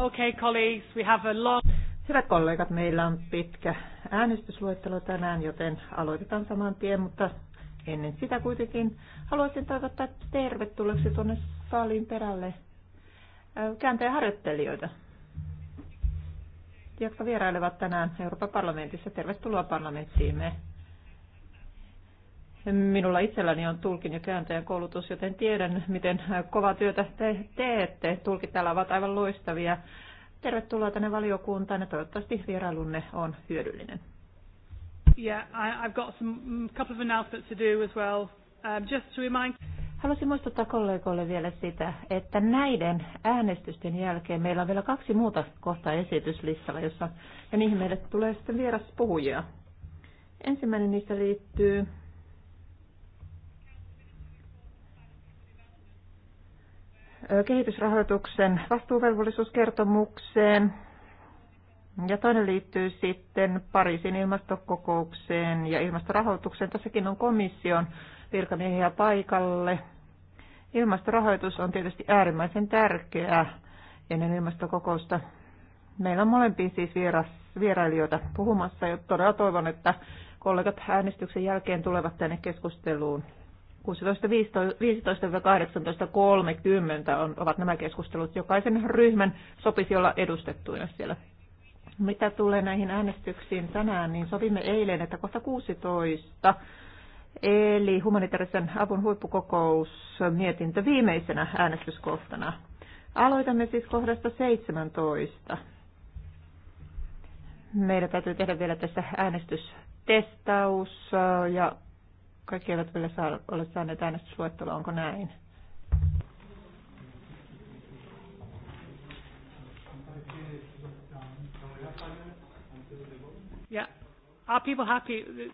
Okay, colleagues, we have a long... Hyvät kollegat, meillä on pitkä äänestysluettelo tänään, joten aloitetaan saman tien, mutta ennen sitä kuitenkin haluaisin toivottaa tervetulleeksi tuonne salin perälle äh, kääntäjä harjoittelijoita, jotka vierailevat tänään Euroopan parlamentissa. Tervetuloa parlamenttiimme. Minulla itselläni on tulkin ja kääntäjän koulutus, joten tiedän, miten kovaa työtä te teette. Tulkit täällä ovat aivan loistavia. Tervetuloa tänne valiokuntaan ja toivottavasti vierailunne on hyödyllinen. Mm, um, Haluaisin muistuttaa kollegoille vielä sitä, että näiden äänestysten jälkeen meillä on vielä kaksi muuta kohtaa esityslistalla, jossa, ja niihin meille tulee sitten vieras puhujia. Ensimmäinen niistä liittyy kehitysrahoituksen vastuuvelvollisuuskertomukseen. Ja toinen liittyy sitten Pariisin ilmastokokoukseen ja ilmastorahoitukseen. Tässäkin on komission virkamiehiä paikalle. Ilmastorahoitus on tietysti äärimmäisen tärkeää ennen ilmastokokousta. Meillä on molempiin siis vieras, vierailijoita puhumassa ja todella toivon, että kollegat äänestyksen jälkeen tulevat tänne keskusteluun 16.15-18.30 ovat nämä keskustelut. Jokaisen ryhmän sopisi olla edustettuina siellä. Mitä tulee näihin äänestyksiin tänään, niin sovimme eilen, että kohta 16, eli humanitaarisen avun huippukokous mietintö viimeisenä äänestyskohtana. Aloitamme siis kohdasta 17. Meidän täytyy tehdä vielä tässä äänestystestaus ja kaikki eivät vielä saa, ole saaneet äänestysluettelua, onko näin? Yeah. Are people happy?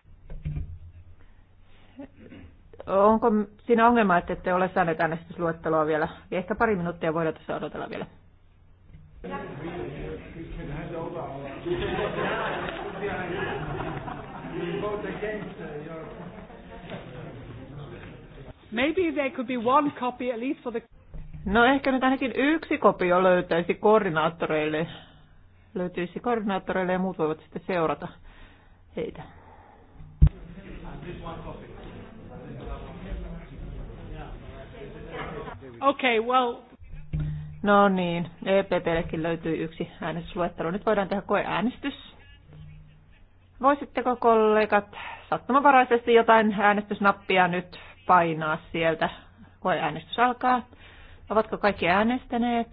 Onko siinä ongelma, että ette ole saaneet äänestysluettelua vielä? Ehkä pari minuuttia voidaan tässä odotella vielä. Yeah. Maybe there could be one copy at least for the... No ehkä nyt ainakin yksi kopio löytäisi koordinaattoreille. Löytyisi koordinaattoreille ja muut voivat sitten seurata heitä. Okay, well... No niin, EPPllekin löytyy yksi äänestysluettelo. Nyt voidaan tehdä koeäänestys. Voisitteko kollegat sattumanvaraisesti jotain äänestysnappia nyt painaa sieltä. Koeäänestys alkaa. Ovatko kaikki äänestäneet?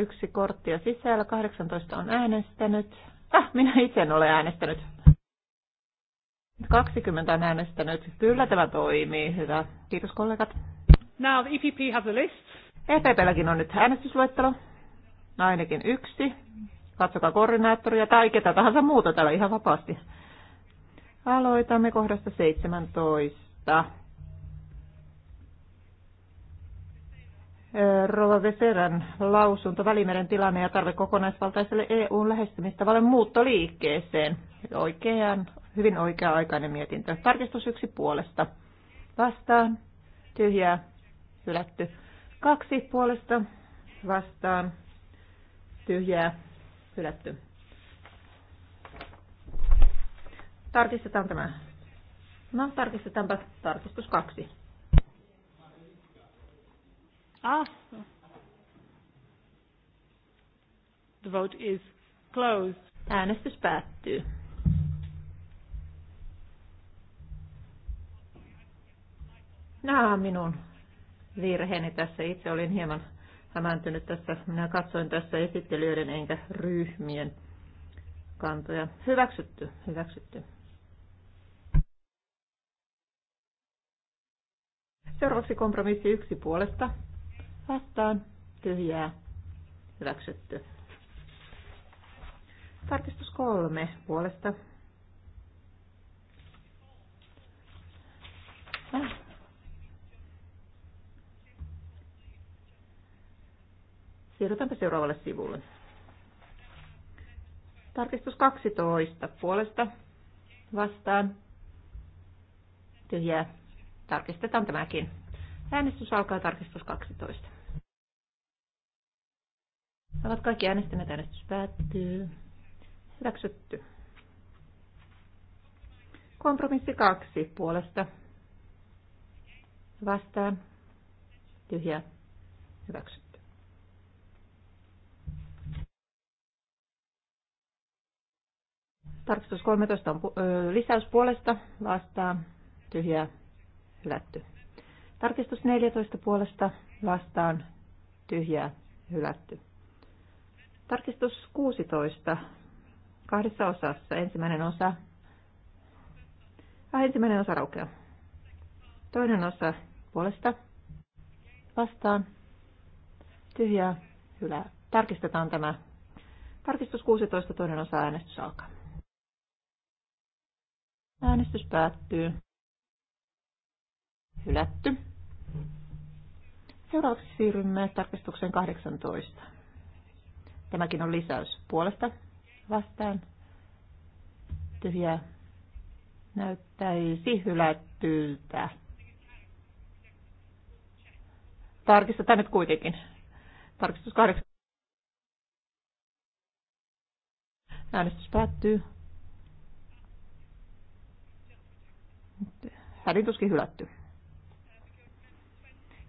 yksi korttia sisällä, 18 on äänestänyt. Ah, minä itse en ole äänestänyt. 20 on äänestänyt. Kyllä tämä toimii. Hyvä. Kiitos kollegat. Now the EPP has a list. EPPlläkin on nyt äänestysluettelo. No, ainakin yksi. Katsokaa koordinaattoria tai ketä tahansa muuta täällä ihan vapaasti. Aloitamme kohdasta 17. Rova Veseran lausunto Välimeren tilanne ja tarve kokonaisvaltaiselle EUn lähestymistavalle muuttoliikkeeseen. Oikean, hyvin oikea-aikainen mietintö. Tarkistus yksi puolesta. Vastaan. Tyhjää. Hylätty kaksi puolesta vastaan tyhjää hylätty. Tarkistetaan tämä. No, tarkistetaanpa tarkistus kaksi. Ah. The vote is closed. Äänestys päättyy. Nämä no, minun virheeni tässä. Itse olin hieman hämääntynyt tässä. Minä katsoin tässä esittelijöiden enkä ryhmien kantoja. Hyväksytty, hyväksytty. Seuraavaksi kompromissi yksi puolesta. Vastaan, tyhjää, hyväksytty. Tarkistus kolme puolesta. Siirrytäänpä seuraavalle sivulle. Tarkistus 12 puolesta vastaan. Tyhjää. Tarkistetaan tämäkin. Äänestys alkaa tarkistus 12. Ovat kaikki äänestäneet. Äänestys päättyy. Hyväksytty. Kompromissi 2 puolesta. Vastaan. Tyhjää. Hyväksytty. Tarkistus 13 on lisäys puolesta vastaan tyhjää hylätty. Tarkistus 14 puolesta vastaan tyhjää hylätty. Tarkistus 16 kahdessa osassa. Ensimmäinen osa. Ah, ensimmäinen osa raukeaa. Toinen osa puolesta vastaan tyhjää hylää. Tarkistetaan tämä. Tarkistus 16 toinen osa äänestys alkaa. Äänestys päättyy. Hylätty. Seuraavaksi siirrymme tarkistukseen 18. Tämäkin on lisäys puolesta vastaan. Tyhjä. näyttäisi hylättyltä. Tarkistetaan nyt kuitenkin. Tarkistus 8. Äänestys päättyy. Tarkistuskin hylätty.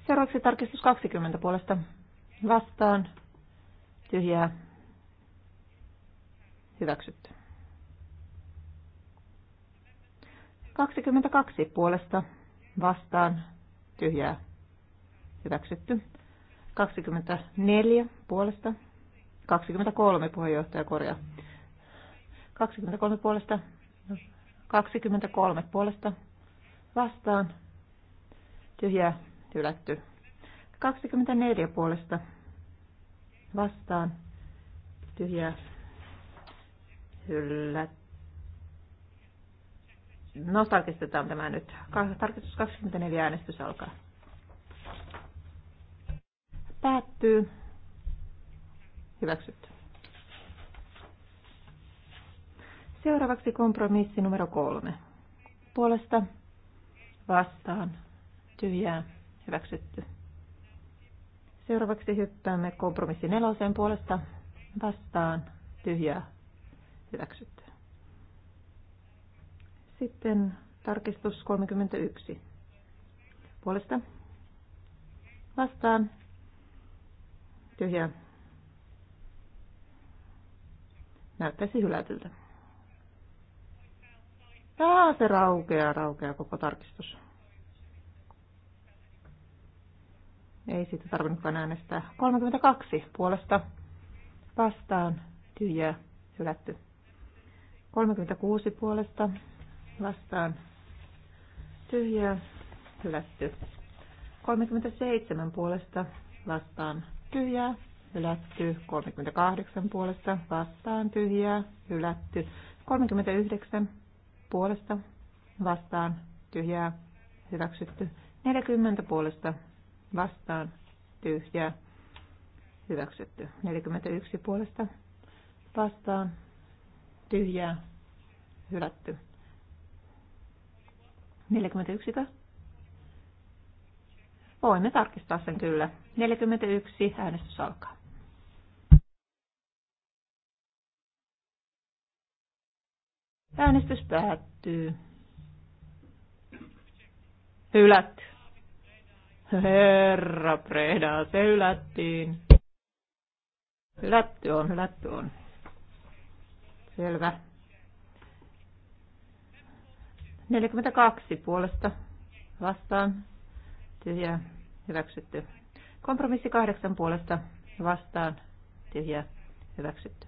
Seuraavaksi tarkistus 20 puolesta vastaan. Tyhjää. Hyväksytty. 22 puolesta vastaan. Tyhjää. Hyväksytty. 24 puolesta. 23 puheenjohtaja korjaa. 23 puolesta. 23 puolesta vastaan, Tyhjä, hylätty. 24 puolesta vastaan, tyhjä, hylätty. No, tarkistetaan tämä nyt. Tarkistus 24 äänestys alkaa. Päättyy. Hyväksytty. Seuraavaksi kompromissi numero kolme. Puolesta vastaan tyhjää hyväksytty. Seuraavaksi hyppäämme kompromissi nelosen puolesta vastaan tyhjää hyväksytty. Sitten tarkistus 31 puolesta vastaan tyhjää näyttäisi hylätyltä. Jaa, se raukeaa, raukeaa koko tarkistus. Ei siitä tarvinnutkaan äänestää. 32 puolesta vastaan tyhjää hylätty. 36 puolesta vastaan tyhjää hylätty. 37 puolesta vastaan tyhjää hylätty. 38 puolesta vastaan tyhjää hylätty. 39 puolesta vastaan tyhjää hyväksytty. 40 puolesta vastaan tyhjää hyväksytty. 41 puolesta vastaan tyhjää hylätty. 41 Voimme tarkistaa sen kyllä. 41 äänestys alkaa. Äänestys päättyy. Hylätty. Herra Preda, se hylättiin. Hylätty on, hylätty on. Selvä. 42 puolesta vastaan. Tyhjä. Hyväksytty. Kompromissi 8 puolesta vastaan. Tyhjä. Hyväksytty.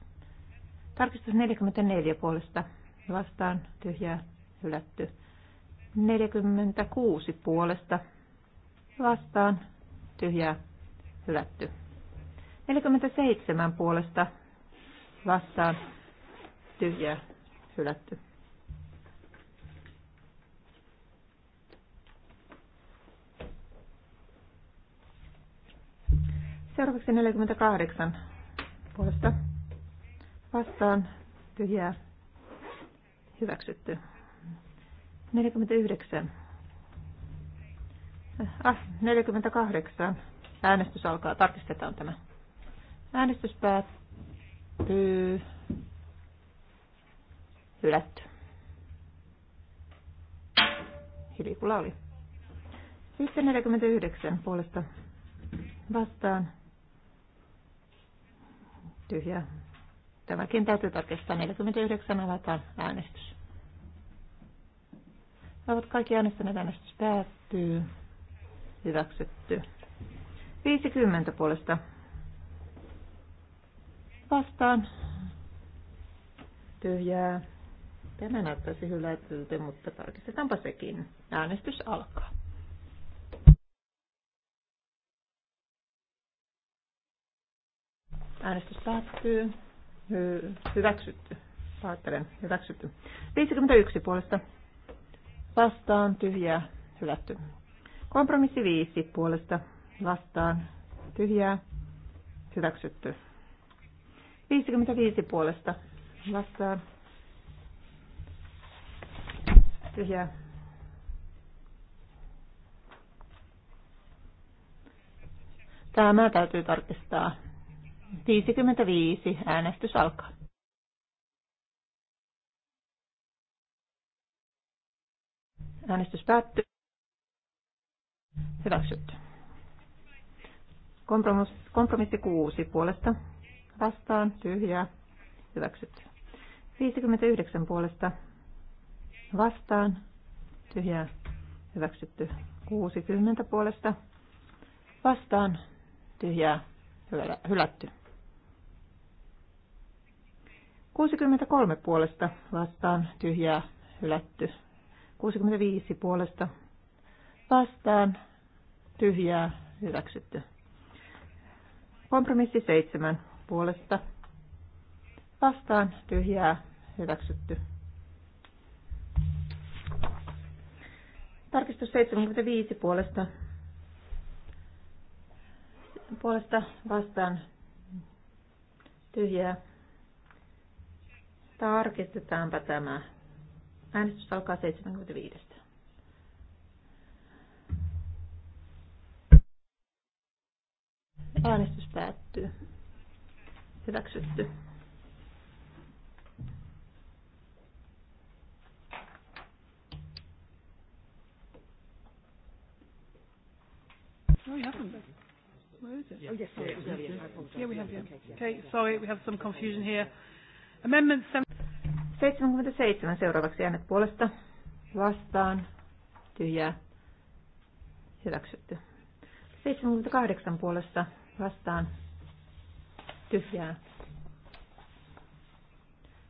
Tarkistus 44 puolesta vastaan tyhjää hylätty. 46 puolesta vastaan tyhjää hylätty. 47 puolesta vastaan tyhjää hylätty. Seuraavaksi 48 puolesta vastaan tyhjää Hyväksytty. 49. Ah, 48. Äänestys alkaa. Tarkistetaan tämä. Äänestys päättyy. Hylätty. Hilikula oli. Sitten 49 puolesta vastaan. Tyhjä Tämäkin täytyy tarkistaa. 49 avataan äänestys. Ovat kaikki äänestäneet. Äänestys päättyy. Hyväksytty. 50 puolesta vastaan. Tyhjää. Tämä näyttäisi hylätyltä, mutta tarkistetaanpa sekin. Äänestys alkaa. Äänestys päättyy hyväksytty. Pahoittelen, hyväksytty. 51 puolesta vastaan tyhjää hylätty. Kompromissi 5 puolesta vastaan tyhjää hyväksytty. 55 puolesta vastaan tyhjää Tämä täytyy tarkistaa. 55. Äänestys alkaa. Äänestys päättyy. Hyväksytty. Kompromiss, kompromissi 6 puolesta. Vastaan. Tyhjää. Hyväksytty. 59 puolesta. Vastaan. Tyhjää. Hyväksytty. 60 puolesta. Vastaan. Tyhjää. Hylätty. 63 puolesta vastaan tyhjää hylätty. 65 puolesta vastaan tyhjää hyväksytty. Kompromissi 7 puolesta vastaan tyhjää hyväksytty. Tarkistus 75 puolesta, puolesta vastaan tyhjää Tarkistetaanpa tämä. Äänestys alkaa 75. Äänestys päättyy. Hyväksytty. Oh, no, you haven't. Where is it? Oh, yes, sorry. Yeah, we have, you. Okay, sorry, we have some confusion here. Amendment 7. 77 seuraavaksi äänet puolesta. Vastaan. Tyhjää. Hyväksytty. 78 puolesta. Vastaan. Tyhjää.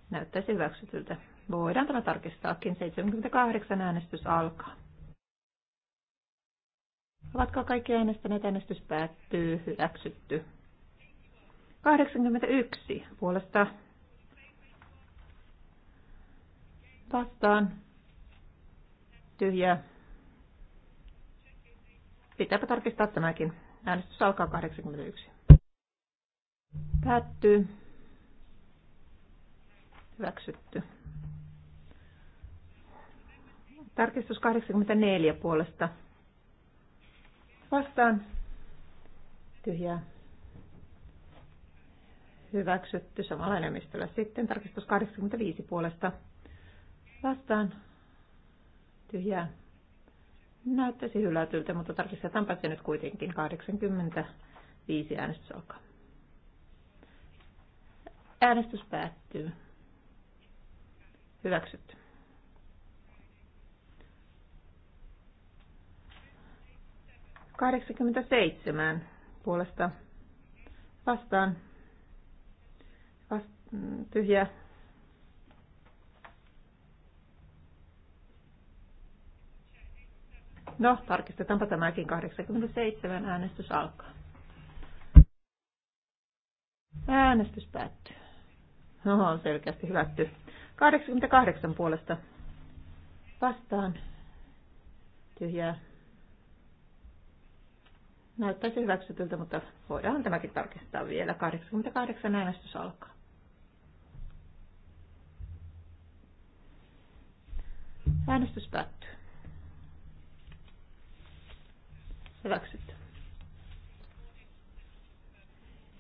Näyttäisi hyväksytyltä. Voidaan tämä tarkistaakin. 78 äänestys alkaa. Ovatko kaikki äänestäneet? Äänestys päättyy. Hyväksytty. 81 puolesta Vastaan. Tyhjää. Pitääpä tarkistaa tämäkin. Äänestys alkaa 81. Päättyy. Hyväksytty. Tarkistus 84 puolesta. Vastaan. Tyhjää. Hyväksytty samalla enemmistöllä. Sitten tarkistus 85 puolesta. Vastaan. Tyhjää. Näyttäisi hylätyltä, mutta tarkistetaanpa se nyt kuitenkin. 85 äänestys alkaa. Äänestys päättyy. Hyväksytty. Kahdeksankymmentäseitsemän puolesta vastaan. Vast, tyhjää No, tarkistetaanpa tämäkin. 87 äänestys alkaa. Äänestys päättyy. No, on selkeästi hyvätty. 88 puolesta vastaan. Tyhjää. Näyttäisi hyväksytyltä, mutta voidaan tämäkin tarkistaa vielä. 88 äänestys alkaa. Äänestys päättyy. Hyväksytty.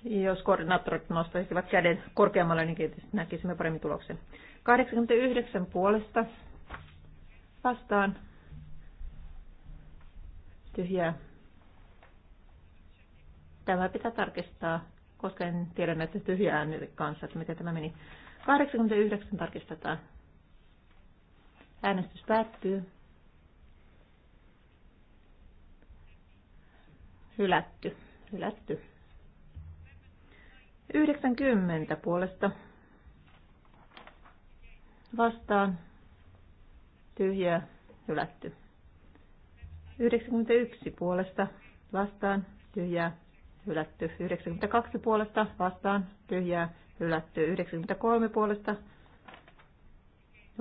Jos koordinaattorit nostaisivat käden korkeammalle, niin näkisimme paremmin tuloksen. 89 puolesta vastaan tyhjää. Tämä pitää tarkistaa, koska en tiedä näitä tyhjää äänille kanssa, että miten tämä meni. 89 tarkistetaan. Äänestys päättyy. Hylätty. Hylätty. 90 puolesta. Vastaan. Tyhjää. Hylätty. 91 puolesta. Vastaan. Tyhjää. Hylätty. 92 puolesta. Vastaan. Tyhjää. Hylätty. 93 puolesta.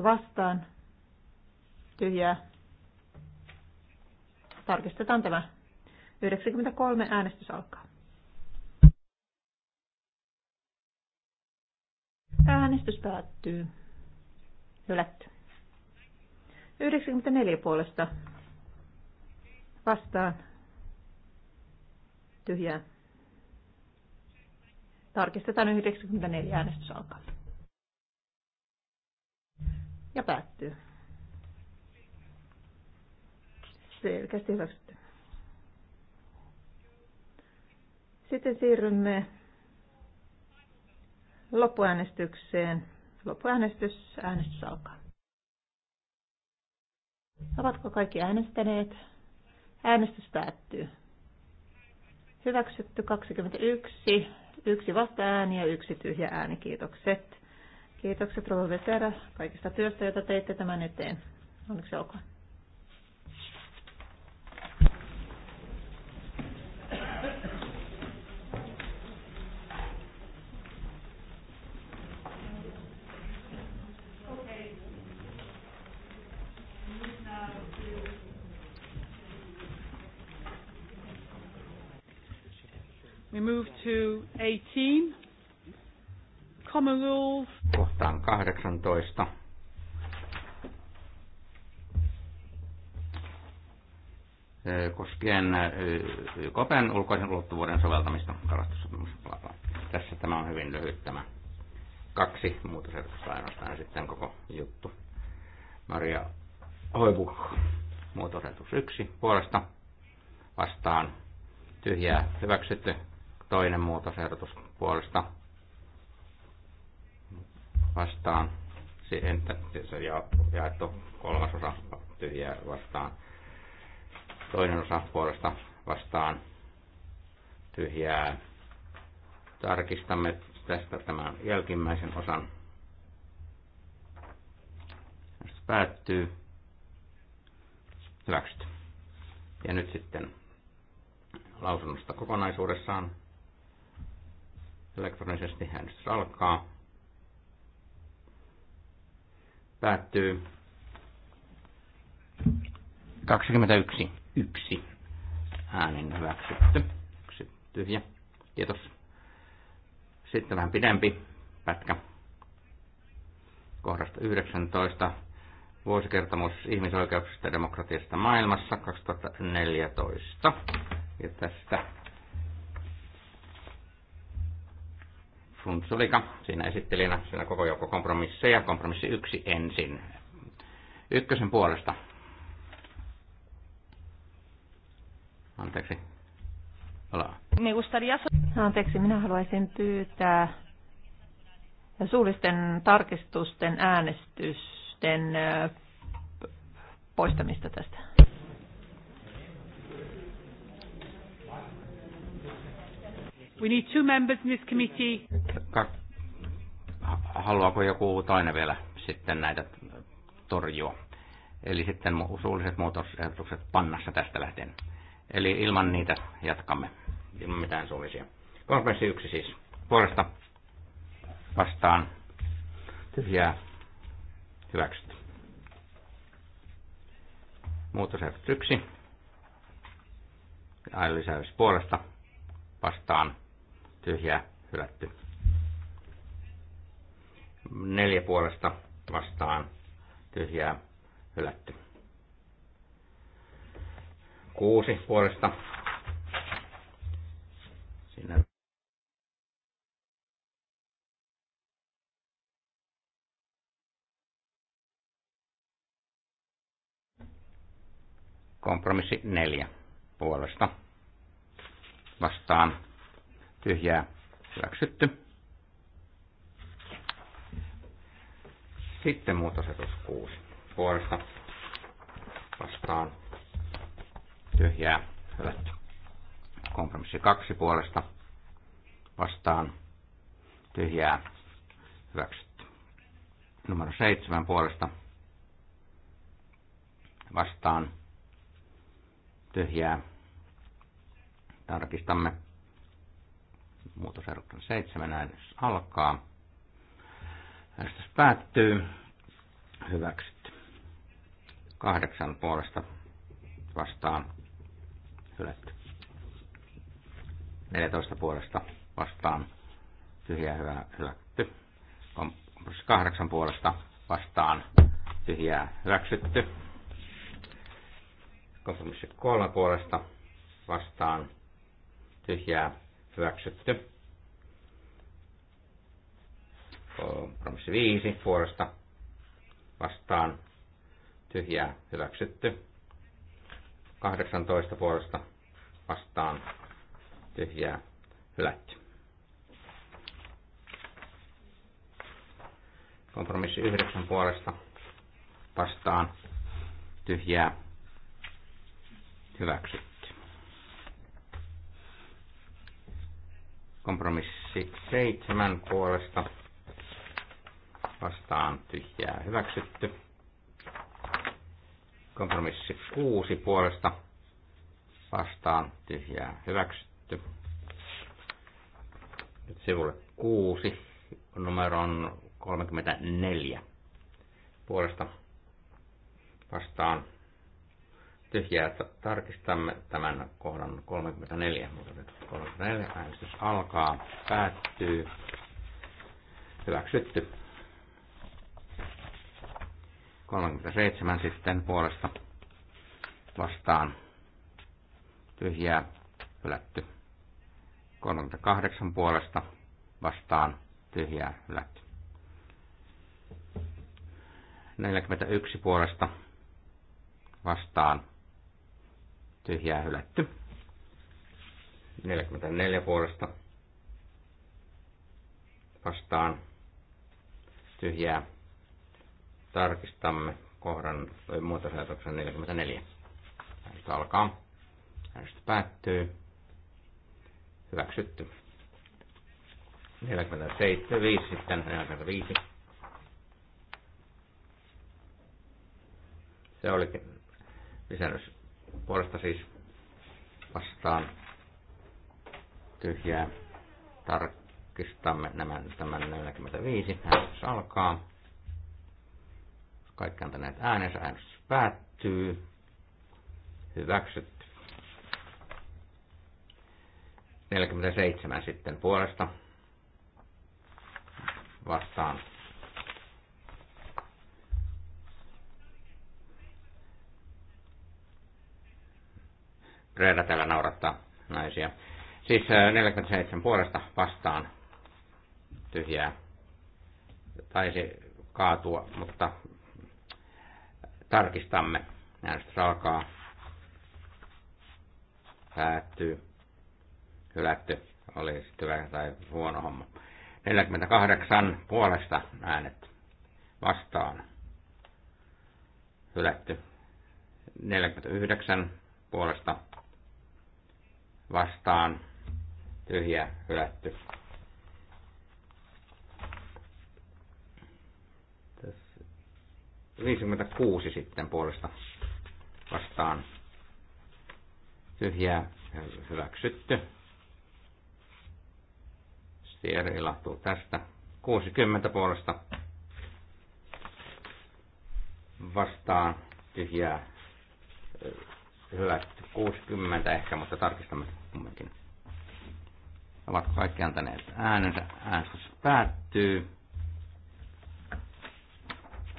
Vastaan. Tyhjää. Tarkistetaan tämä 93 äänestys alkaa. Äänestys päättyy. Hylätty. 94 puolesta vastaan. Tyhjää. Tarkistetaan 94 äänestys alkaa. Ja päättyy. Selkeästi hyväksytty. Sitten siirrymme loppuäänestykseen. Loppuäänestys, äänestys alkaa. Ovatko kaikki äänestäneet? Äänestys päättyy. Hyväksytty 21, yksi vastaääni ja yksi tyhjä ääni. Kiitokset. Kiitokset Rova Vesera kaikista työstä, jota teitte tämän eteen. Onneksi olkoon. We move to 18. Common rules. Kohtaan 18. koskien Kopen ulkoisen ulottuvuuden soveltamista kalastussopimuksella. Tässä tämä on hyvin lyhyt tämä kaksi muutosehdotusta ainoastaan sitten koko juttu. Maria Hoivu, muutosehdotus yksi puolesta vastaan tyhjää hyväksytty Toinen muutosehdotus puolesta vastaan. Entä, se on jaettu kolmas osa tyhjää vastaan. Toinen osa puolesta vastaan tyhjää. Tarkistamme tästä tämän jälkimmäisen osan. Tästä päättyy. Hyväksytty. Ja nyt sitten lausunnosta kokonaisuudessaan Elektronisesti äänestys alkaa. Päättyy. 21. 1. Äänen hyväksytty. Yksi tyhjä. Kiitos. Sitten vähän pidempi pätkä. Kohdasta 19. Vuosikertomus ihmisoikeuksista ja demokratiasta maailmassa 2014. Ja tästä Frunzulika siinä esittelijänä, siinä koko joukko kompromisseja. Kompromissi yksi ensin. Ykkösen puolesta. Anteeksi. Ola. Anteeksi, minä haluaisin pyytää suullisten tarkistusten äänestysten poistamista tästä. We need two members in this committee haluaako joku toinen vielä sitten näitä torjua. Eli sitten suulliset muutosehdotukset pannassa tästä lähtien. Eli ilman niitä jatkamme, ilman mitään suullisia. Kompressi yksi siis. Puolesta vastaan tyhjää hyväksytty. Muutosehdotus yksi. Aina lisäys puolesta vastaan tyhjää hylätty neljä puolesta vastaan tyhjää hylätty. Kuusi puolesta. Siinä kompromissi neljä puolesta vastaan tyhjää hyväksytty. Sitten muutosetus 6. Puolesta vastaan tyhjää hylätty. Kompromissi 2 puolesta vastaan tyhjää hyväksytty. Numero 7 puolesta vastaan tyhjää. Tarkistamme. Muutosehdotuksen 7 äänestys alkaa. Äänestys päättyy. Hyväksytty. Kahdeksan puolesta vastaan. Hylätty. 14 puolesta vastaan. Tyhjä hyvä hylätty. Kompromissi kahdeksan puolesta vastaan. Tyhjää hyväksytty. Kompromissi kolme puolesta vastaan. Tyhjää hyväksytty. Kompromissi 5 puolesta vastaan tyhjää hyväksytty. 18 puolesta vastaan tyhjää hylätty. Kompromissi 9 puolesta vastaan tyhjää hyväksytty. Kompromissi 7 puolesta vastaan tyhjää hyväksytty. Kompromissi 6 puolesta vastaan tyhjää hyväksytty. Nyt sivulle 6 numeron 34 puolesta vastaan tyhjää. Tarkistamme tämän kohdan 34, mutta nyt 34 äänestys alkaa, päättyy, hyväksytty. 37 sitten puolesta vastaan tyhjää hylätty. 38 puolesta vastaan tyhjää hylätty. 41 puolesta vastaan tyhjää hylätty. 44 puolesta vastaan tyhjää tarkistamme kohdan muutosehdotuksen 44. Äänestys alkaa. Äänestys päättyy. Hyväksytty. 47, 5 sitten, 45. Se olikin lisännys puolesta siis vastaan tyhjää. Tarkistamme nämä, tämän 45. Äänestys alkaa. Kaikki antaneet äänensä. Äänestys päättyy. Hyväksytty. 47 sitten puolesta vastaan. Reeda täällä naurattaa naisia. Siis 47 äh, puolesta vastaan tyhjää. Taisi kaatua, mutta tarkistamme. Äänestys alkaa. Päättyy. Hylätty. Oli sitten hyvä tai huono homma. 48 puolesta äänet vastaan. Hylätty. 49 puolesta vastaan. Tyhjä hylätty. 56 sitten puolesta vastaan tyhjää hyväksytty. Sieri ilahtuu tästä. 60 puolesta vastaan tyhjää hyväksytty. 60 ehkä, mutta tarkistamme kumminkin. Ovat kaikki antaneet äänensä? Äänestys päättyy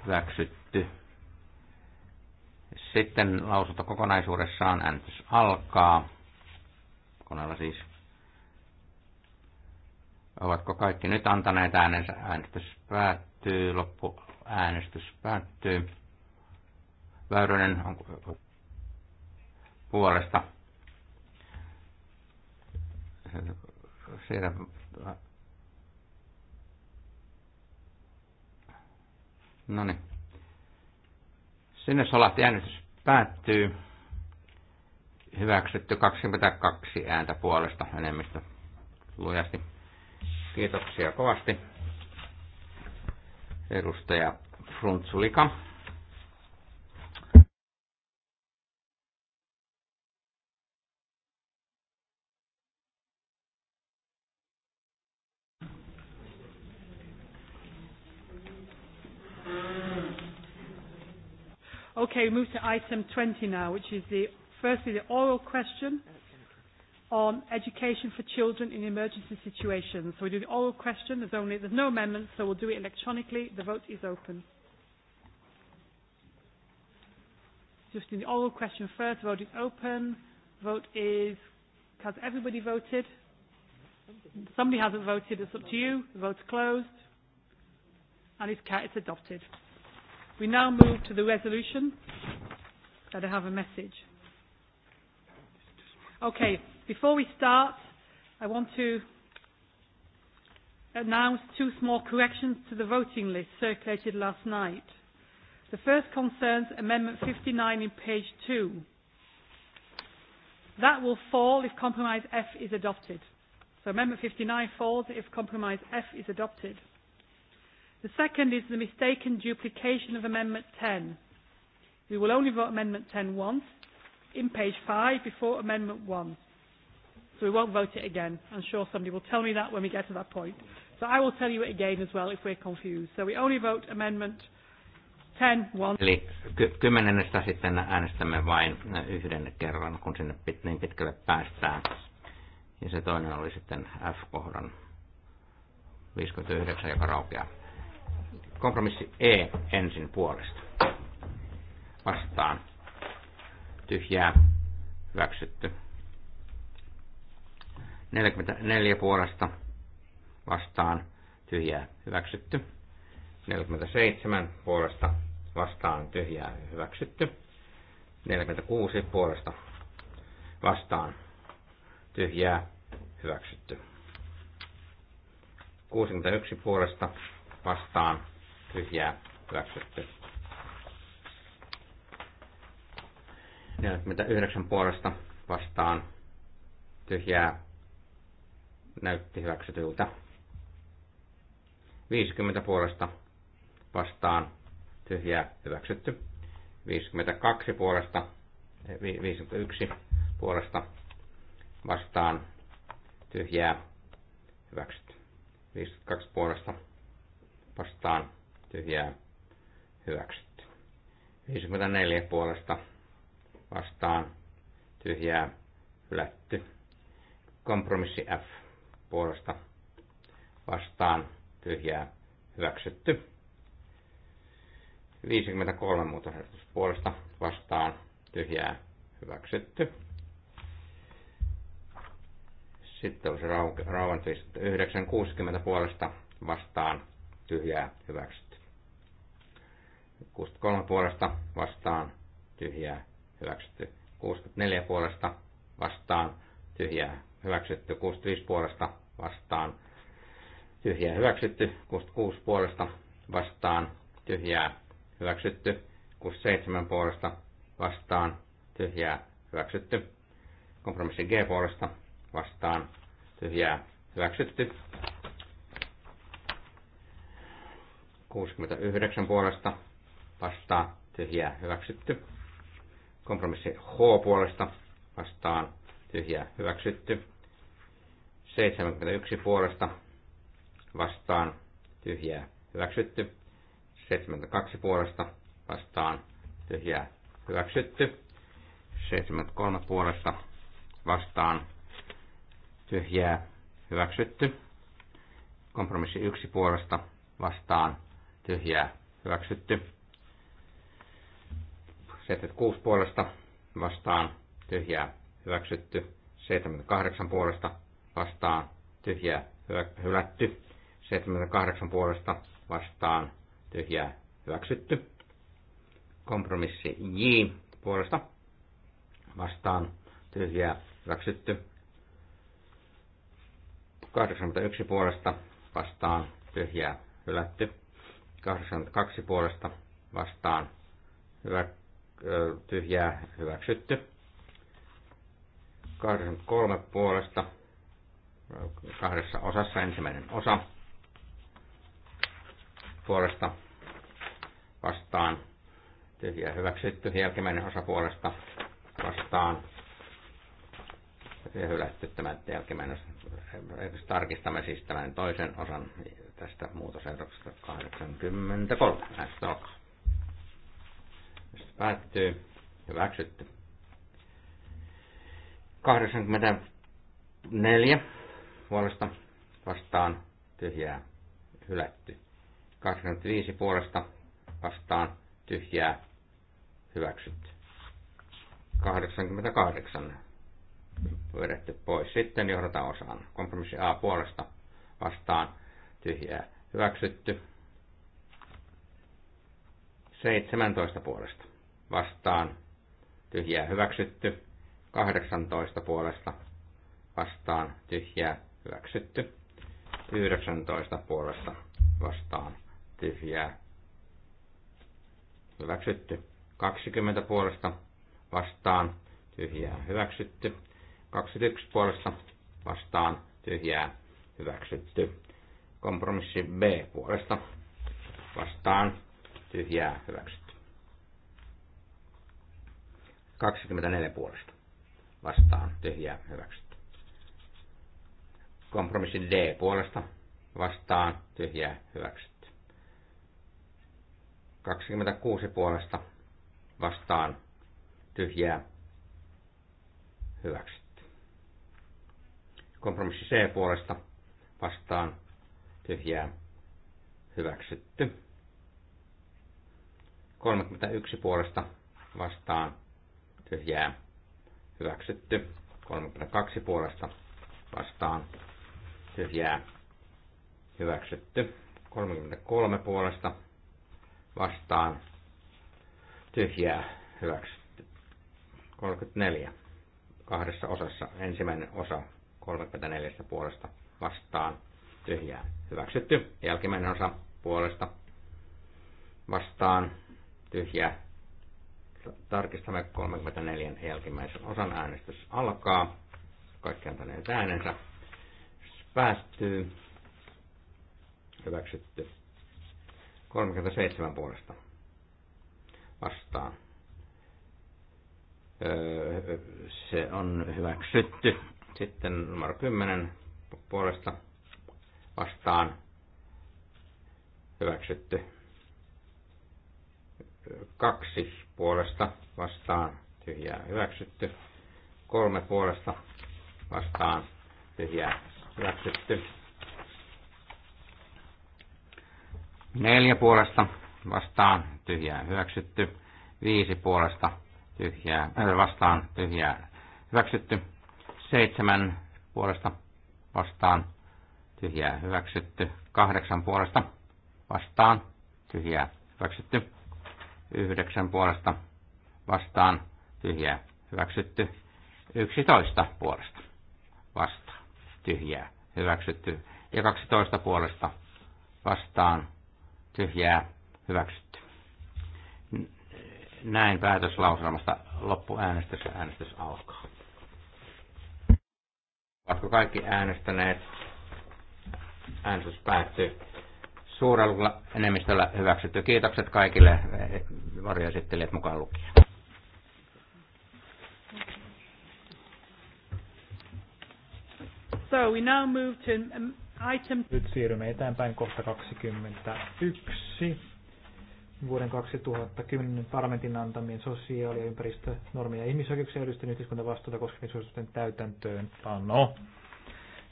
hyväksytty. Sitten lausunto kokonaisuudessaan äänestys alkaa. Koneella siis. Ovatko kaikki nyt antaneet äänensä? Äänestys päättyy. Loppu äänestys päättyy. Väyrynen on puolesta. Siellä No niin. Sinne salahti äänestys päättyy. Hyväksytty 22 ääntä puolesta enemmistö lujasti. Kiitoksia kovasti. Edustaja Fruntsulika. Okay, we move to item 20 now, which is the firstly the oral question on education for children in emergency situations. So we do the oral question. There's only there's no amendments, so we'll do it electronically. The vote is open. Just in the oral question first, vote is open. Vote is has everybody voted? Somebody hasn't voted. It's up to you. The vote's closed, and it's, adopted. We now move to the resolution that I have a message. Okay, before we start, I want to announce two small corrections to the voting list circulated last night. The first concerns Amendment 59 in page two. That will fall if Compromise F is adopted. So Amendment 59 falls if Compromise F is adopted. The second is the mistaken duplication of Amendment 10. We will only vote Amendment 10 once, in page 5, before Amendment 1. So we won't vote it again. I'm sure somebody will tell me that when we get to that point. So I will tell you it again as well if we're confused. So we only vote Amendment 10 once. Eli ky- kymmenennestä sitten äänestämme vain yhden kerran, kun sinne pit- niin pitkälle päästään. Ja se toinen oli sitten F-kohdan 59, joka raukeaa. Kompromissi E ensin puolesta. Vastaan. Tyhjää. Hyväksytty. 44 puolesta vastaan tyhjää hyväksytty. 47 puolesta vastaan tyhjää hyväksytty. 46 puolesta vastaan tyhjää hyväksytty. 61 puolesta vastaan tyhjää hyväksytty. 49 puolesta vastaan tyhjää näytti hyväksytyltä. 50 puolesta vastaan tyhjää hyväksytty. 52 puolesta, 51 puolesta vastaan tyhjää hyväksytty. 52 puolesta vastaan tyhjää hyväksytty. 54 puolesta vastaan tyhjää hylätty. Kompromissi F puolesta vastaan tyhjää hyväksytty. 53 muutosehdotus puolesta vastaan tyhjää hyväksytty. Sitten olisi rauhan 59, siis 60 puolesta vastaan tyhjää hyväksytty. 63 puolesta vastaan tyhjää hyväksytty. 64 puolesta vastaan tyhjää hyväksytty. 65 puolesta vastaan tyhjää hyväksytty. 66 puolesta vastaan tyhjää hyväksytty. 67 puolesta vastaan tyhjää hyväksytty. Kompromissi G puolesta vastaan tyhjää hyväksytty. 69 puolesta vastaan tyhjää hyväksytty. Kompromissi H puolesta vastaan tyhjää hyväksytty. 71 puolesta vastaan tyhjää hyväksytty. 72 puolesta vastaan tyhjää hyväksytty. 73 puolesta vastaan tyhjää hyväksytty. Kompromissi 1 puolesta vastaan tyhjää hyväksytty. 76 puolesta vastaan tyhjää hyväksytty. 78 puolesta vastaan tyhjää hylätty. 78 puolesta vastaan tyhjää hyväksytty. Kompromissi J puolesta vastaan tyhjää hyväksytty. 81 puolesta vastaan tyhjää hylätty. 82 puolesta vastaan hyvä, tyhjää hyväksytty. 83 puolesta kahdessa osassa ensimmäinen osa puolesta vastaan tyhjää hyväksytty, jälkimmäinen osa puolesta vastaan ja hylätty tämä jälkimmäinen osa. Tarkistamme siis tämän toisen osan tästä muutosehdoksesta 83. Näistä alkaa. Sitten päättyy. Hyväksytty. 84 puolesta vastaan tyhjää hylätty. 85 puolesta vastaan tyhjää hyväksytty. 88 vedetty pois. Sitten johdataan osaan. Kompromissi A puolesta vastaan tyhjää hyväksytty. 17 puolesta vastaan tyhjää hyväksytty. 18 puolesta vastaan tyhjää hyväksytty. 19 puolesta vastaan tyhjää hyväksytty. 20 puolesta vastaan tyhjää hyväksytty. 21 puolesta vastaan tyhjää hyväksytty. Kompromissi B puolesta vastaan tyhjää hyväksytty. 24 puolesta vastaan tyhjää hyväksytty. Kompromissi D puolesta vastaan tyhjää hyväksytty. 26 puolesta vastaan tyhjää hyväksytty. Kompromissi C puolesta vastaan tyhjää hyväksytty. 31 puolesta vastaan tyhjää hyväksytty. 32 puolesta vastaan tyhjää hyväksytty. 33 puolesta vastaan tyhjää hyväksytty. 34 kahdessa osassa ensimmäinen osa 34 puolesta vastaan tyhjää hyväksytty. Jälkimmäinen osa puolesta vastaan tyhjä. Tarkistamme 34 jälkimmäisen osan äänestys alkaa. Kaikki antaneet äänensä. Päästyy. Hyväksytty. 37 puolesta vastaan. Öö, se on hyväksytty. Sitten numero 10 puolesta vastaan hyväksytty kaksi puolesta vastaan tyhjää hyväksytty. Kolme puolesta vastaan tyhjää hyväksytty. Neljä puolesta vastaan tyhjää hyväksytty. Viisi puolesta tyhjää, äh, vastaan tyhjää hyväksytty. Seitsemän puolesta vastaan tyhjää hyväksytty. Kahdeksan puolesta vastaan tyhjää hyväksytty. Yhdeksän puolesta vastaan tyhjää hyväksytty. yksitoista puolesta vastaan tyhjää hyväksytty. Ja kaksitoista puolesta vastaan tyhjää hyväksytty. Näin päätöslauselmasta loppuäänestys ja äänestys alkaa. Ovatko kaikki äänestäneet? Äänestys päättyy suurella enemmistöllä hyväksytty. Kiitokset kaikille varjoesittelijät mukaan lukien. So we now move to um, item... Nyt siirrymme eteenpäin kohta 21. Vuoden 2010 parlamentin antamien sosiaali- ja ympäristönormien ja ihmisoikeuksia edistyn yhteiskuntavastuuta koskevien suositusten täytäntöön. Pano.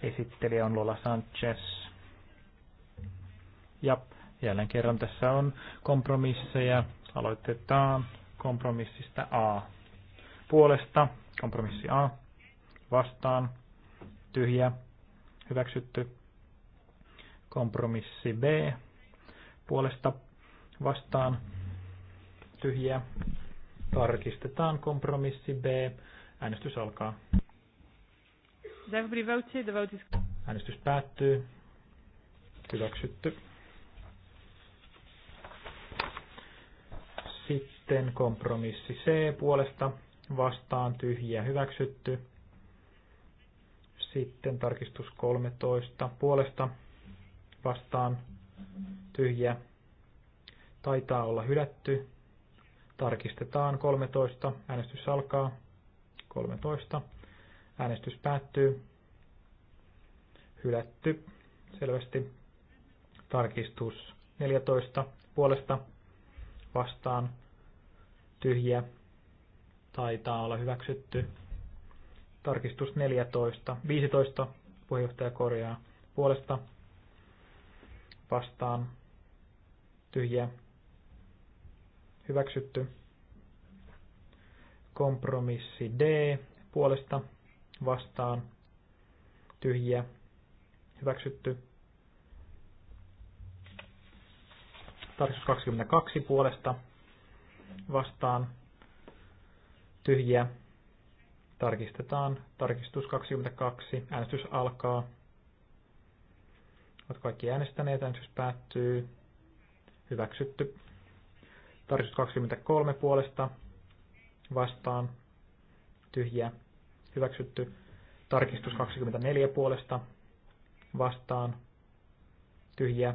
Esittelijä on Lola Sanchez. Ja jälleen kerran tässä on kompromisseja. Aloitetaan kompromissista A. Puolesta kompromissi A. Vastaan. Tyhjä. Hyväksytty. Kompromissi B. Puolesta vastaan. Tyhjä. Tarkistetaan kompromissi B. Äänestys alkaa. Äänestys päättyy. Hyväksytty. Sitten kompromissi C puolesta vastaan tyhjiä hyväksytty. Sitten tarkistus 13 puolesta vastaan tyhjiä taitaa olla hylätty. Tarkistetaan 13. Äänestys alkaa. 13. Äänestys päättyy. Hylätty. Selvästi. Tarkistus 14 puolesta vastaan tyhjiä taitaa olla hyväksytty. Tarkistus 14, 15 puheenjohtaja korjaa puolesta vastaan tyhjiä hyväksytty. Kompromissi D puolesta vastaan tyhjiä hyväksytty. Tarkistus 22 puolesta vastaan tyhjiä. Tarkistetaan. Tarkistus 22. Äänestys alkaa. Olet kaikki äänestäneet. Äänestys päättyy. Hyväksytty. Tarkistus 23 puolesta vastaan tyhjiä. Hyväksytty. Tarkistus 24 puolesta vastaan tyhjiä.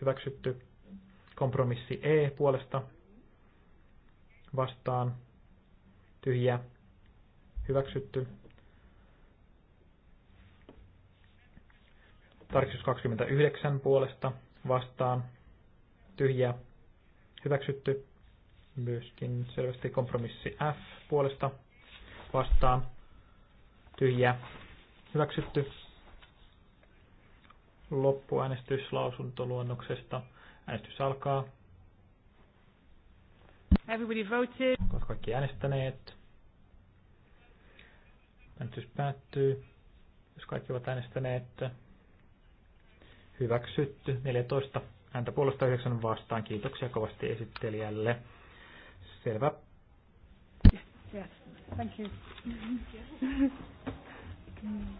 Hyväksytty. Kompromissi E puolesta vastaan tyhjä hyväksytty. Tarkistus 29 puolesta vastaan tyhjä hyväksytty. Myöskin selvästi kompromissi F puolesta vastaan tyhjä hyväksytty loppuäänestyslausuntoluonnoksesta Äänestys alkaa. Everybody voted. Olet kaikki äänestäneet. Äänestys päättyy. Jos kaikki ovat äänestäneet, hyväksytty. 14 ääntä puolesta 9 vastaan. Kiitoksia kovasti esittelijälle. Selvä. Yes, yes. Thank you. Mm-hmm.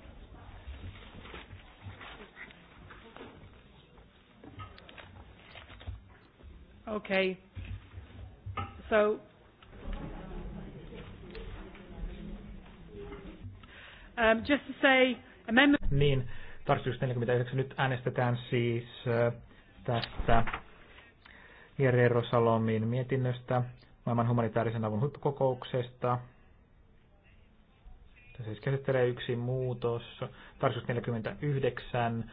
Okay. So, um, just to say, amendment... Niin, tarkistus 49. Nyt äänestetään siis äh, tästä Guerrero Salomin mietinnöstä maailman humanitaarisen avun huippukokouksesta. Se siis käsittelee yksi muutos. Tarkistus 49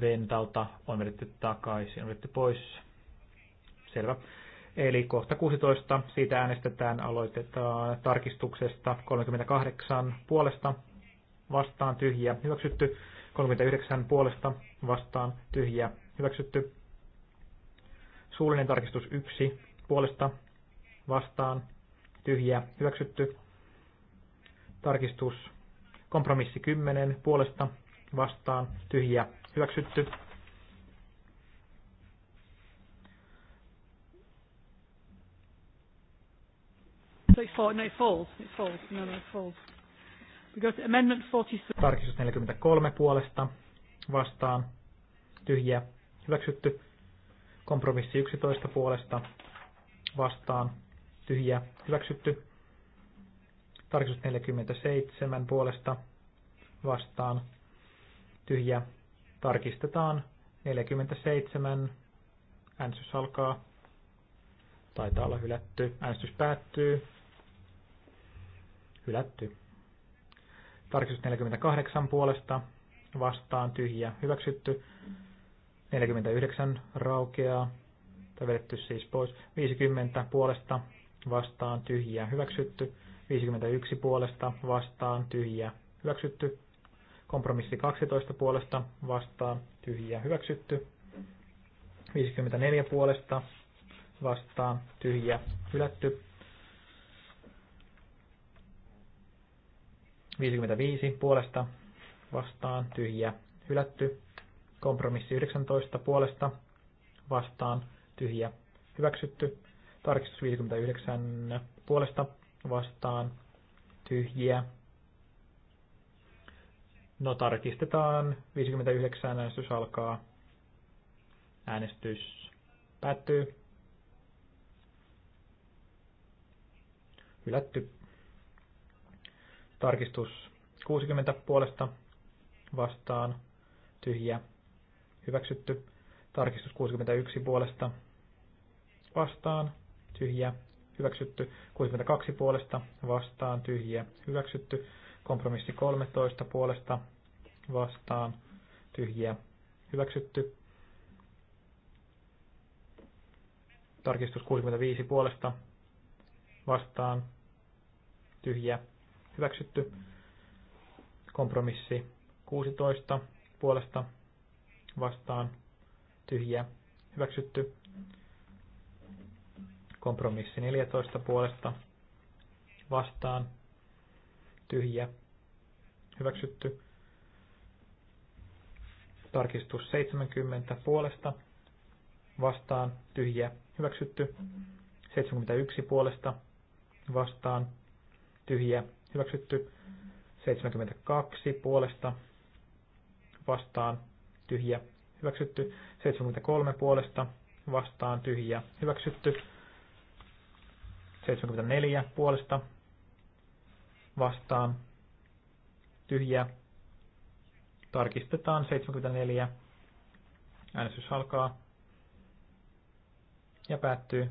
Ventalta on vedetty takaisin, on vedetty pois. Selvä. Eli kohta 16, siitä äänestetään, aloitetaan tarkistuksesta 38 puolesta vastaan tyhjiä hyväksytty, 39 puolesta vastaan tyhjiä hyväksytty, suullinen tarkistus 1 puolesta vastaan tyhjiä hyväksytty, tarkistus kompromissi 10 puolesta vastaan tyhjiä hyväksytty, So it falls, no, it falls. It falls. No, no, it falls. We go to amendment 43. Tarkistus 43 puolesta vastaan. Tyhjä. Hyväksytty. Kompromissi 11 puolesta vastaan. Tyhjä. Hyväksytty. Tarkistus 47 puolesta vastaan. Tyhjä. Tarkistetaan. 47. Äänestys alkaa. Taitaa olla hylätty. Äänestys päättyy. Hylätty. Tarkistus 48 puolesta vastaan tyhjä hyväksytty. 49 raukeaa tai vedetty siis pois. 50 puolesta vastaan tyhjä hyväksytty. 51 puolesta vastaan tyhjä hyväksytty. Kompromissi 12 puolesta vastaan tyhjä hyväksytty. 54 puolesta vastaan tyhjä hylätty. 55 puolesta vastaan tyhjä hylätty. Kompromissi 19 puolesta vastaan tyhjä hyväksytty. Tarkistus 59 puolesta vastaan tyhjiä. No tarkistetaan. 59 äänestys alkaa. Äänestys päättyy. Hylätty. Tarkistus 60 puolesta vastaan tyhjä hyväksytty. Tarkistus 61 puolesta vastaan tyhjä hyväksytty. 62 puolesta vastaan tyhjä hyväksytty. Kompromissi 13 puolesta vastaan tyhjä hyväksytty. Tarkistus 65 puolesta vastaan tyhjä hyväksytty. Kompromissi 16 puolesta vastaan tyhjä hyväksytty. Kompromissi 14 puolesta vastaan tyhjä hyväksytty. Tarkistus 70 puolesta vastaan tyhjä hyväksytty. 71 puolesta vastaan tyhjä hyväksytty. 72 puolesta vastaan tyhjä hyväksytty. 73 puolesta vastaan tyhjä hyväksytty. 74 puolesta vastaan tyhjä. Tarkistetaan 74. Äänestys alkaa ja päättyy.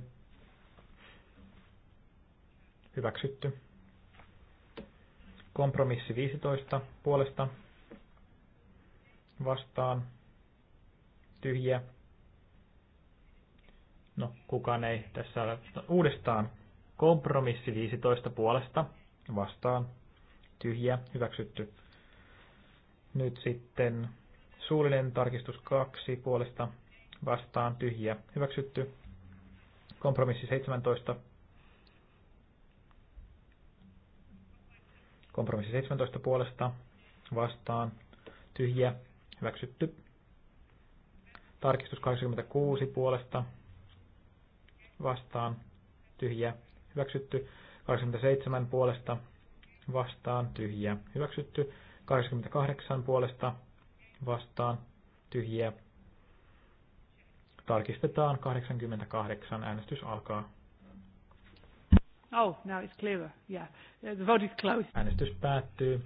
Hyväksytty. Kompromissi 15 puolesta vastaan tyhjiä. No, kukaan ei tässä ole. No, uudestaan kompromissi 15 puolesta vastaan tyhjiä hyväksytty. Nyt sitten suullinen tarkistus 2 puolesta vastaan tyhjiä hyväksytty. Kompromissi 17 Kompromissi 17 puolesta vastaan tyhjä hyväksytty. Tarkistus 26 puolesta vastaan tyhjä hyväksytty. 27 puolesta vastaan tyhjä hyväksytty. 28 puolesta vastaan tyhjä Tarkistetaan 88. Äänestys alkaa. Oh, now it's clearer. Yeah. The vote is closed. Äänestys päättyy.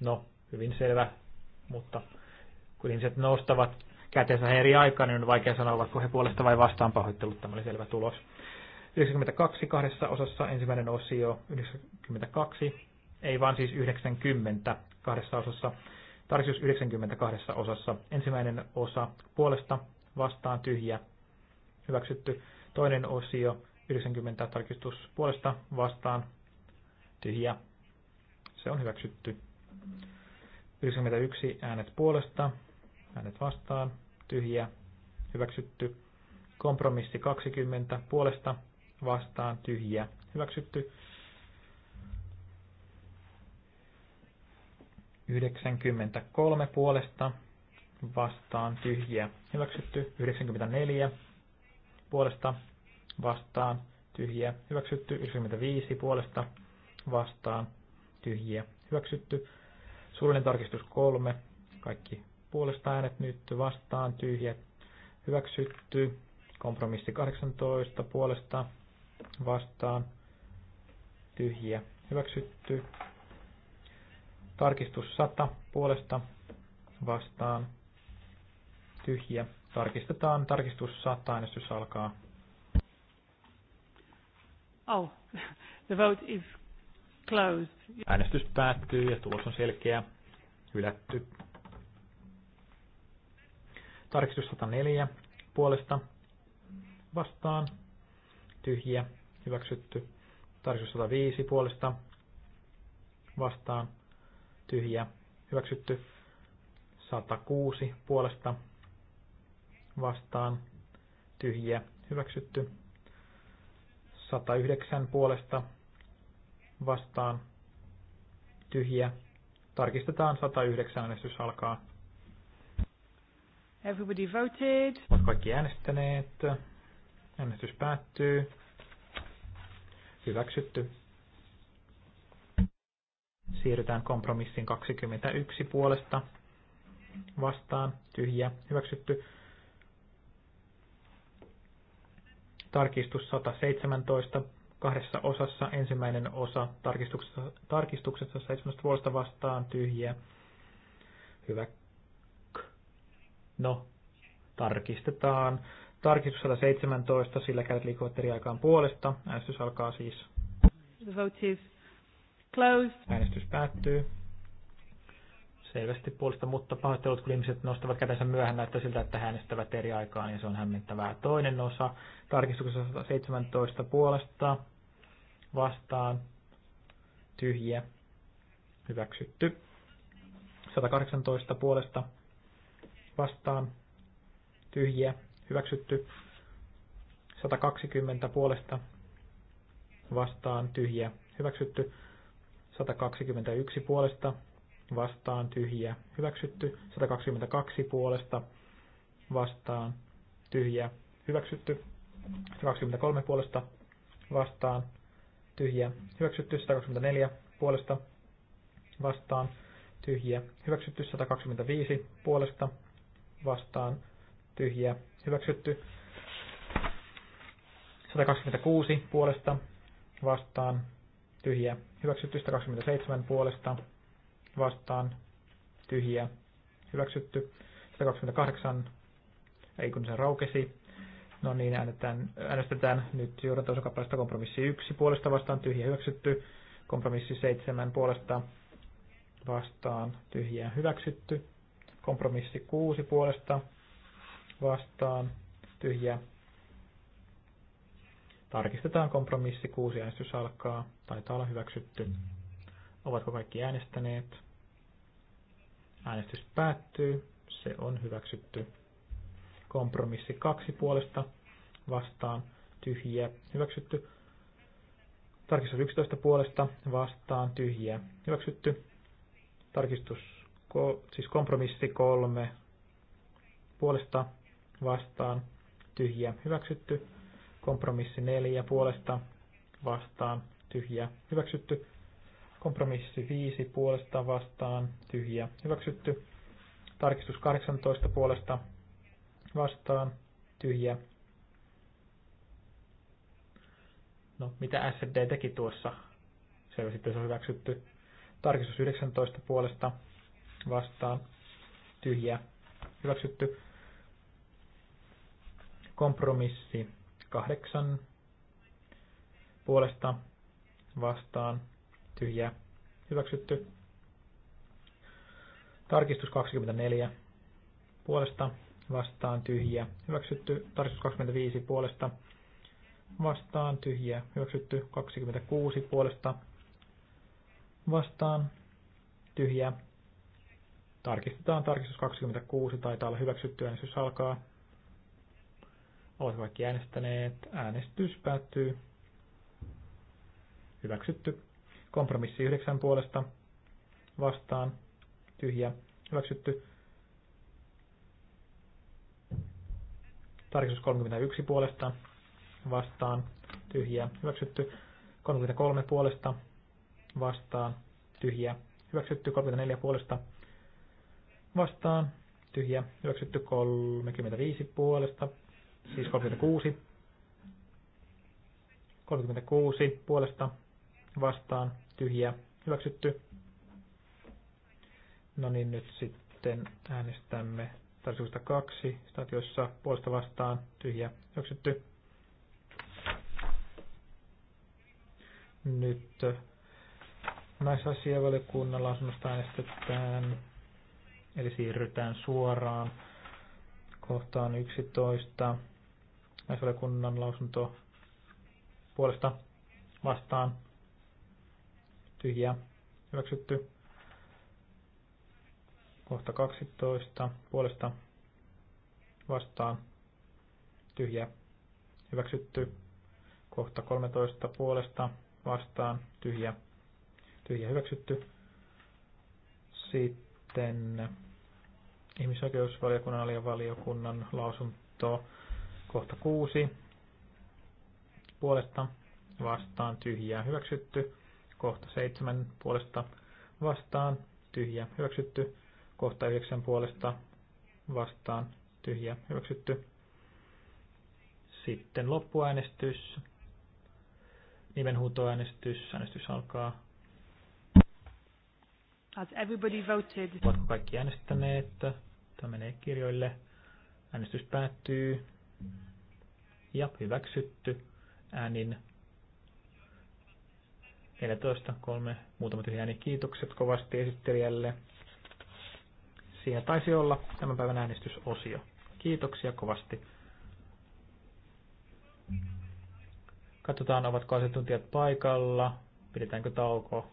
No, hyvin selvä, mutta kun ihmiset nostavat kätensä eri aikaan, niin on vaikea sanoa, ovatko he puolesta vai vastaan pahoittelut. Tämä oli selvä tulos. 92 kahdessa osassa ensimmäinen osio, 92, ei vaan siis 90 kahdessa osassa, tarkistus 92 kahdessa osassa. Ensimmäinen osa puolesta, vastaan, tyhjä, hyväksytty. Toinen osio 90 tarkistus puolesta vastaan tyhjä. Se on hyväksytty. 91 äänet puolesta, äänet vastaan, tyhjä, hyväksytty. Kompromissi 20 puolesta, vastaan, tyhjä, hyväksytty. 93 puolesta, vastaan, tyhjä, hyväksytty. 94 puolesta, vastaan, tyhjiä, hyväksytty. 95 puolesta vastaan, tyhjiä, hyväksytty. Suullinen tarkistus 3, kaikki puolesta äänet nyt vastaan, tyhjiä, hyväksytty. Kompromissi 18 puolesta vastaan, tyhjiä, hyväksytty. Tarkistus 100 puolesta vastaan, tyhjiä. Tarkistetaan, tarkistus 100, äänestys alkaa. Oh, the vote is closed. Äänestys päättyy ja tulos on selkeä. Hylätty. Tarkistus 104 puolesta vastaan. Tyhjiä. Hyväksytty. Tarkistus 105 puolesta vastaan. Tyhjiä. Hyväksytty. 106 puolesta vastaan. Tyhjiä. Hyväksytty. 109 puolesta vastaan tyhjä. Tarkistetaan 109 äänestys alkaa. Everybody voted. Ovat kaikki äänestäneet. Äänestys päättyy. Hyväksytty. Siirrytään kompromissin 21 puolesta. Vastaan tyhjä. Hyväksytty. Tarkistus 117 kahdessa osassa. Ensimmäinen osa tarkistuksessa, tarkistuksessa 17 vuodesta vastaan tyhjiä. Hyvä. No, tarkistetaan. Tarkistus 117, sillä kädet liikkuvat eri aikaan puolesta. Äänestys alkaa siis. The vote is closed. Äänestys päättyy selvästi puolesta, mutta pahoittelut, kun ihmiset nostavat kätensä myöhään, näyttää siltä, että äänestävät eri aikaan, niin se on hämmentävää. Toinen osa tarkistuksessa 17 puolesta vastaan tyhjiä hyväksytty. 118 puolesta vastaan tyhjiä hyväksytty. 120 puolesta vastaan tyhjiä hyväksytty. 121 puolesta vastaan tyhjiä hyväksytty, 122 puolesta vastaan tyhjiä hyväksytty, 123 puolesta vastaan tyhjiä hyväksytty, 124 puolesta vastaan tyhjiä hyväksytty, 125 puolesta vastaan tyhjiä hyväksytty, 126 puolesta vastaan tyhjiä hyväksytty, 127 puolesta vastaan tyhjiä hyväksytty. 128 ei kun se raukesi. No niin, äänestetään, äänestetään nyt johdanto-osakappaleesta kompromissi 1 puolesta vastaan tyhjä hyväksytty. Kompromissi 7 puolesta vastaan tyhjä hyväksytty. Kompromissi 6 puolesta vastaan tyhjä. Tarkistetaan kompromissi kuusi äänestys alkaa. Taitaa olla hyväksytty. Ovatko kaikki äänestäneet? Äänestys päättyy. Se on hyväksytty. Kompromissi kaksi puolesta vastaan tyhjiä hyväksytty. Tarkistus 11 puolesta vastaan tyhjiä hyväksytty. Tarkistus, siis kompromissi kolme puolesta vastaan tyhjiä hyväksytty. Kompromissi neljä puolesta vastaan tyhjiä hyväksytty. Kompromissi 5 puolesta vastaan tyhjä hyväksytty. Tarkistus 18 puolesta vastaan tyhjä. No, mitä SD teki tuossa? Se sitten se on hyväksytty. Tarkistus 19 puolesta vastaan tyhjä hyväksytty. Kompromissi 8 puolesta vastaan tyhjää, hyväksytty. Tarkistus 24, puolesta, vastaan, tyhjiä. hyväksytty. Tarkistus 25, puolesta, vastaan, tyhjiä. hyväksytty. 26, puolesta, vastaan, tyhjiä. Tarkistetaan tarkistus 26, taitaa olla hyväksytty, äänestys alkaa. Olet kaikki äänestäneet, äänestys päättyy. Hyväksytty. Kompromissi yhdeksän puolesta vastaan tyhjä hyväksytty. Tarkistus 31 puolesta vastaan tyhjä hyväksytty. 33 puolesta vastaan tyhjä hyväksytty. 34 puolesta vastaan tyhjä hyväksytty. 35 puolesta siis 36 36 puolesta vastaan tyhjä, hyväksytty. No niin, nyt sitten äänestämme tarkistusta kaksi, statiossa puolesta vastaan, tyhjä, hyväksytty. Nyt äh, naisasiavaliokunnan lausunnosta äänestetään, eli siirrytään suoraan kohtaan 11. Naisvaliokunnan lausunto puolesta vastaan, tyhjä hyväksytty. Kohta 12 puolesta vastaan tyhjä hyväksytty. Kohta 13 puolesta vastaan tyhjä, tyhjä hyväksytty. Sitten ihmisoikeusvaliokunnan ja valiokunnan lausunto kohta 6 puolesta vastaan tyhjä hyväksytty. Kohta 7 puolesta vastaan tyhjä hyväksytty. Kohta 9 puolesta vastaan tyhjä hyväksytty. Sitten loppuäänestys. Nimenhuutoäänestys. Äänestys alkaa. Has everybody voted? Ovatko kaikki äänestäneet? Tämä menee kirjoille. Äänestys päättyy. Ja hyväksytty äänin 14, 3, muutama tyhjä Kiitokset kovasti esittelijälle. Siinä taisi olla tämän päivän äänestysosio. Kiitoksia kovasti. Katsotaan, ovatko asiantuntijat paikalla. Pidetäänkö tauko?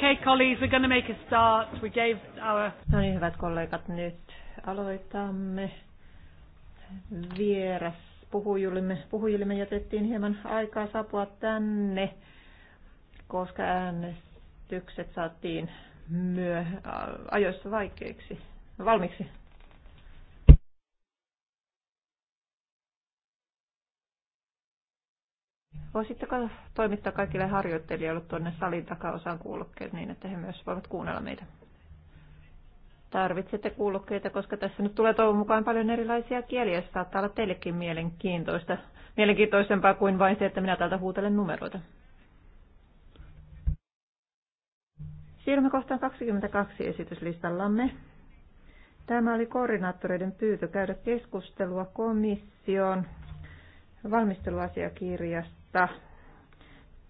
Okay, colleagues, we're going to make a start. We gave our... No niin, hyvät kollegat, nyt aloitamme. Vieras puhujillemme, puhujillemme jätettiin hieman aikaa sapua tänne, koska äänestykset saatiin myö, ajoissa vaikeiksi, valmiiksi. Voisitteko toimittaa kaikille harjoittelijoille tuonne salin takaosaan kuulokkeet niin, että he myös voivat kuunnella meitä? Tarvitsette kuulokkeita, koska tässä nyt tulee toivon mukaan paljon erilaisia kieliä. Se saattaa olla teillekin mielenkiintoista, mielenkiintoisempaa kuin vain se, että minä täältä huutelen numeroita. Siirrymme kohtaan 22 esityslistallamme. Tämä oli koordinaattoreiden pyytö käydä keskustelua komission valmisteluasiakirjasta 2015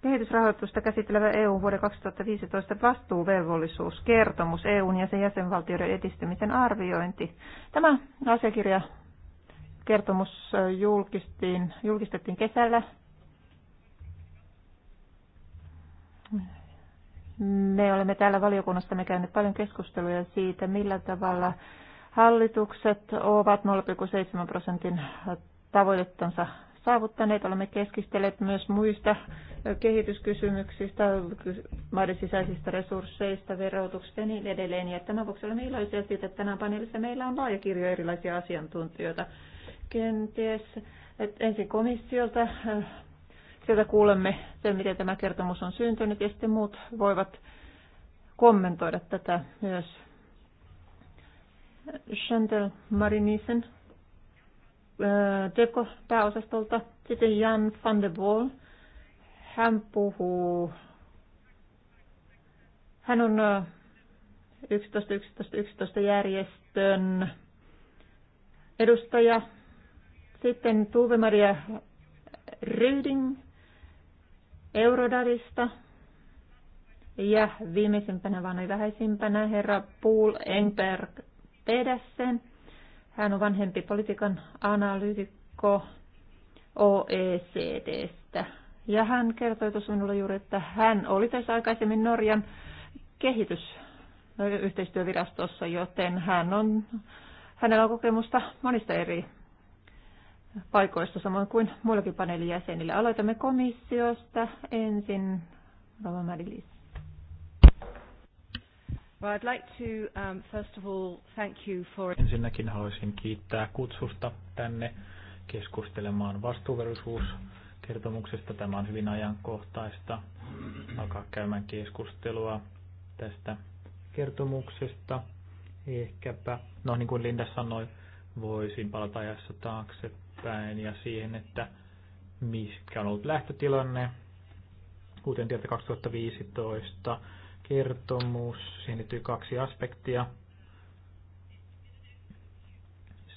kehitysrahoitusta käsittelevä EU vuoden 2015 vastuuvelvollisuus, kertomus EUn ja sen jäsenvaltioiden edistämisen arviointi. Tämä asiakirja kertomus julkistiin, julkistettiin kesällä. Me olemme täällä valiokunnassa me käyneet paljon keskusteluja siitä, millä tavalla hallitukset ovat 0,7 prosentin tavoitettansa saavuttaneet. Olemme keskistelleet myös muista kehityskysymyksistä, maiden sisäisistä resursseista, verotuksista ja niin edelleen. Ja tämän vuoksi olemme iloisia siitä, että tänään paneelissa meillä on laaja kirjo erilaisia asiantuntijoita. Kenties että ensin komissiolta, sieltä kuulemme sen, miten tämä kertomus on syntynyt, ja sitten muut voivat kommentoida tätä myös. Chantal Marinisen Teko-pääosastolta. Sitten Jan van de Boel. Hän puhuu, hän on 11, 11, 11 järjestön edustaja. Sitten Tuve-Maria Ryding Eurodarista. Ja viimeisimpänä, vaan ei vähäisimpänä, herra Poul Engberg Pedersen hän on vanhempi politiikan analyytikko OECDstä. Ja hän kertoi tuossa minulle juuri, että hän oli tässä aikaisemmin Norjan kehitysyhteistyövirastossa, no, joten hän on, hänellä on kokemusta monista eri paikoista, samoin kuin muillakin paneelin jäsenillä. Aloitamme komissiosta ensin. Rova Madilis. Well, I'd like to, um, first of all, thank you for... Ensinnäkin haluaisin kiittää kutsusta tänne keskustelemaan vastuuvelvollisuuskertomuksesta. Tämä on hyvin ajankohtaista alkaa käymään keskustelua tästä kertomuksesta. Ehkäpä, no niin kuin Linda sanoi, voisin palata ajassa taaksepäin ja siihen, että mikä on ollut lähtötilanne. Kuten tiedätte, 2015 kertomus. Siihen liittyy kaksi aspektia.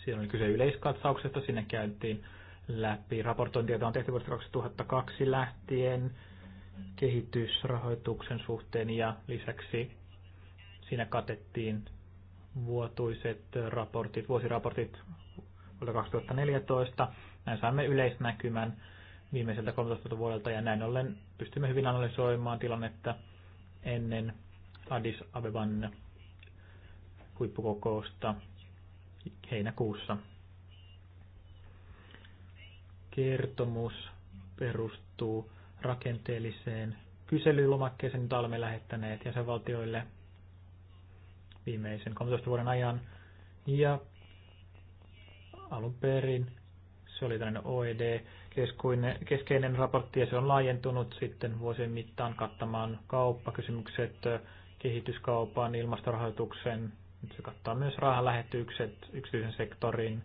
Siellä oli kyse yleiskatsauksesta. Sinne käytiin läpi raportointia, on tehty vuodesta 2002 lähtien kehitysrahoituksen suhteen ja lisäksi siinä katettiin vuotuiset raportit, vuosiraportit vuodelta 2014. Näin saimme yleisnäkymän viimeiseltä 13 vuodelta ja näin ollen pystymme hyvin analysoimaan tilannetta – ennen Addis Abeban huippukokousta heinäkuussa. Kertomus perustuu rakenteelliseen kyselylomakkeeseen, jota olemme lähettäneet jäsenvaltioille viimeisen 13 vuoden ajan. Ja alun perin se oli tällainen OED keskeinen raportti ja se on laajentunut sitten vuosien mittaan kattamaan kauppakysymykset, kehityskaupan, ilmastorahoituksen. se kattaa myös rahalähetykset, yksityisen sektorin,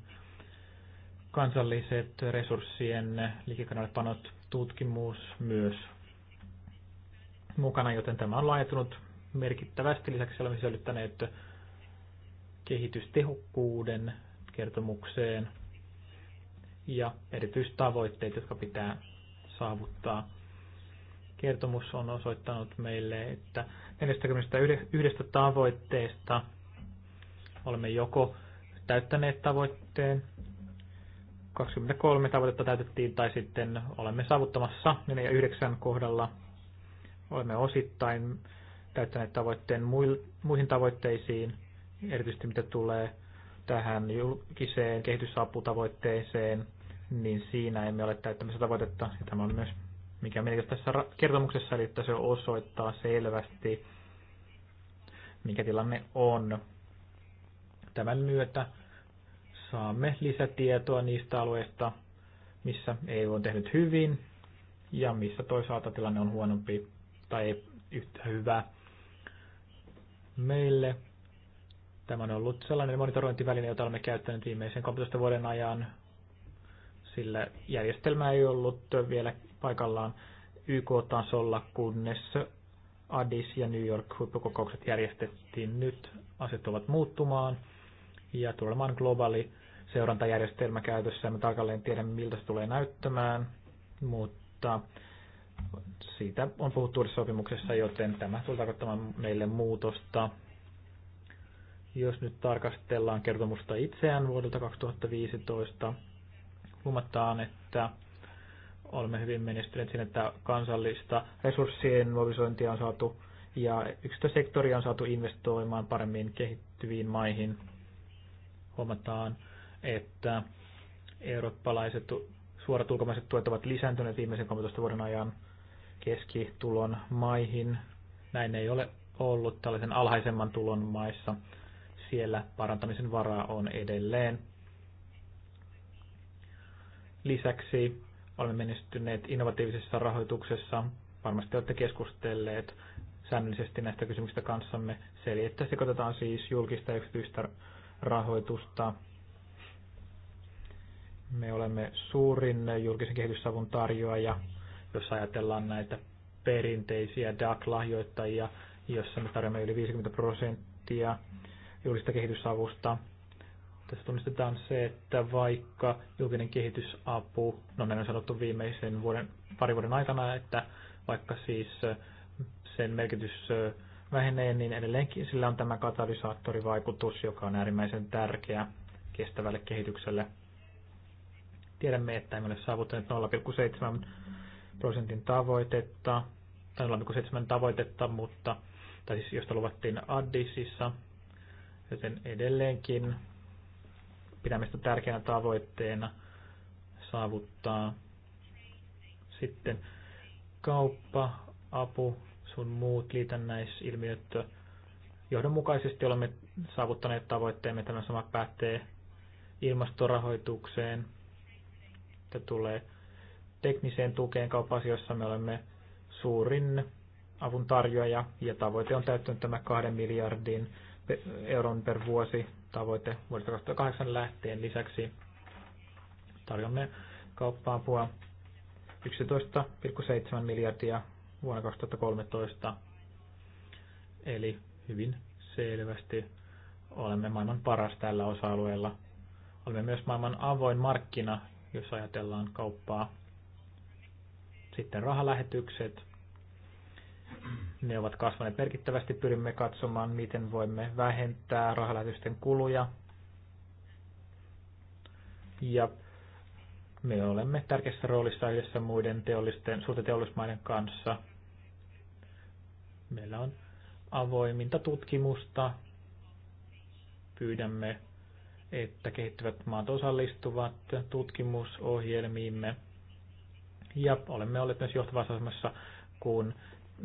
kansalliset resurssien liikekanaalipanot, tutkimus myös mukana, joten tämä on laajentunut merkittävästi. Lisäksi olemme sisällyttäneet kehitystehokkuuden kertomukseen – ja erityistavoitteet, jotka pitää saavuttaa. Kertomus on osoittanut meille, että 41 tavoitteesta olemme joko täyttäneet tavoitteen, 23 tavoitetta täytettiin tai sitten olemme saavuttamassa 4 ja 9 kohdalla. Olemme osittain täyttäneet tavoitteen muihin tavoitteisiin, erityisesti mitä tulee tähän julkiseen kehitysaputavoitteeseen – niin siinä emme ole täyttämässä tavoitetta. Ja tämä on myös mikä on tässä kertomuksessa, eli että se osoittaa selvästi, mikä tilanne on. Tämän myötä saamme lisätietoa niistä alueista, missä EU on tehnyt hyvin ja missä toisaalta tilanne on huonompi tai ei yhtä hyvä. Meille tämä on ollut sellainen monitorointiväline, jota olemme käyttäneet viimeisen 13 vuoden ajan sillä järjestelmä ei ollut vielä paikallaan YK-tasolla, kunnes Addis ja New York huippukokoukset järjestettiin. Nyt asiat ovat muuttumaan ja tulemaan globaali seurantajärjestelmä käytössä. Me tarkalleen tiedä, miltä se tulee näyttämään, mutta siitä on puhuttu uudessa sopimuksessa, joten tämä tulee tarkoittamaan meille muutosta. Jos nyt tarkastellaan kertomusta itseään vuodelta 2015, Huomataan, että olemme hyvin menestyneet siinä, että kansallista resurssien mobilisointia on saatu ja yksityistä on saatu investoimaan paremmin kehittyviin maihin. Huomataan, että eurooppalaiset suorat ulkomaiset tuet ovat lisääntyneet viimeisen 13 vuoden ajan keskitulon maihin. Näin ei ole ollut tällaisen alhaisemman tulon maissa. Siellä parantamisen varaa on edelleen. Lisäksi olemme menestyneet innovatiivisessa rahoituksessa. Varmasti olette keskustelleet säännöllisesti näistä kysymyksistä kanssamme. Se eli, että sekoitetaan siis julkista ja yksityistä rahoitusta. Me olemme suurin julkisen kehitysavun tarjoaja, jos ajatellaan näitä perinteisiä DAC-lahjoittajia, jossa me tarjoamme yli 50 prosenttia julkista kehitysavusta tässä tunnistetaan se, että vaikka julkinen kehitysapu, no näin on sanottu viimeisen vuoden, pari vuoden aikana, että vaikka siis sen merkitys vähenee, niin edelleenkin sillä on tämä katalysaattorivaikutus, joka on äärimmäisen tärkeä kestävälle kehitykselle. Tiedämme, että emme ole saavuttaneet 0,7 prosentin tavoitetta, tai 0,7 tavoitetta, mutta, tai siis josta luvattiin Addisissa, joten edelleenkin pitämistä tärkeänä tavoitteena saavuttaa. Sitten kauppa, apu, sun muut liitännäisilmiöt. Johdonmukaisesti olemme saavuttaneet tavoitteemme. Tämä sama pätee ilmastorahoitukseen. Tämä tulee tekniseen tukeen kaupasioissa. Me olemme suurin avun tarjoaja ja tavoite on täyttynyt tämä kahden miljardin euron per vuosi tavoite vuodesta 2008 lähtien. Lisäksi tarjomme kauppaan apua 11,7 miljardia vuonna 2013. Eli hyvin selvästi olemme maailman paras tällä osa-alueella. Olemme myös maailman avoin markkina, jos ajatellaan kauppaa. Sitten rahalähetykset, ne ovat kasvaneet merkittävästi. Pyrimme katsomaan, miten voimme vähentää rahalähetysten kuluja. Ja me olemme tärkeässä roolissa yhdessä muiden teollisten, suurten teollismaiden kanssa. Meillä on avoiminta tutkimusta. Pyydämme, että kehittyvät maat osallistuvat tutkimusohjelmiimme. Ja olemme olleet myös johtavassa asemassa, kun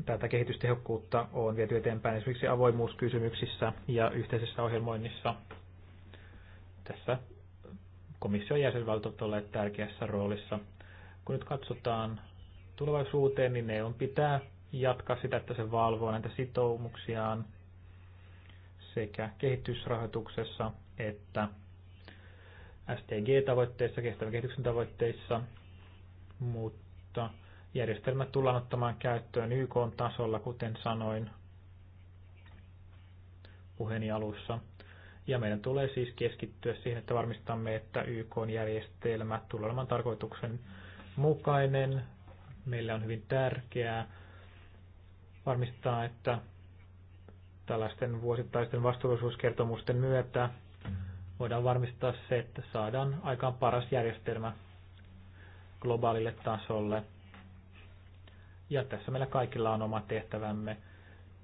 tätä kehitystehokkuutta on viety eteenpäin esimerkiksi avoimuuskysymyksissä ja yhteisessä ohjelmoinnissa. Tässä komission on olleet tärkeässä roolissa. Kun nyt katsotaan tulevaisuuteen, niin ne on pitää jatkaa sitä, että se valvoo näitä sitoumuksiaan sekä kehitysrahoituksessa että STG-tavoitteissa, kestävän kehityksen tavoitteissa, mutta Järjestelmä tullaan ottamaan käyttöön YK-tasolla, kuten sanoin puheeni alussa. Ja meidän tulee siis keskittyä siihen, että varmistamme, että YK-järjestelmä tulee olemaan tarkoituksen mukainen. Meillä on hyvin tärkeää varmistaa, että tällaisten vuosittaisten vastuullisuuskertomusten myötä voidaan varmistaa se, että saadaan aikaan paras järjestelmä globaalille tasolle. Ja tässä meillä kaikilla on oma tehtävämme.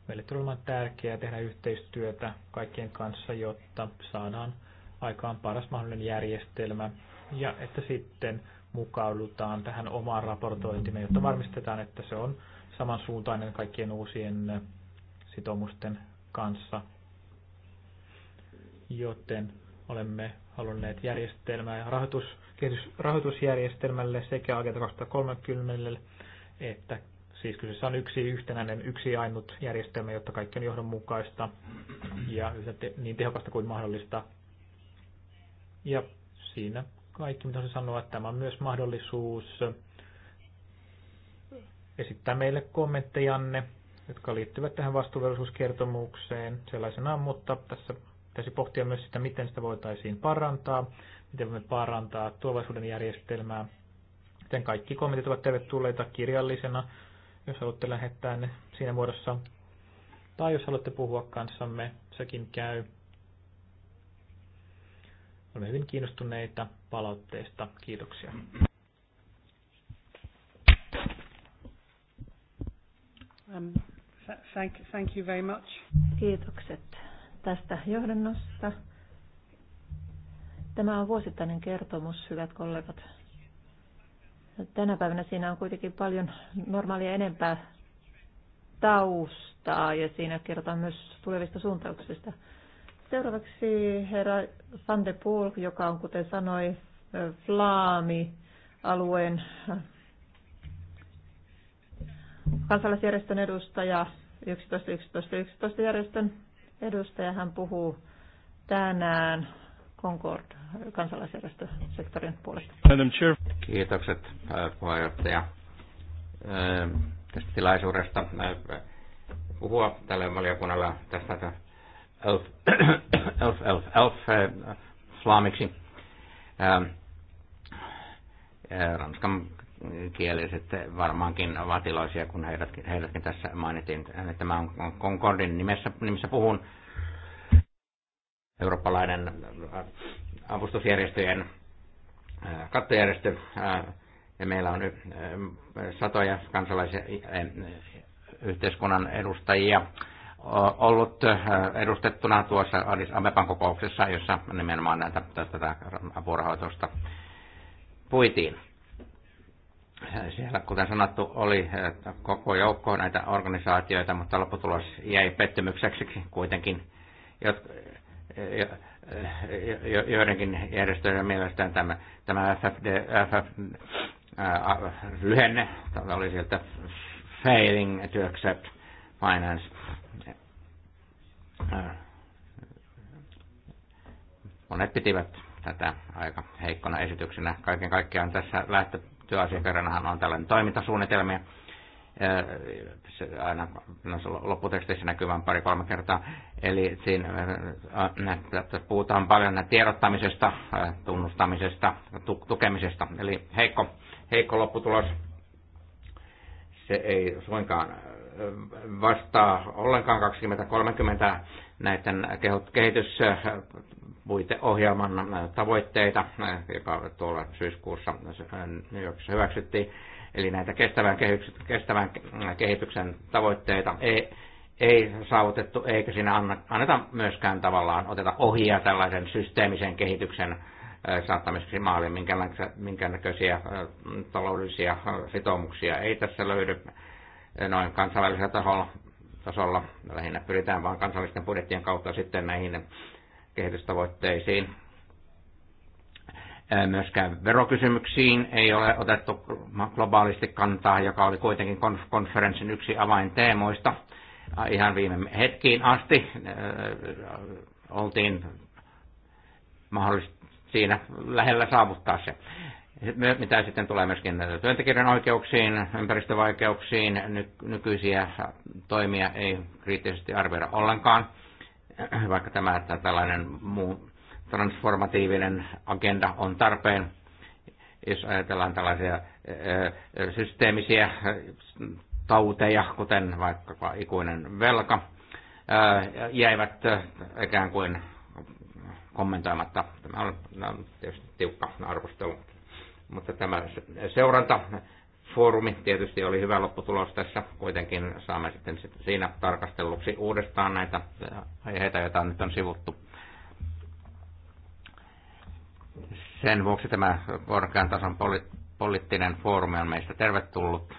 Meille tulee olemaan tärkeää tehdä yhteistyötä kaikkien kanssa, jotta saadaan aikaan paras mahdollinen järjestelmä ja että sitten mukaudutaan tähän omaan raportointimme, jotta varmistetaan, että se on samansuuntainen kaikkien uusien sitoumusten kanssa. Joten olemme halunneet järjestelmää ja rahoitus, rahoitusjärjestelmälle sekä Agenda 2030 että Siis kyseessä on yksi yhtenäinen, yksi ainut järjestelmä, jotta kaikki on johdonmukaista ja niin tehokasta kuin mahdollista. Ja siinä kaikki, mitä se sanoa, että tämä on myös mahdollisuus esittää meille kommenttejanne, jotka liittyvät tähän vastuullisuuskertomukseen sellaisenaan, mutta tässä pitäisi pohtia myös sitä, miten sitä voitaisiin parantaa, miten voimme parantaa tulevaisuuden järjestelmää, miten kaikki kommentit ovat tervetulleita kirjallisena jos haluatte lähettää ne siinä muodossa. Tai jos haluatte puhua kanssamme, sekin käy. Olemme hyvin kiinnostuneita palautteista. Kiitoksia. Um, thank, thank you very much. Kiitokset tästä johdannosta. Tämä on vuosittainen kertomus, hyvät kollegat. Tänä päivänä siinä on kuitenkin paljon normaalia enempää taustaa ja siinä kerrotaan myös tulevista suuntauksista. Seuraavaksi herra Van de Poel, joka on kuten sanoi Flaami-alueen kansalaisjärjestön edustaja, 11.11.11 11, 11 järjestön edustaja. Hän puhuu tänään Concord kansalaisjärjestösektorin puolesta. Kiitokset puheenjohtaja tästä tilaisuudesta puhua tälle valiokunnalle tästä elf, elf, elf, elf slaamiksi. Ranskan kieliset varmaankin ovat iloisia, kun heidätkin, heidätkin tässä mainittiin. Tämä on Concordin nimessä, nimessä puhun. Eurooppalainen avustusjärjestöjen kattojärjestö, ja meillä on satoja kansalaisen yhteiskunnan edustajia ollut edustettuna tuossa Addis Abeban kokouksessa, jossa nimenomaan näitä, tätä apurahoitusta puitiin. Siellä, kuten sanottu, oli koko joukko näitä organisaatioita, mutta lopputulos jäi pettymykseksi kuitenkin joidenkin järjestöjen mielestään tämä, tämä FFD, FF, äh, lyhenne, tämä oli sieltä Failing to Accept Finance, monet pitivät tätä aika heikkona esityksenä. Kaiken kaikkiaan tässä lähtötyöasiakirjanahan on tällainen toimintasuunnitelmia, se aina no, lopputeksteissä näkyy vain pari-kolme kertaa. Eli siinä tässä puhutaan paljon tiedottamisesta, tunnustamisesta, tu, tukemisesta. Eli heikko, heikko lopputulos. Se ei suinkaan vastaa ollenkaan 2030 näiden kehityspuiteohjelman tavoitteita, joka tuolla syyskuussa New Yorkissa hyväksyttiin Eli näitä kestävän, kehyks, kestävän kehityksen tavoitteita ei, ei saavutettu, eikä siinä anna, anneta myöskään tavallaan oteta ohjia tällaisen systeemisen kehityksen saattamiseksi maaliin, minkäännäköisiä taloudellisia sitoumuksia ei tässä löydy noin kansainvälisellä tasolla. tasolla. Lähinnä pyritään vain kansallisten budjettien kautta sitten näihin kehitystavoitteisiin Myöskään verokysymyksiin ei ole otettu globaalisti kantaa, joka oli kuitenkin konferenssin yksi avainteemoista. Ihan viime hetkiin asti oltiin mahdollisesti siinä lähellä saavuttaa se. Mitä sitten tulee myöskin työntekijöiden oikeuksiin, ympäristövaikeuksiin, nykyisiä toimia ei kriittisesti arvioida ollenkaan, vaikka tämä että tällainen transformatiivinen agenda on tarpeen, jos ajatellaan tällaisia systeemisiä tauteja, kuten vaikka ikuinen velka, jäivät ikään kuin kommentoimatta. Tämä on, on tietysti tiukka arvostelu, mutta tämä seuranta foorumi tietysti oli hyvä lopputulos tässä. Kuitenkin saamme sitten siinä tarkastelluksi uudestaan näitä aiheita, joita nyt on sivuttu Sen vuoksi tämä korkean tason poli- poliittinen foorumi on meistä tervetullut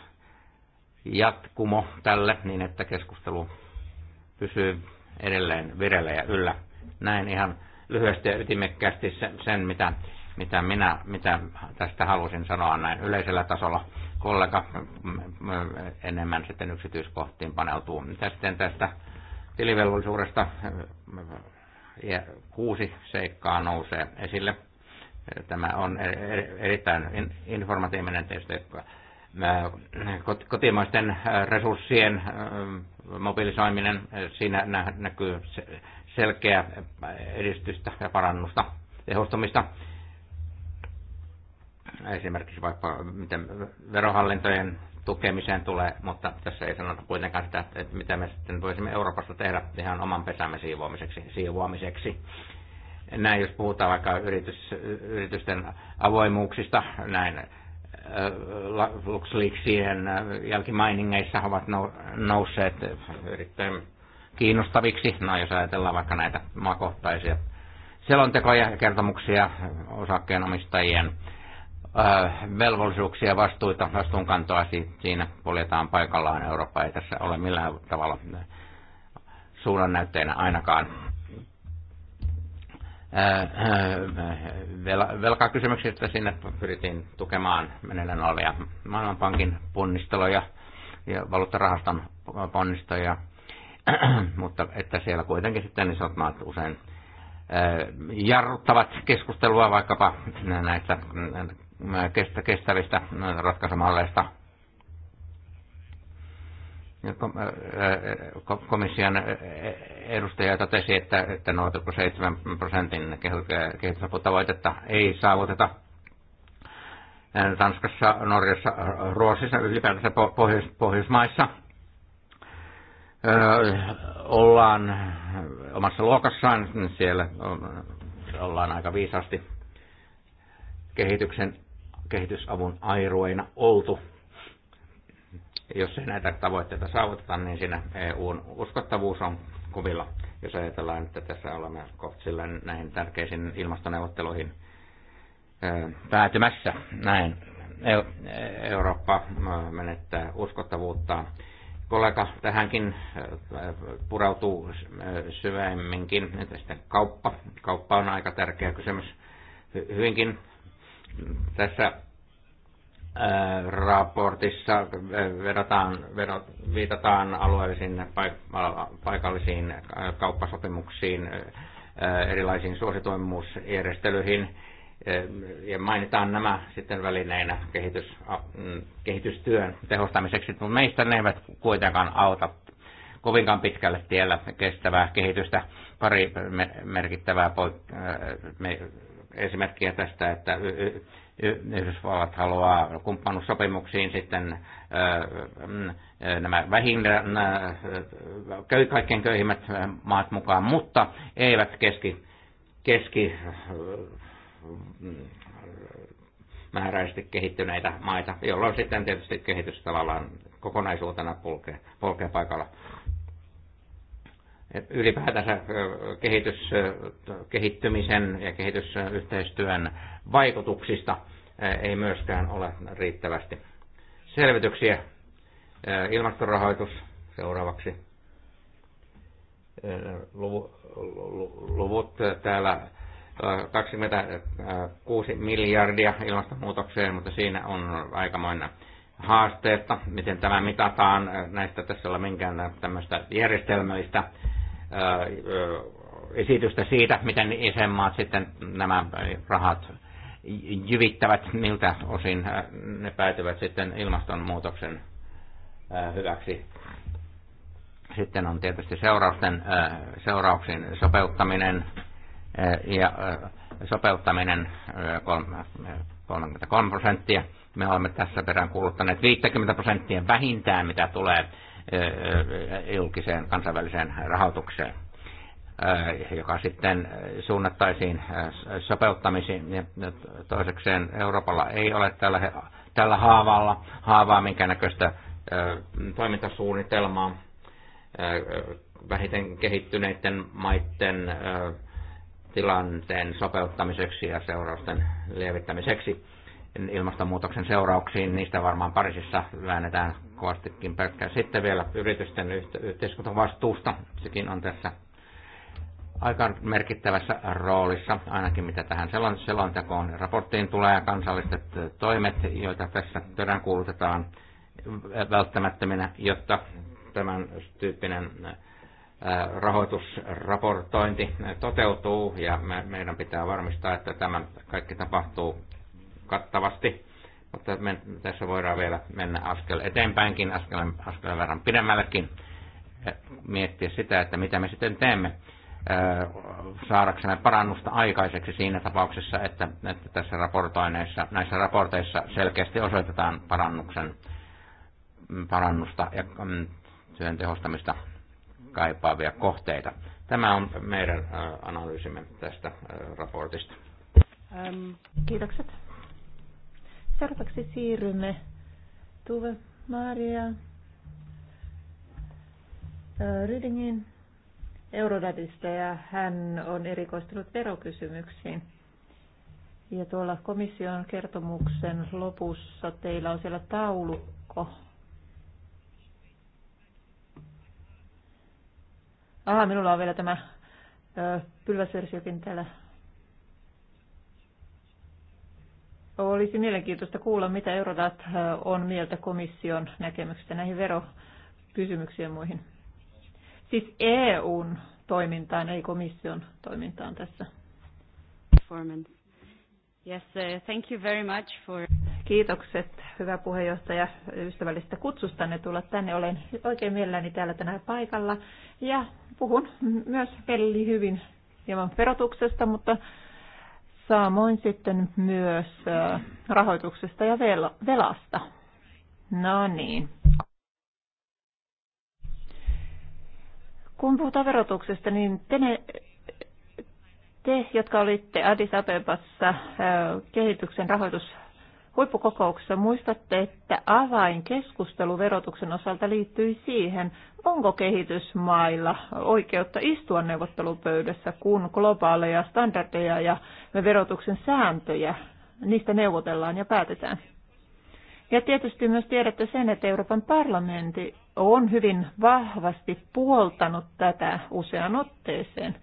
jatkumo tälle, niin että keskustelu pysyy edelleen virellä ja yllä. Näin ihan lyhyesti ja ytimekkäästi sen, sen mitä, mitä minä mitä tästä halusin sanoa näin yleisellä tasolla. Kollega mm, mm, enemmän sitten yksityiskohtiin paneutuu. Mitä sitten tästä tilivelvollisuudesta mm, ja kuusi seikkaa nousee esille – Tämä on e- e- erittäin informatiivinen tietysti kotimaisten resurssien mobilisoiminen, siinä näkyy selkeä edistystä ja parannusta, tehostumista. Esimerkiksi vaikka miten verohallintojen tukemiseen tulee, mutta tässä ei sanota kuitenkaan sitä, että mitä me sitten voisimme Euroopassa tehdä ihan oman pesämme siivoamiseksi. siivoamiseksi näin jos puhutaan vaikka yritys, yritysten avoimuuksista, näin LuxLeaksien jälkimainingeissa ovat nousseet erittäin kiinnostaviksi. No jos ajatellaan vaikka näitä maakohtaisia selontekoja ja kertomuksia osakkeenomistajien velvollisuuksia vastuuta vastuita, vastuunkantoa siinä poljetaan paikallaan. Eurooppa ei tässä ole millään tavalla suunnannäytteenä ainakaan Äh, äh, velkakysymyksistä sinne pyrittiin tukemaan meneillään olevia Maailmanpankin ponnisteluja ja valuuttarahaston ponnisteluja. mutta että siellä kuitenkin sitten niin maat usein äh, jarruttavat keskustelua vaikkapa näistä kestävistä ratkaisumalleista – komission edustaja totesi, että, että 0,7 prosentin kehitysaputavoitetta ei saavuteta. Tanskassa, Norjassa, Ruotsissa, ylipäätänsä Pohjois Pohjoismaissa ollaan omassa luokassaan, siellä ollaan aika viisasti kehityksen, kehitysavun airueina oltu jos näitä tavoitteita saavutetaan, niin siinä EUn uskottavuus on kuvilla. Jos ajatellaan, että tässä olemme kohta näihin tärkeisiin ilmastoneuvotteluihin päätymässä, näin e e Eurooppa menettää uskottavuuttaan. Kollega tähänkin pureutuu syvemminkin. Sitten kauppa. Kauppa on aika tärkeä kysymys hyvinkin tässä raportissa eh, vedotaan, vedot, viitataan alueellisiin paikallisiin eh, kauppasopimuksiin, eh, erilaisiin suositoimuusjärjestelyihin ja mainitaan nämä sitten välineinä kehitys, mm, kehitystyön tehostamiseksi, mutta meistä ne eivät kuitenkaan auta kovinkaan pitkälle tiellä kestävää kehitystä. Pari merkittävää poik- esimerkkiä tästä, että Yhdysvallat haluaa kumppanussopimuksiin sitten mm, nämä vähin, kaikkein köyhimmät maat mukaan, mutta eivät keski, keski mm, määräisesti kehittyneitä maita, jolloin sitten tietysti kehitys tavallaan kokonaisuutena polkee, polkee paikalla ylipäätänsä kehitys, kehittymisen ja kehitysyhteistyön vaikutuksista ei myöskään ole riittävästi selvityksiä. Ilmastorahoitus seuraavaksi. Luvut täällä 26 miljardia ilmastonmuutokseen, mutta siinä on aikamoinen haasteesta, miten tämä mitataan. Näistä tässä ei ole minkään tämmöistä järjestelmällistä esitystä siitä, miten isänmaat sitten nämä rahat jyvittävät, miltä osin ne päätyvät sitten ilmastonmuutoksen hyväksi. Sitten on tietysti seurausten, seurauksien sopeuttaminen ja sopeuttaminen 33 prosenttia. Me olemme tässä perään kuluttaneet 50 prosenttia vähintään, mitä tulee Eh, eh, julkiseen kansainväliseen rahoitukseen, eh, joka sitten suunnattaisiin sopeuttamisiin. toisekseen Euroopalla ei ole tällä, tällä haavalla haavaa minkäännäköistä toimintasuunnitelmaa vähiten kehittyneiden maiden tilanteen sopeuttamiseksi ja seurausten lievittämiseksi ilmastonmuutoksen seurauksiin, niistä varmaan Pariisissa väännetään kovastikin pelkkää. Sitten vielä yritysten yhteiskuntavastuusta, sekin on tässä aika merkittävässä roolissa, ainakin mitä tähän selontekoon raporttiin tulee, kansalliset toimet, joita tässä peräänkuulutetaan välttämättöminä, jotta tämän tyyppinen rahoitusraportointi toteutuu ja meidän pitää varmistaa, että tämä kaikki tapahtuu kattavasti, mutta me, tässä voidaan vielä mennä askel eteenpäinkin, askel, askeleen verran pidemmällekin, miettiä sitä, että mitä me sitten teemme saadaksemme parannusta aikaiseksi siinä tapauksessa, että, että tässä raportoineissa, näissä raporteissa selkeästi osoitetaan parannuksen, mm, parannusta ja mm, työn tehostamista kaipaavia kohteita. Tämä on meidän analyysimme tästä raportista. Kiitokset. Seuraavaksi siirrymme Tuve Maria Rydingin Eurodadista ja hän on erikoistunut verokysymyksiin. Ja tuolla komission kertomuksen lopussa teillä on siellä taulukko. Aha, minulla on vielä tämä pylväsversiokin täällä Olisi mielenkiintoista kuulla, mitä Eurodat on mieltä komission näkemyksestä näihin verokysymyksiin ja muihin. Siis EUn toimintaan, ei komission toimintaan tässä. Yes, thank you very much for... Kiitokset, hyvä puheenjohtaja, ystävällistä kutsustanne tulla tänne. Olen oikein mielelläni täällä tänään paikalla ja puhun myös Pelli hyvin hieman verotuksesta, mutta Samoin sitten myös rahoituksesta ja velasta. No niin. Kun puhutaan verotuksesta, niin te, ne, te jotka olitte Addis Abebassa kehityksen rahoitus huippukokouksessa muistatte, että avainkeskustelu verotuksen osalta liittyi siihen, onko kehitysmailla oikeutta istua neuvottelupöydässä, kun globaaleja standardeja ja verotuksen sääntöjä, niistä neuvotellaan ja päätetään. Ja tietysti myös tiedätte sen, että Euroopan parlamentti on hyvin vahvasti puoltanut tätä usean otteeseen,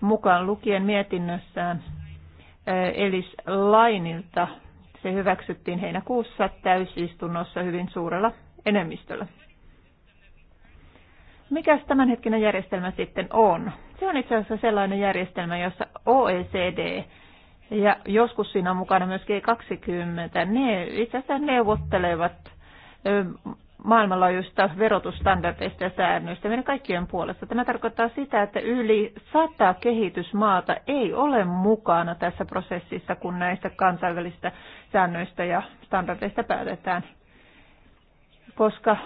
mukaan lukien mietinnössään eh, Elis Lainilta se hyväksyttiin heinäkuussa täysistunnossa hyvin suurella enemmistöllä. Mikäs tämänhetkinen järjestelmä sitten on? Se on itse asiassa sellainen järjestelmä, jossa OECD ja joskus siinä on mukana myös G20, ne itse asiassa neuvottelevat maailmanlaajuista verotusstandardeista ja säännöistä meidän kaikkien puolesta. Tämä tarkoittaa sitä, että yli sata kehitysmaata ei ole mukana tässä prosessissa, kun näistä kansainvälisistä säännöistä ja standardeista päätetään, koska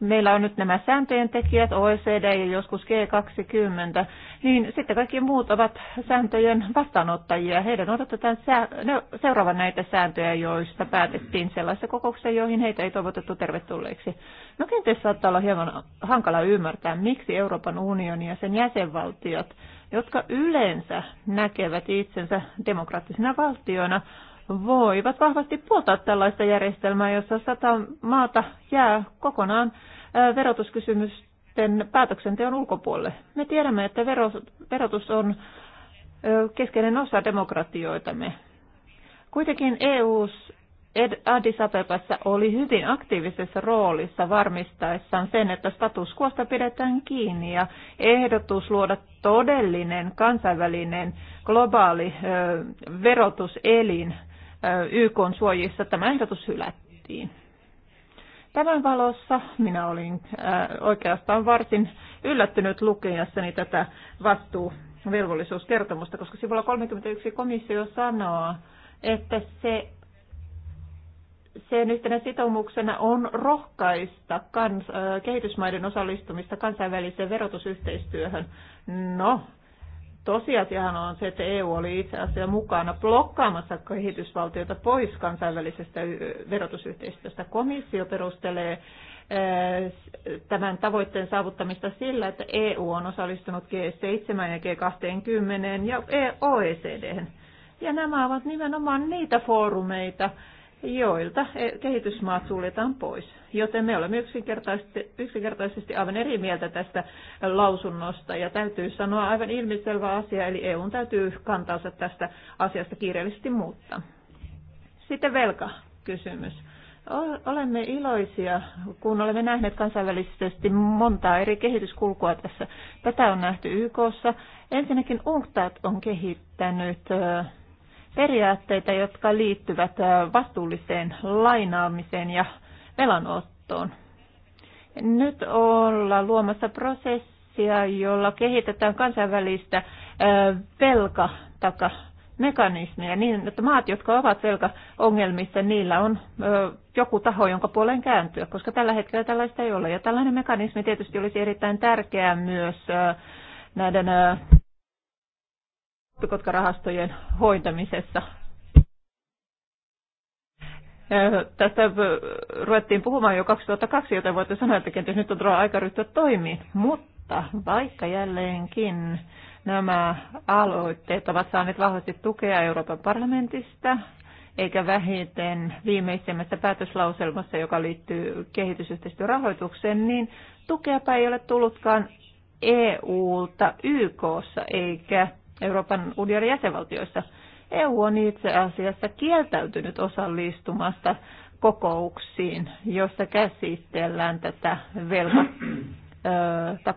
meillä on nyt nämä sääntöjen tekijät, OECD ja joskus G20, niin sitten kaikki muut ovat sääntöjen vastaanottajia. Heidän odotetaan no, seuraavan näitä sääntöjä, joista päätettiin sellaisessa kokouksessa, joihin heitä ei toivotettu tervetulleeksi. No kenties saattaa olla hieman hankala ymmärtää, miksi Euroopan unioni ja sen jäsenvaltiot, jotka yleensä näkevät itsensä demokraattisina valtioina, voivat vahvasti puoltaa tällaista järjestelmää, jossa sata maata jää kokonaan verotuskysymysten päätöksenteon ulkopuolelle. Me tiedämme, että verotus on keskeinen osa demokratioitamme. Kuitenkin EU Addis Abebassa oli hyvin aktiivisessa roolissa varmistaessaan sen, että statuskuosta pidetään kiinni ja ehdotus luoda todellinen kansainvälinen globaali verotuselin YK suojissa tämä ehdotus hylättiin. Tämän valossa minä olin oikeastaan varsin yllättynyt lukiessani tätä vastuuvelvollisuuskertomusta, koska sivulla 31 komissio sanoo, että se sen yhtenä sitoumuksena on rohkaista kans, kehitysmaiden osallistumista kansainväliseen verotusyhteistyöhön. No, Tosiasiahan on se, että EU oli itse asiassa mukana blokkaamassa kehitysvaltioita pois kansainvälisestä verotusyhteistyöstä. Komissio perustelee eh, tämän tavoitteen saavuttamista sillä, että EU on osallistunut G7 ja G20 ja OECD. Ja nämä ovat nimenomaan niitä foorumeita, joilta e- kehitysmaat suljetaan pois. Joten me olemme yksinkertaisesti, yksinkertaisesti aivan eri mieltä tästä lausunnosta ja täytyy sanoa aivan ilmiselvä asia, eli EU täytyy kantansa tästä asiasta kiireellisesti muuttaa. Sitten velkakysymys. Olemme iloisia, kun olemme nähneet kansainvälisesti montaa eri kehityskulkua tässä. Tätä on nähty YKssa. Ensinnäkin UNCTAD on kehittänyt periaatteita, jotka liittyvät vastuulliseen lainaamiseen ja velanottoon. Nyt ollaan luomassa prosessia, jolla kehitetään kansainvälistä velkatakamekanismia mekanismeja niin, että maat, jotka ovat velkaongelmissa, niillä on joku taho, jonka puoleen kääntyä, koska tällä hetkellä tällaista ei ole. Ja tällainen mekanismi tietysti olisi erittäin tärkeää myös näiden rahastojen hoitamisessa Tästä äh, ruvettiin puhumaan jo 2002, joten voitte sanoa, että kenties nyt on todella aika ryhtyä toimiin. Mutta vaikka jälleenkin nämä aloitteet ovat saaneet vahvasti tukea Euroopan parlamentista, eikä vähiten viimeisimmässä päätöslauselmassa, joka liittyy kehitysyhteistyörahoitukseen, niin tukeapa ei ole tullutkaan EU-ta YKssa eikä Euroopan unionin jäsenvaltioissa – EU on itse asiassa kieltäytynyt osallistumasta kokouksiin, jossa käsitellään tätä velka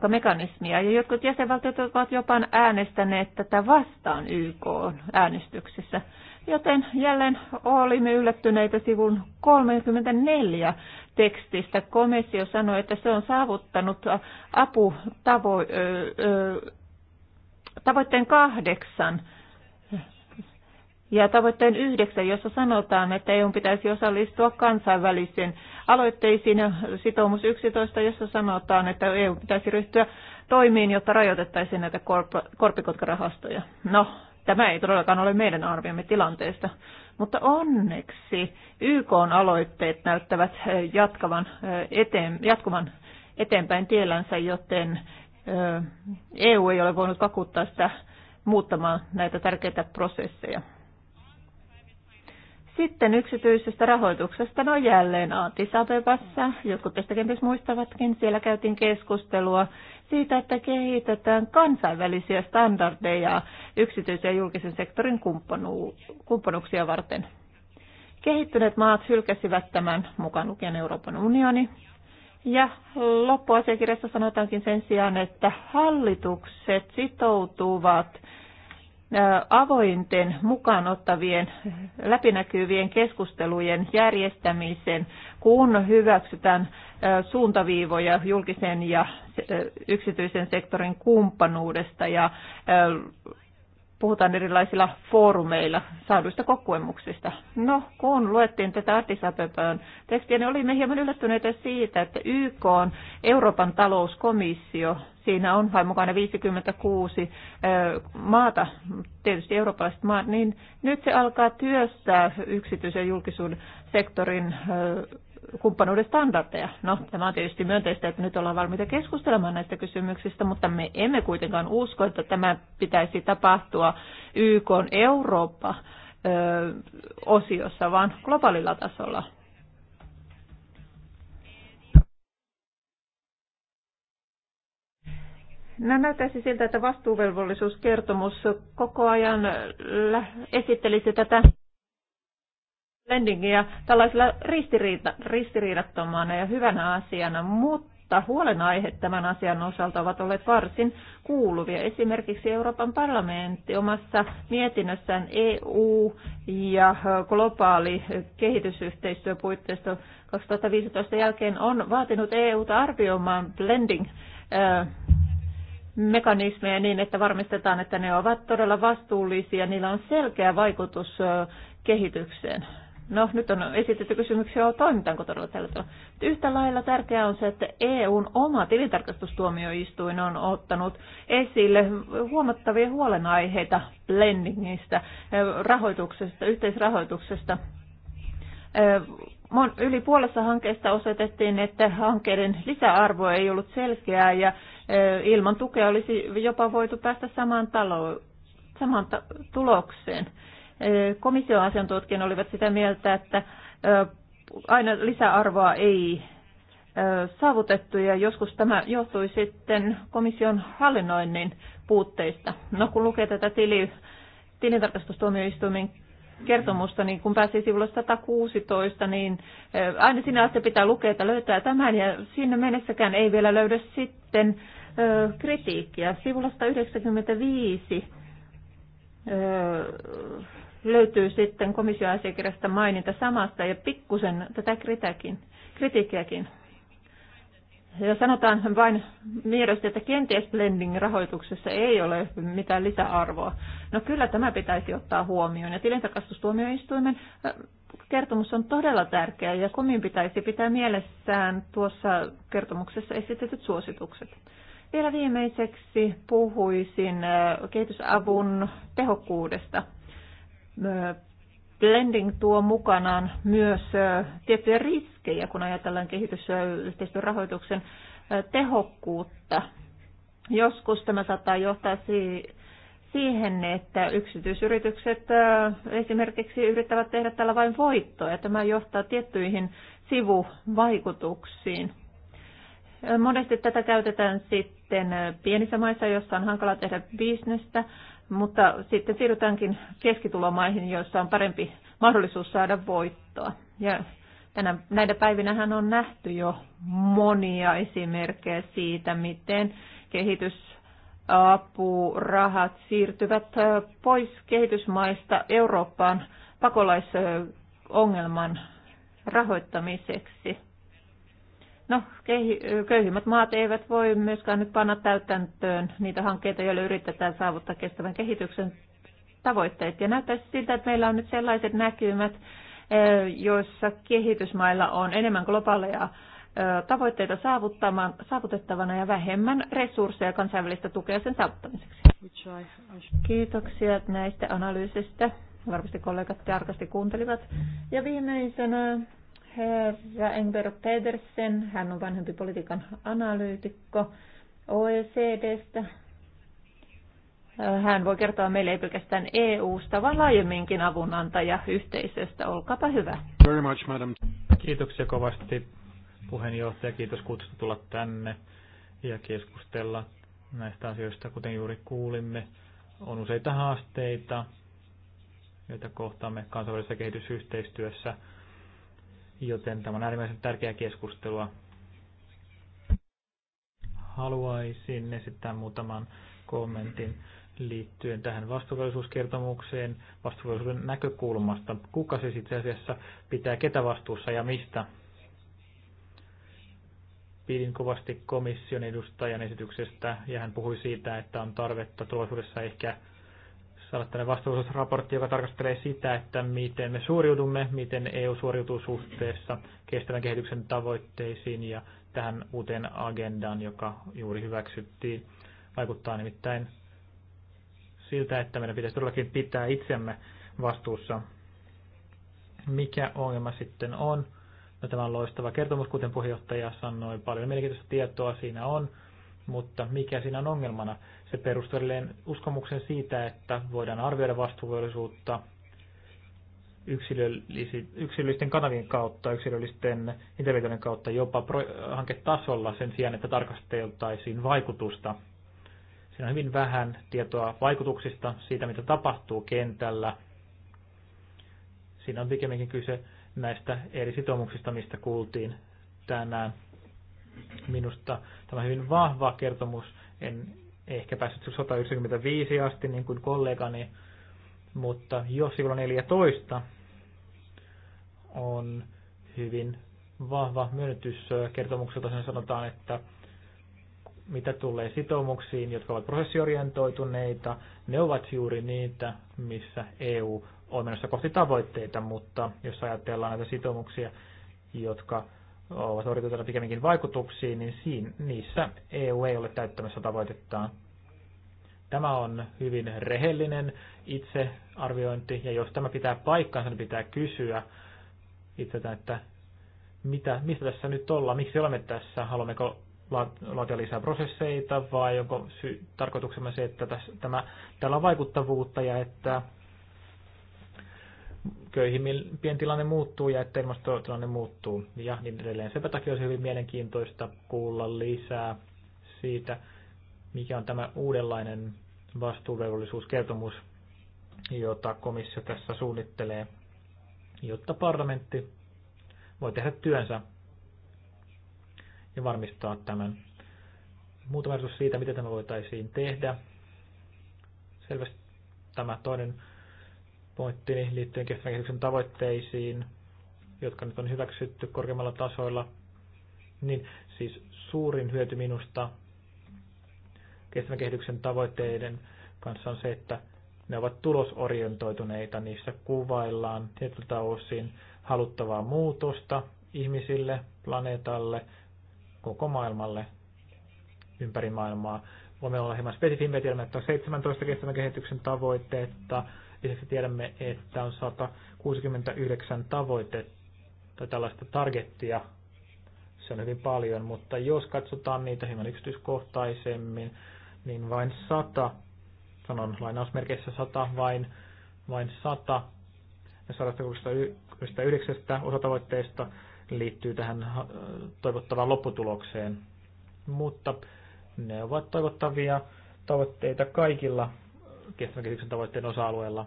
mekanismia Ja jotkut jäsenvaltiot ovat jopa äänestäneet tätä vastaan YK äänestyksissä. Joten jälleen olimme yllättyneitä sivun 34 tekstistä. Komissio sanoi, että se on saavuttanut aputavoitteen kahdeksan ja tavoitteen yhdeksän, jossa sanotaan, että EU pitäisi osallistua kansainvälisiin aloitteisiin ja sitoumus 11, jossa sanotaan, että EU pitäisi ryhtyä toimiin, jotta rajoitettaisiin näitä korp- korpikotkarahastoja. No, tämä ei todellakaan ole meidän arviomme tilanteesta, mutta onneksi YK aloitteet näyttävät jatkavan eteen, jatkuvan eteenpäin tiellänsä, joten EU ei ole voinut vakuuttaa sitä muuttamaan näitä tärkeitä prosesseja. Sitten yksityisestä rahoituksesta, no jälleen Aatis Abebassa, jotkut teistä kenties muistavatkin, siellä käytiin keskustelua siitä, että kehitetään kansainvälisiä standardeja yksityisen ja julkisen sektorin kumppanu- kumppanuuksia varten. Kehittyneet maat hylkäsivät tämän mukaan lukien Euroopan unioni. Ja loppuasiakirjassa sanotaankin sen sijaan, että hallitukset sitoutuvat avointen mukaan ottavien läpinäkyvien keskustelujen järjestämisen, kun hyväksytään suuntaviivoja julkisen ja yksityisen sektorin kumppanuudesta ja puhutaan erilaisilla foorumeilla saaduista kokemuksista. No, kun luettiin tätä Addis Abeban tekstiä, niin olimme hieman yllättyneitä siitä, että YK on Euroopan talouskomissio, siinä on vain mukana 56 maata, tietysti eurooppalaiset maat, niin nyt se alkaa työstää yksityisen ja julkisuuden sektorin kumppanuuden standardeja. No, tämä on tietysti myönteistä, että nyt ollaan valmiita keskustelemaan näistä kysymyksistä, mutta me emme kuitenkaan usko, että tämä pitäisi tapahtua YK Eurooppa-osiossa, vaan globaalilla tasolla. No, näyttäisi siltä, että vastuuvelvollisuuskertomus koko ajan esittelisi tätä blendingiä tällaisella ristiriita, ristiriidattomana ja hyvänä asiana, mutta huolenaihe tämän asian osalta ovat olleet varsin kuuluvia. Esimerkiksi Euroopan parlamentti omassa mietinnössään EU ja globaali kehitysyhteistyöpuitteisto 2015 jälkeen on vaatinut EUta arvioimaan blending äh, mekanismeja niin, että varmistetaan, että ne ovat todella vastuullisia, niillä on selkeä vaikutus äh, kehitykseen. No, nyt on esitetty kysymyksiä, toimitaanko todella tällä tavalla. Yhtä lailla tärkeää on se, että EUn oma tilintarkastustuomioistuin on ottanut esille huomattavia huolenaiheita blendingistä, e, rahoituksesta, yhteisrahoituksesta. E, yli puolessa hankkeesta osoitettiin, että hankkeiden lisäarvo ei ollut selkeää ja e, ilman tukea olisi jopa voitu päästä samaan, talo- samaan tulokseen. Komission asiantuntijat olivat sitä mieltä, että aina lisäarvoa ei saavutettu ja joskus tämä johtui sitten komission hallinnoinnin puutteista. No kun lukee tätä tili, tilintarkastustuomioistuimen kertomusta, niin kun pääsee sivulle 116, niin aina sinä asti pitää lukea, että löytää tämän ja siinä mennessäkään ei vielä löydä sitten kritiikkiä. Sivulla 195 löytyy sitten komission asiakirjasta maininta samasta ja pikkusen tätä kritäkin, kritiikkiäkin. Ja sanotaan vain miedosti, että kenties blending-rahoituksessa ei ole mitään lisäarvoa. No kyllä tämä pitäisi ottaa huomioon. Ja tilintarkastustuomioistuimen äh, kertomus on todella tärkeä ja komin pitäisi pitää mielessään tuossa kertomuksessa esitetyt suositukset. Vielä viimeiseksi puhuisin äh, kehitysavun tehokkuudesta blending tuo mukanaan myös tiettyjä riskejä, kun ajatellaan kehitysyhteistyön rahoituksen tehokkuutta. Joskus tämä saattaa johtaa siihen, että yksityisyritykset esimerkiksi yrittävät tehdä tällä vain voittoa, ja tämä johtaa tiettyihin sivuvaikutuksiin. Monesti tätä käytetään sitten pienissä maissa, jossa on hankala tehdä bisnestä, mutta sitten siirrytäänkin keskitulomaihin, joissa on parempi mahdollisuus saada voittoa. Ja tänä, näinä päivinähän on nähty jo monia esimerkkejä siitä, miten kehitys apurahat siirtyvät pois kehitysmaista Eurooppaan pakolaisongelman rahoittamiseksi. No, köyhimmät maat eivät voi myöskään nyt panna täytäntöön niitä hankkeita, joilla yritetään saavuttaa kestävän kehityksen tavoitteet. Ja näyttäisi siltä, että meillä on nyt sellaiset näkymät, eh, joissa kehitysmailla on enemmän globaaleja eh, tavoitteita saavutettavana ja vähemmän resursseja kansainvälistä tukea sen saavuttamiseksi. Kiitoksia näistä analyysistä. Varmasti kollegat tarkasti kuuntelivat. Ja viimeisenä herra Engber Pedersen, hän on vanhempi politiikan analyytikko OECDstä. Hän voi kertoa meille ei pelkästään EU-sta, vaan laajemminkin avunantaja yhteisöstä. Olkaapa hyvä. Very much, madam. Kiitoksia kovasti puheenjohtaja. Kiitos kutsusta tulla tänne ja keskustella näistä asioista, kuten juuri kuulimme. On useita haasteita, joita kohtaamme kansainvälisessä kehitysyhteistyössä joten tämä on äärimmäisen tärkeää keskustelua. Haluaisin esittää muutaman kommentin liittyen tähän vastuullisuuskertomukseen vastuullisuuden näkökulmasta. Kuka se itse asiassa pitää ketä vastuussa ja mistä? Pidin kovasti komission edustajan esityksestä ja hän puhui siitä, että on tarvetta tulevaisuudessa ehkä saada tänne vastuullisuusraportti, joka tarkastelee sitä, että miten me suoriudumme, miten EU suoriutuu suhteessa kestävän kehityksen tavoitteisiin ja tähän uuteen agendaan, joka juuri hyväksyttiin. Vaikuttaa nimittäin siltä, että meidän pitäisi todellakin pitää itsemme vastuussa. Mikä ongelma sitten on? No, tämä on loistava kertomus, kuten puheenjohtaja sanoi. Paljon mielenkiintoista tietoa siinä on mutta mikä siinä on ongelmana? Se perustuu edelleen uskomuksen siitä, että voidaan arvioida vastuullisuutta yksilöllisten kanavien kautta, yksilöllisten intervjuiden kautta jopa hanketasolla sen sijaan, että tarkasteltaisiin vaikutusta. Siinä on hyvin vähän tietoa vaikutuksista siitä, mitä tapahtuu kentällä. Siinä on pikemminkin kyse näistä eri sitoumuksista, mistä kuultiin tänään. Minusta tämä hyvin vahva kertomus. En ehkä päässyt 195 asti niin kuin kollegani, mutta jo sivulla 14 on hyvin vahva myönnytys kertomukselta. Sen sanotaan, että mitä tulee sitoumuksiin, jotka ovat prosessiorientoituneita, ne ovat juuri niitä, missä EU on menossa kohti tavoitteita, mutta jos ajatellaan näitä sitoumuksia, jotka ovat orientoituneet pikemminkin vaikutuksiin, niin siinä, niissä EU ei ole täyttämässä tavoitettaan. Tämä on hyvin rehellinen itsearviointi, ja jos tämä pitää paikkansa, niin pitää kysyä itseltä, että mitä, mistä tässä nyt ollaan, miksi olemme tässä, haluammeko laatia lisää prosesseita vai onko sy- tarkoituksemme se, että tässä, tämä, täällä on vaikuttavuutta ja että köyhimpien tilanne muuttuu ja että ilmastotilanne muuttuu ja niin edelleen. Sepä takia olisi hyvin mielenkiintoista kuulla lisää siitä, mikä on tämä uudenlainen vastuuvelvollisuuskertomus, jota komissio tässä suunnittelee, jotta parlamentti voi tehdä työnsä ja varmistaa tämän. Muutama siitä, miten tämä voitaisiin tehdä. Selvästi tämä toinen pointtini liittyen kestävän kehityksen tavoitteisiin, jotka nyt on hyväksytty korkeammalla tasoilla, niin siis suurin hyöty minusta kestävän kehityksen tavoitteiden kanssa on se, että ne ovat tulosorientoituneita, niissä kuvaillaan tietyltä osin haluttavaa muutosta ihmisille, planeetalle, koko maailmalle, ympäri maailmaa. Voimme olla hieman spesifimpiä, että on 17 kestävän kehityksen tavoitteita, Lisäksi tiedämme, että on 169 tavoitetta, tällaista targettia. Se on hyvin paljon, mutta jos katsotaan niitä hieman yksityiskohtaisemmin, niin vain 100, sanon lainausmerkeissä 100, vain, vain 100 169 osatavoitteista liittyy tähän äh, toivottavaan lopputulokseen. Mutta ne ovat toivottavia tavoitteita kaikilla kestävän kehityksen tavoitteen osa-alueella.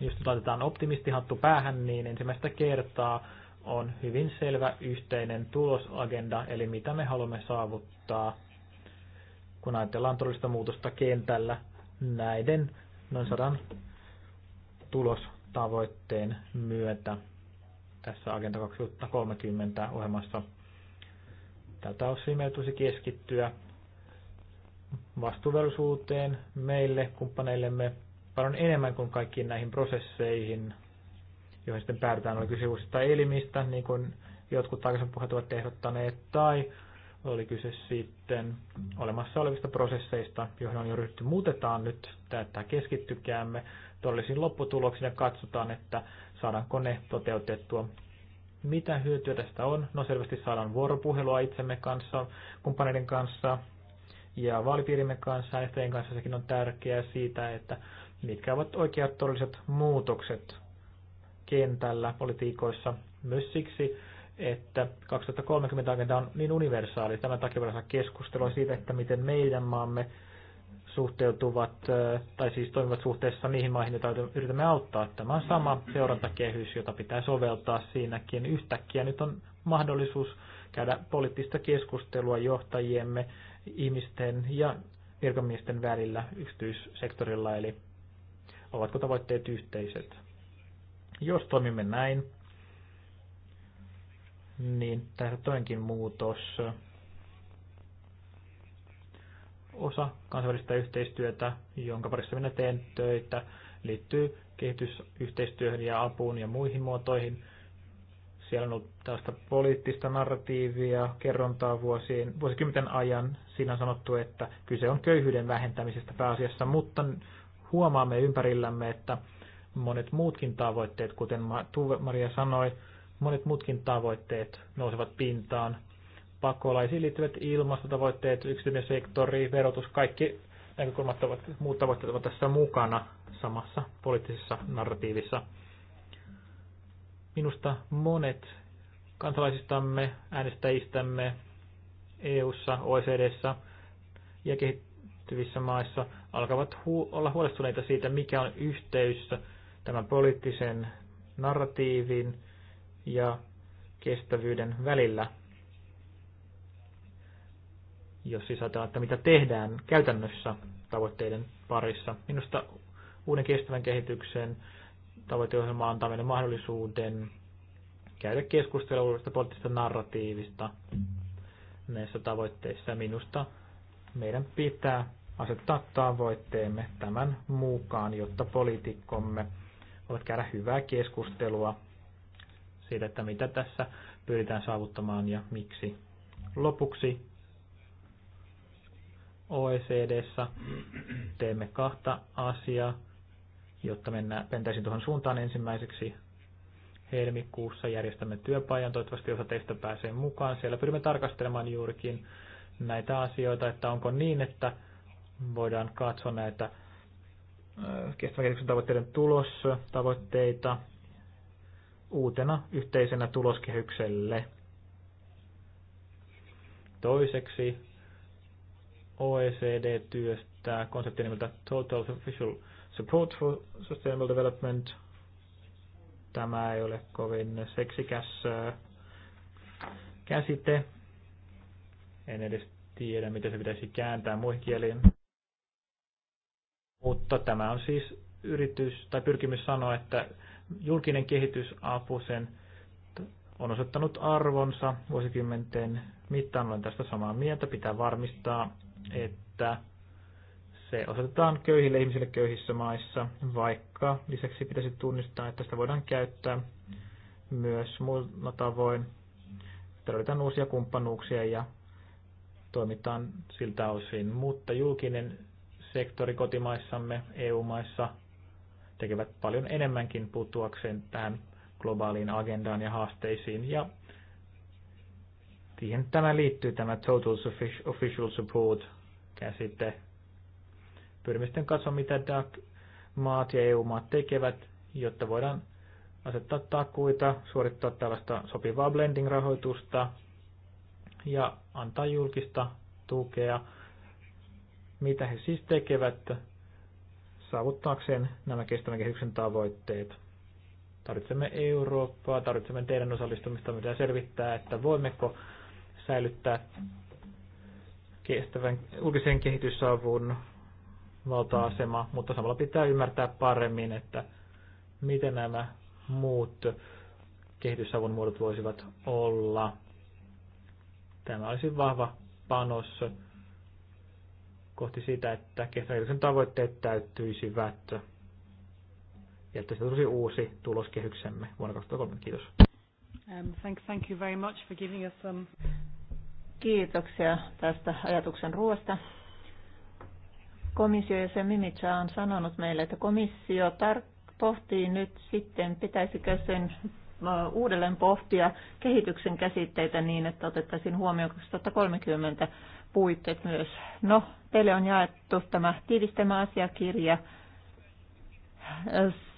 Jos nyt laitetaan optimistihattu päähän, niin ensimmäistä kertaa on hyvin selvä yhteinen tulosagenda, eli mitä me haluamme saavuttaa, kun ajatellaan todellista muutosta kentällä näiden noin sadan tulostavoitteen myötä tässä Agenda 2030 ohjelmassa. Tätä osin meidän tulisi keskittyä vastuullisuuteen meille, kumppaneillemme, paljon enemmän kuin kaikkiin näihin prosesseihin, joihin sitten päätetään oli kyse uusista elimistä, niin kuin jotkut aikaisemmin puheet ovat ehdottaneet, tai oli kyse sitten olemassa olevista prosesseista, joihin on jo ryhty. Muutetaan nyt tätä, keskittykäämme todellisiin lopputuloksiin ja katsotaan, että saadaanko ne toteutettua. Mitä hyötyä tästä on? No selvästi saadaan vuoropuhelua itsemme kanssa, kumppaneiden kanssa, ja vaalipiirimme kanssa, äänestäjien kanssa sekin on tärkeää siitä, että mitkä ovat oikeat todelliset muutokset kentällä politiikoissa. Myös siksi, että 2030 agenda on niin universaali. Tämän takia voidaan keskustelua siitä, että miten meidän maamme suhteutuvat, tai siis toimivat suhteessa niihin maihin, joita yritämme auttaa. Tämä on sama seurantakehys, jota pitää soveltaa siinäkin. Yhtäkkiä nyt on mahdollisuus käydä poliittista keskustelua johtajiemme ihmisten ja virkamiesten välillä yksityissektorilla, eli ovatko tavoitteet yhteiset. Jos toimimme näin, niin tässä toinkin muutos. Osa kansainvälistä yhteistyötä, jonka parissa minä teen töitä, liittyy kehitysyhteistyöhön ja apuun ja muihin muotoihin, siellä on ollut tällaista poliittista narratiivia, kerrontaa vuosien, vuosikymmenten ajan. Siinä on sanottu, että kyse on köyhyyden vähentämisestä pääasiassa, mutta huomaamme ympärillämme, että monet muutkin tavoitteet, kuten Maria sanoi, monet muutkin tavoitteet nousevat pintaan. Pakolaisiin liittyvät ilmastotavoitteet, yksityinen sektori, verotus, kaikki näkökulmat ovat, muut tavoitteet ovat tässä mukana samassa poliittisessa narratiivissa Minusta monet kansalaisistamme, äänestäjistämme EU-ssa, OECDssä ja kehittyvissä maissa alkavat hu- olla huolestuneita siitä, mikä on yhteys tämän poliittisen narratiivin ja kestävyyden välillä. Jos siis ajatellaan, että mitä tehdään käytännössä tavoitteiden parissa. Minusta uuden kestävän kehityksen tavoiteohjelma antaa meille mahdollisuuden käydä keskustelua uudesta poliittisesta narratiivista näissä tavoitteissa. Minusta meidän pitää asettaa tavoitteemme tämän mukaan, jotta poliitikkomme voivat käydä hyvää keskustelua siitä, että mitä tässä pyritään saavuttamaan ja miksi. Lopuksi OECDssä teemme kahta asiaa jotta mennään, mentäisiin tuohon suuntaan ensimmäiseksi. Helmikuussa järjestämme työpajan, toivottavasti osa teistä pääsee mukaan. Siellä pyrimme tarkastelemaan juurikin näitä asioita, että onko niin, että voidaan katsoa näitä äh, kestävän kehityksen tavoitteiden tulostavoitteita uutena yhteisenä tuloskehykselle. Toiseksi OECD työstää konsepti nimeltä Total Official Support for Sustainable Development. Tämä ei ole kovin seksikäs äh, käsite. En edes tiedä, miten se pitäisi kääntää muihin kieliin. Mutta tämä on siis yritys tai pyrkimys sanoa, että julkinen kehitysapu sen on osoittanut arvonsa vuosikymmenten mittaan. Olen tästä samaa mieltä. Pitää varmistaa, että se osoitetaan köyhille ihmisille köyhissä maissa, vaikka lisäksi pitäisi tunnistaa, että sitä voidaan käyttää myös muilla tavoin. Tarvitaan uusia kumppanuuksia ja toimitaan siltä osin, mutta julkinen sektori kotimaissamme, EU-maissa tekevät paljon enemmänkin puuttuakseen tähän globaaliin agendaan ja haasteisiin. Ja siihen tämä liittyy, tämä Total Official Support käsite pyrimme sitten katsomaan, mitä DAC-maat ja EU-maat tekevät, jotta voidaan asettaa takuita, suorittaa tällaista sopivaa blending-rahoitusta ja antaa julkista tukea, mitä he siis tekevät saavuttaakseen nämä kestävän kehityksen tavoitteet. Tarvitsemme Eurooppaa, tarvitsemme teidän osallistumista, mitä selvittää, että voimmeko säilyttää kestävän julkisen kehitysavun valta-asema, mutta samalla pitää ymmärtää paremmin, että miten nämä muut kehitysavun muodot voisivat olla. Tämä olisi vahva panos kohti sitä, että kehityksen tavoitteet täyttyisivät ja että se tulisi uusi tuloskehyksemme vuonna 2003. Kiitos. Um, thank, thank you very much for giving us some... Kiitoksia tästä ajatuksen ruoasta komissio ja on sanonut meille, että komissio tar- pohtii nyt sitten, pitäisikö sen uudelleen pohtia kehityksen käsitteitä niin, että otettaisiin huomioon 2030 puitteet myös. No, teille on jaettu tämä tiivistämä asiakirja.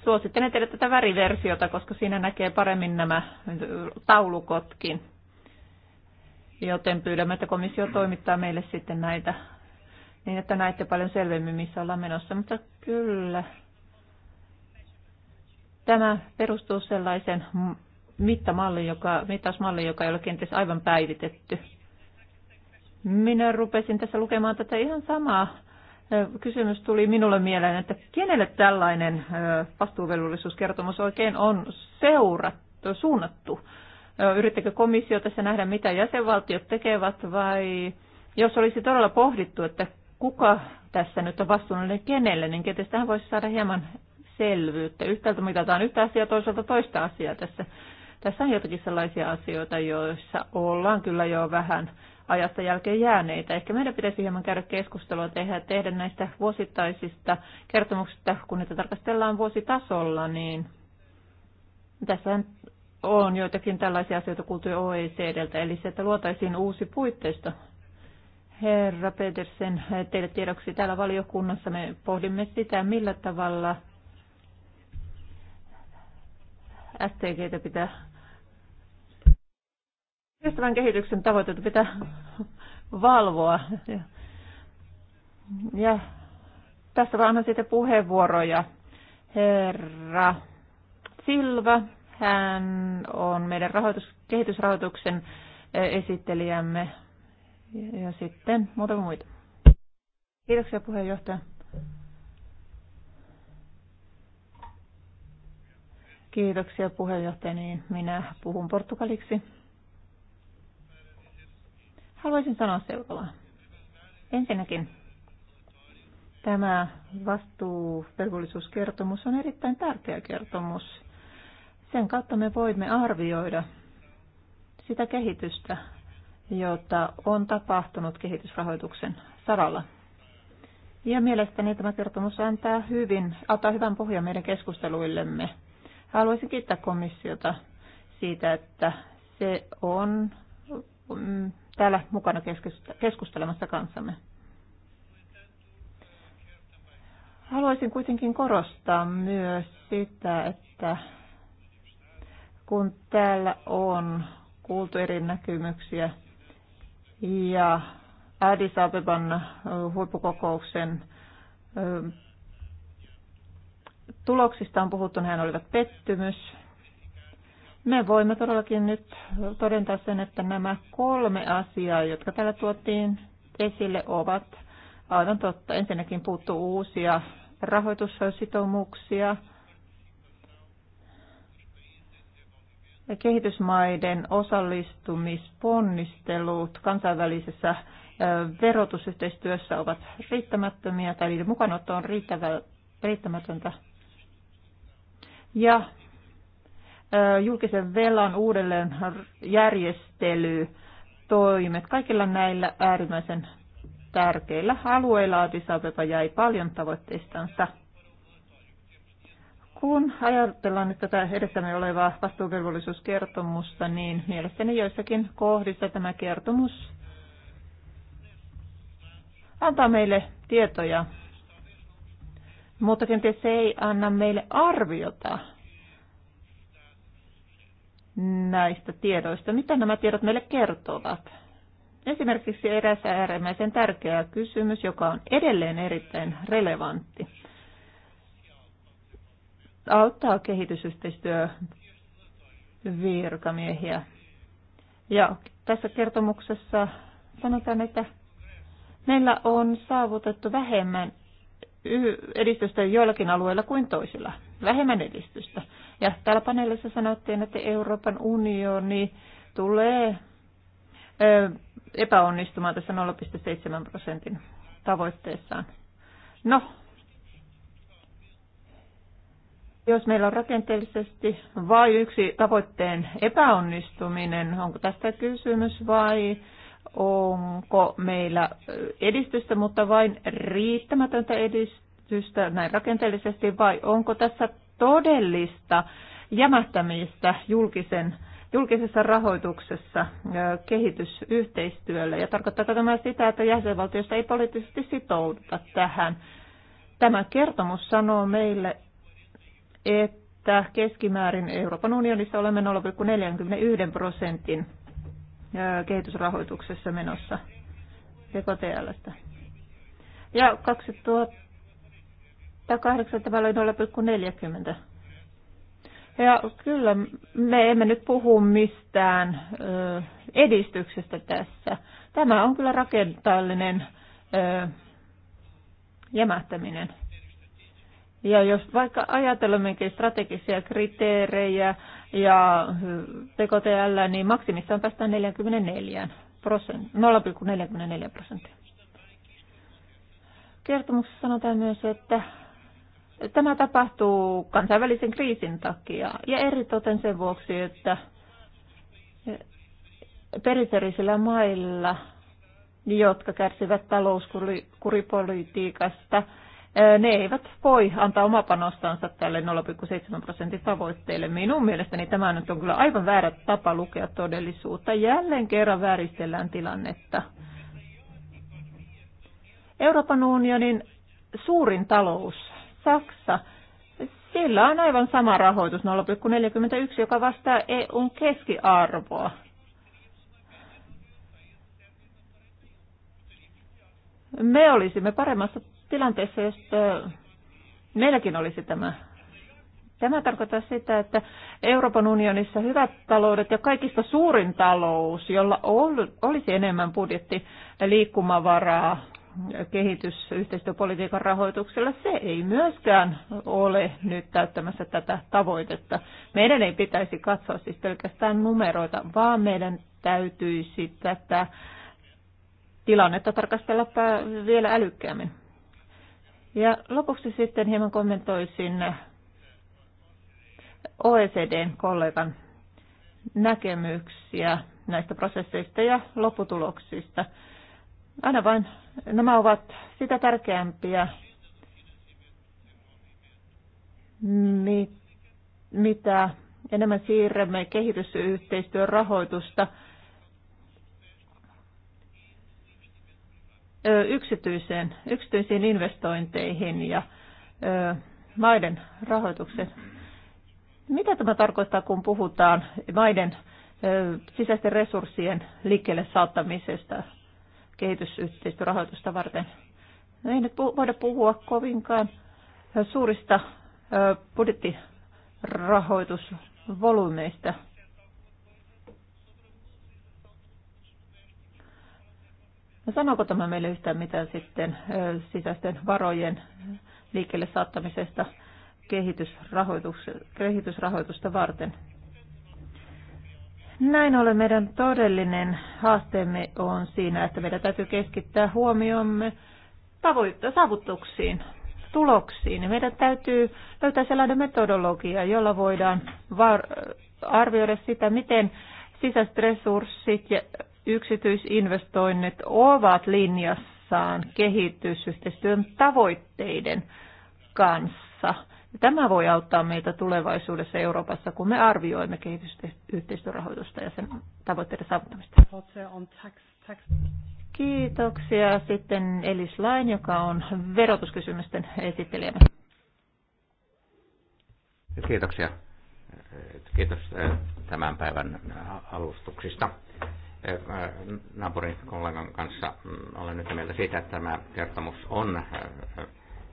Suosittelen teille tätä väriversiota, koska siinä näkee paremmin nämä taulukotkin. Joten pyydämme, että komissio toimittaa meille sitten näitä niin että näette paljon selvemmin, missä ollaan menossa. Mutta kyllä, tämä perustuu sellaisen mittamalliin, joka, mittausmalliin, joka ei ole kenties aivan päivitetty. Minä rupesin tässä lukemaan tätä ihan samaa. Kysymys tuli minulle mieleen, että kenelle tällainen vastuuvelvollisuuskertomus oikein on seurattu, suunnattu? Yrittäkö komissio tässä nähdä, mitä jäsenvaltiot tekevät vai jos olisi todella pohdittu, että kuka tässä nyt on vastuullinen kenelle, niin tähän voisi saada hieman selvyyttä. Yhtäältä mitataan yhtä asiaa, toisaalta toista asiaa tässä. Tässä on jotakin sellaisia asioita, joissa ollaan kyllä jo vähän ajasta jälkeen jääneitä. Ehkä meidän pitäisi hieman käydä keskustelua tehdä, tehdä näistä vuosittaisista kertomuksista, kun niitä tarkastellaan vuositasolla, niin tässä on joitakin tällaisia asioita kuultu jo OECDltä, eli se, että luotaisiin uusi puitteisto Herra Petersen, teille tiedoksi täällä valiokunnassa me pohdimme sitä, millä tavalla STGtä pitää kestävän kehityksen tavoitteita pitää valvoa. Ja, ja tässä vaan sitten puheenvuoroja. Herra Silva, hän on meidän rahoitus, kehitysrahoituksen esittelijämme ja, sitten muutama muita. Kiitoksia puheenjohtaja. Kiitoksia puheenjohtaja, niin minä puhun portugaliksi. Haluaisin sanoa seuraavaa. Ensinnäkin tämä vastuuvelvollisuuskertomus on erittäin tärkeä kertomus. Sen kautta me voimme arvioida sitä kehitystä, jota on tapahtunut kehitysrahoituksen saralla. Ja mielestäni tämä kertomus antaa, hyvin, antaa hyvän pohjan meidän keskusteluillemme. Haluaisin kiittää komissiota siitä, että se on mm, täällä mukana keskustelemassa kanssamme. Haluaisin kuitenkin korostaa myös sitä, että kun täällä on kuultu eri näkymyksiä ja Addis Abeban äh, huippukokouksen tuloksista on puhuttu, hän olivat pettymys. Me voimme todellakin nyt todentaa sen, että nämä kolme asiaa, jotka täällä tuotiin esille, ovat aivan totta. Ensinnäkin puuttuu uusia rahoitussitoumuksia, kehitysmaiden osallistumisponnistelut kansainvälisessä verotusyhteistyössä ovat riittämättömiä tai niiden mukanotto on riittämätöntä. Ja julkisen velan uudelleen järjestely, toimet. Kaikilla näillä äärimmäisen tärkeillä alueilla Adisabeba jäi paljon tavoitteistansa. Kun ajatellaan nyt tätä edessämme olevaa vastuuvelvollisuuskertomusta, niin mielestäni joissakin kohdissa tämä kertomus antaa meille tietoja, mutta kenties se ei anna meille arviota näistä tiedoista. Mitä nämä tiedot meille kertovat? Esimerkiksi eräs äärimmäisen tärkeä kysymys, joka on edelleen erittäin relevantti auttaa kehitysyhteistyö virkamiehiä. Ja tässä kertomuksessa sanotaan, että meillä on saavutettu vähemmän edistystä joillakin alueilla kuin toisilla. Vähemmän edistystä. Ja täällä paneelissa sanottiin, että Euroopan unioni tulee epäonnistumaan tässä 0,7 prosentin tavoitteessaan. No, jos meillä on rakenteellisesti vain yksi tavoitteen epäonnistuminen, onko tästä kysymys vai onko meillä edistystä, mutta vain riittämätöntä edistystä näin rakenteellisesti vai onko tässä todellista jämähtämistä julkisen, julkisessa rahoituksessa kehitysyhteistyölle. Ja tarkoittaako tämä sitä, että jäsenvaltiosta ei poliittisesti sitouduta tähän? Tämä kertomus sanoo meille, että keskimäärin Euroopan unionissa olemme 0,41 prosentin kehitysrahoituksessa menossa BKTLstä. E ja 2008 oli 0,40. Ja kyllä me emme nyt puhu mistään ö, edistyksestä tässä. Tämä on kyllä rakentallinen ö, jämähtäminen. Ja jos vaikka ajatellaankin strategisia kriteerejä ja PKTL, niin maksimissaan päästään 44 prosent, 0,44 prosenttia. Kertomuksessa sanotaan myös, että tämä tapahtuu kansainvälisen kriisin takia ja eritoten sen vuoksi, että periferisillä mailla, jotka kärsivät talouskuripolitiikasta, ne eivät voi antaa oma panostansa tälle 0,7 prosentin tavoitteelle. Minun mielestäni tämä nyt on kyllä aivan väärä tapa lukea todellisuutta. Jälleen kerran vääristellään tilannetta. Euroopan unionin suurin talous, Saksa, sillä on aivan sama rahoitus 0,41, joka vastaa EUn keskiarvoa. Me olisimme paremmassa tilanteessa, jos meilläkin olisi tämä. Tämä tarkoittaa sitä, että Euroopan unionissa hyvät taloudet ja kaikista suurin talous, jolla olisi enemmän budjetti liikkumavaraa kehitysyhteistyöpolitiikan rahoituksella, se ei myöskään ole nyt täyttämässä tätä tavoitetta. Meidän ei pitäisi katsoa siis pelkästään numeroita, vaan meidän täytyisi tätä tilannetta tarkastella vielä älykkäämmin. Ja lopuksi sitten hieman kommentoisin OECDn kollegan näkemyksiä näistä prosesseista ja lopputuloksista. Aina vain nämä ovat sitä tärkeämpiä, mitä enemmän siirrämme kehitysyhteistyön rahoitusta yksityiseen, yksityisiin investointeihin ja maiden rahoituksen. Mitä tämä tarkoittaa, kun puhutaan maiden sisäisten resurssien liikkeelle saattamisesta kehitysyhteistyörahoitusta varten? No ei nyt voida puhua kovinkaan suurista budjettirahoitusvolyymeista. No sanooko tämä meille yhtään mitään sitten sisäisten varojen liikkeelle saattamisesta kehitysrahoitusta varten? Näin ollen meidän todellinen haasteemme on siinä, että meidän täytyy keskittää huomiomme tavoitte- saavutuksiin, tuloksiin. Meidän täytyy löytää sellainen metodologia, jolla voidaan var- arvioida sitä, miten sisäiset resurssit ja yksityisinvestoinnit ovat linjassaan kehitysyhteistyön tavoitteiden kanssa. Tämä voi auttaa meitä tulevaisuudessa Euroopassa, kun me arvioimme kehitysyhteistyörahoitusta ja sen tavoitteiden saavuttamista. Kiitoksia. Sitten Elis Lain, joka on verotuskysymysten esittelijänä. Kiitoksia. Kiitos eh, tämän päivän alustuksista naapurin kollegan kanssa mm, olen nyt mieltä siitä, että tämä kertomus on äh, äh,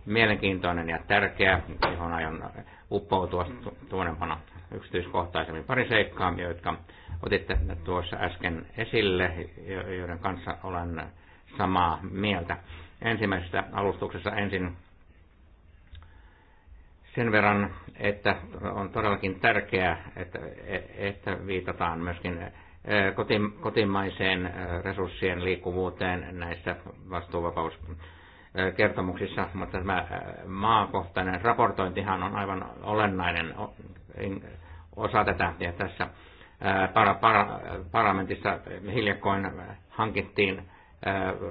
mielenkiintoinen ja tärkeä, johon aion uppoutua tuonempana yksityiskohtaisemmin pari seikkaa, jotka otitte tuossa äsken esille, joiden kanssa olen samaa mieltä. Ensimmäisessä alustuksessa ensin sen verran, että on todellakin tärkeää, että, e-, että viitataan myöskin kotimaiseen resurssien liikkuvuuteen näissä vastuuvapauskertomuksissa, mutta tämä maakohtainen raportointihan on aivan olennainen osa tätä. Ja tässä para, para, parlamentissa hiljakoin hankittiin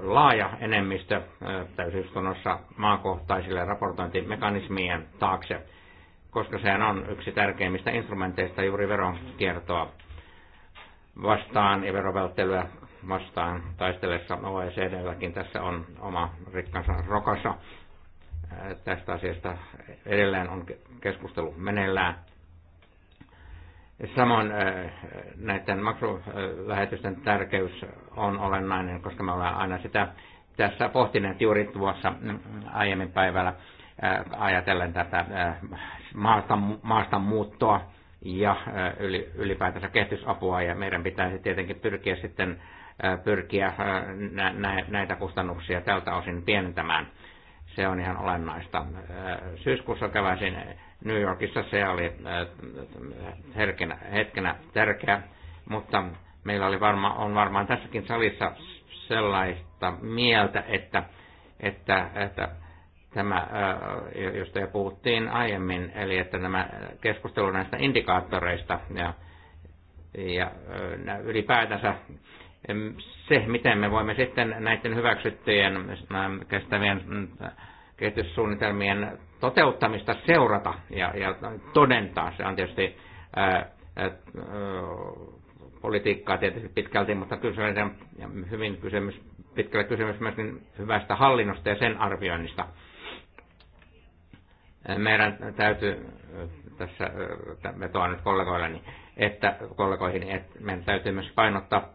laaja enemmistö täysistunnossa maakohtaisille raportointimekanismien taakse, koska sehän on yksi tärkeimmistä instrumenteista juuri veronkiertoa vastaan ja verovälttelyä vastaan taistelessa OECDlläkin tässä on oma rikkansa rokassa. Äh, tästä asiasta edelleen on keskustelu meneillään. Samoin äh, näiden maksulähetysten tärkeys on olennainen, koska me ollaan aina sitä tässä pohtineet juuri tuossa mm, aiemmin päivällä äh, ajatellen tätä maasta, maasta muuttoa ja äh, ylipäätänsä kehitysapua ja meidän pitäisi tietenkin pyrkiä sitten äh, pyrkiä äh, näitä kustannuksia tältä osin pienentämään. Se on ihan olennaista. Syyskuussa käväsin New Yorkissa, se oli herkenä, hetkenä tärkeä, mutta meillä oli varma, on varmaan tässäkin salissa sellaista mieltä, että, että, että Tämä, josta jo puhuttiin aiemmin, eli että nämä keskustelu näistä indikaattoreista ja, ja ylipäätänsä se, miten me voimme sitten näiden hyväksyttyjen kestävien mm, kehityssuunnitelmien toteuttamista seurata ja, ja todentaa. Se on tietysti ää, ää, politiikkaa tietysti pitkälti, mutta kyllä se on hyvin kysymys, pitkälle kysymys myös hyvästä hallinnosta ja sen arvioinnista meidän täytyy tässä vetoa nyt kollegoilleni, että kollegoihin, että meidän täytyy myös painottaa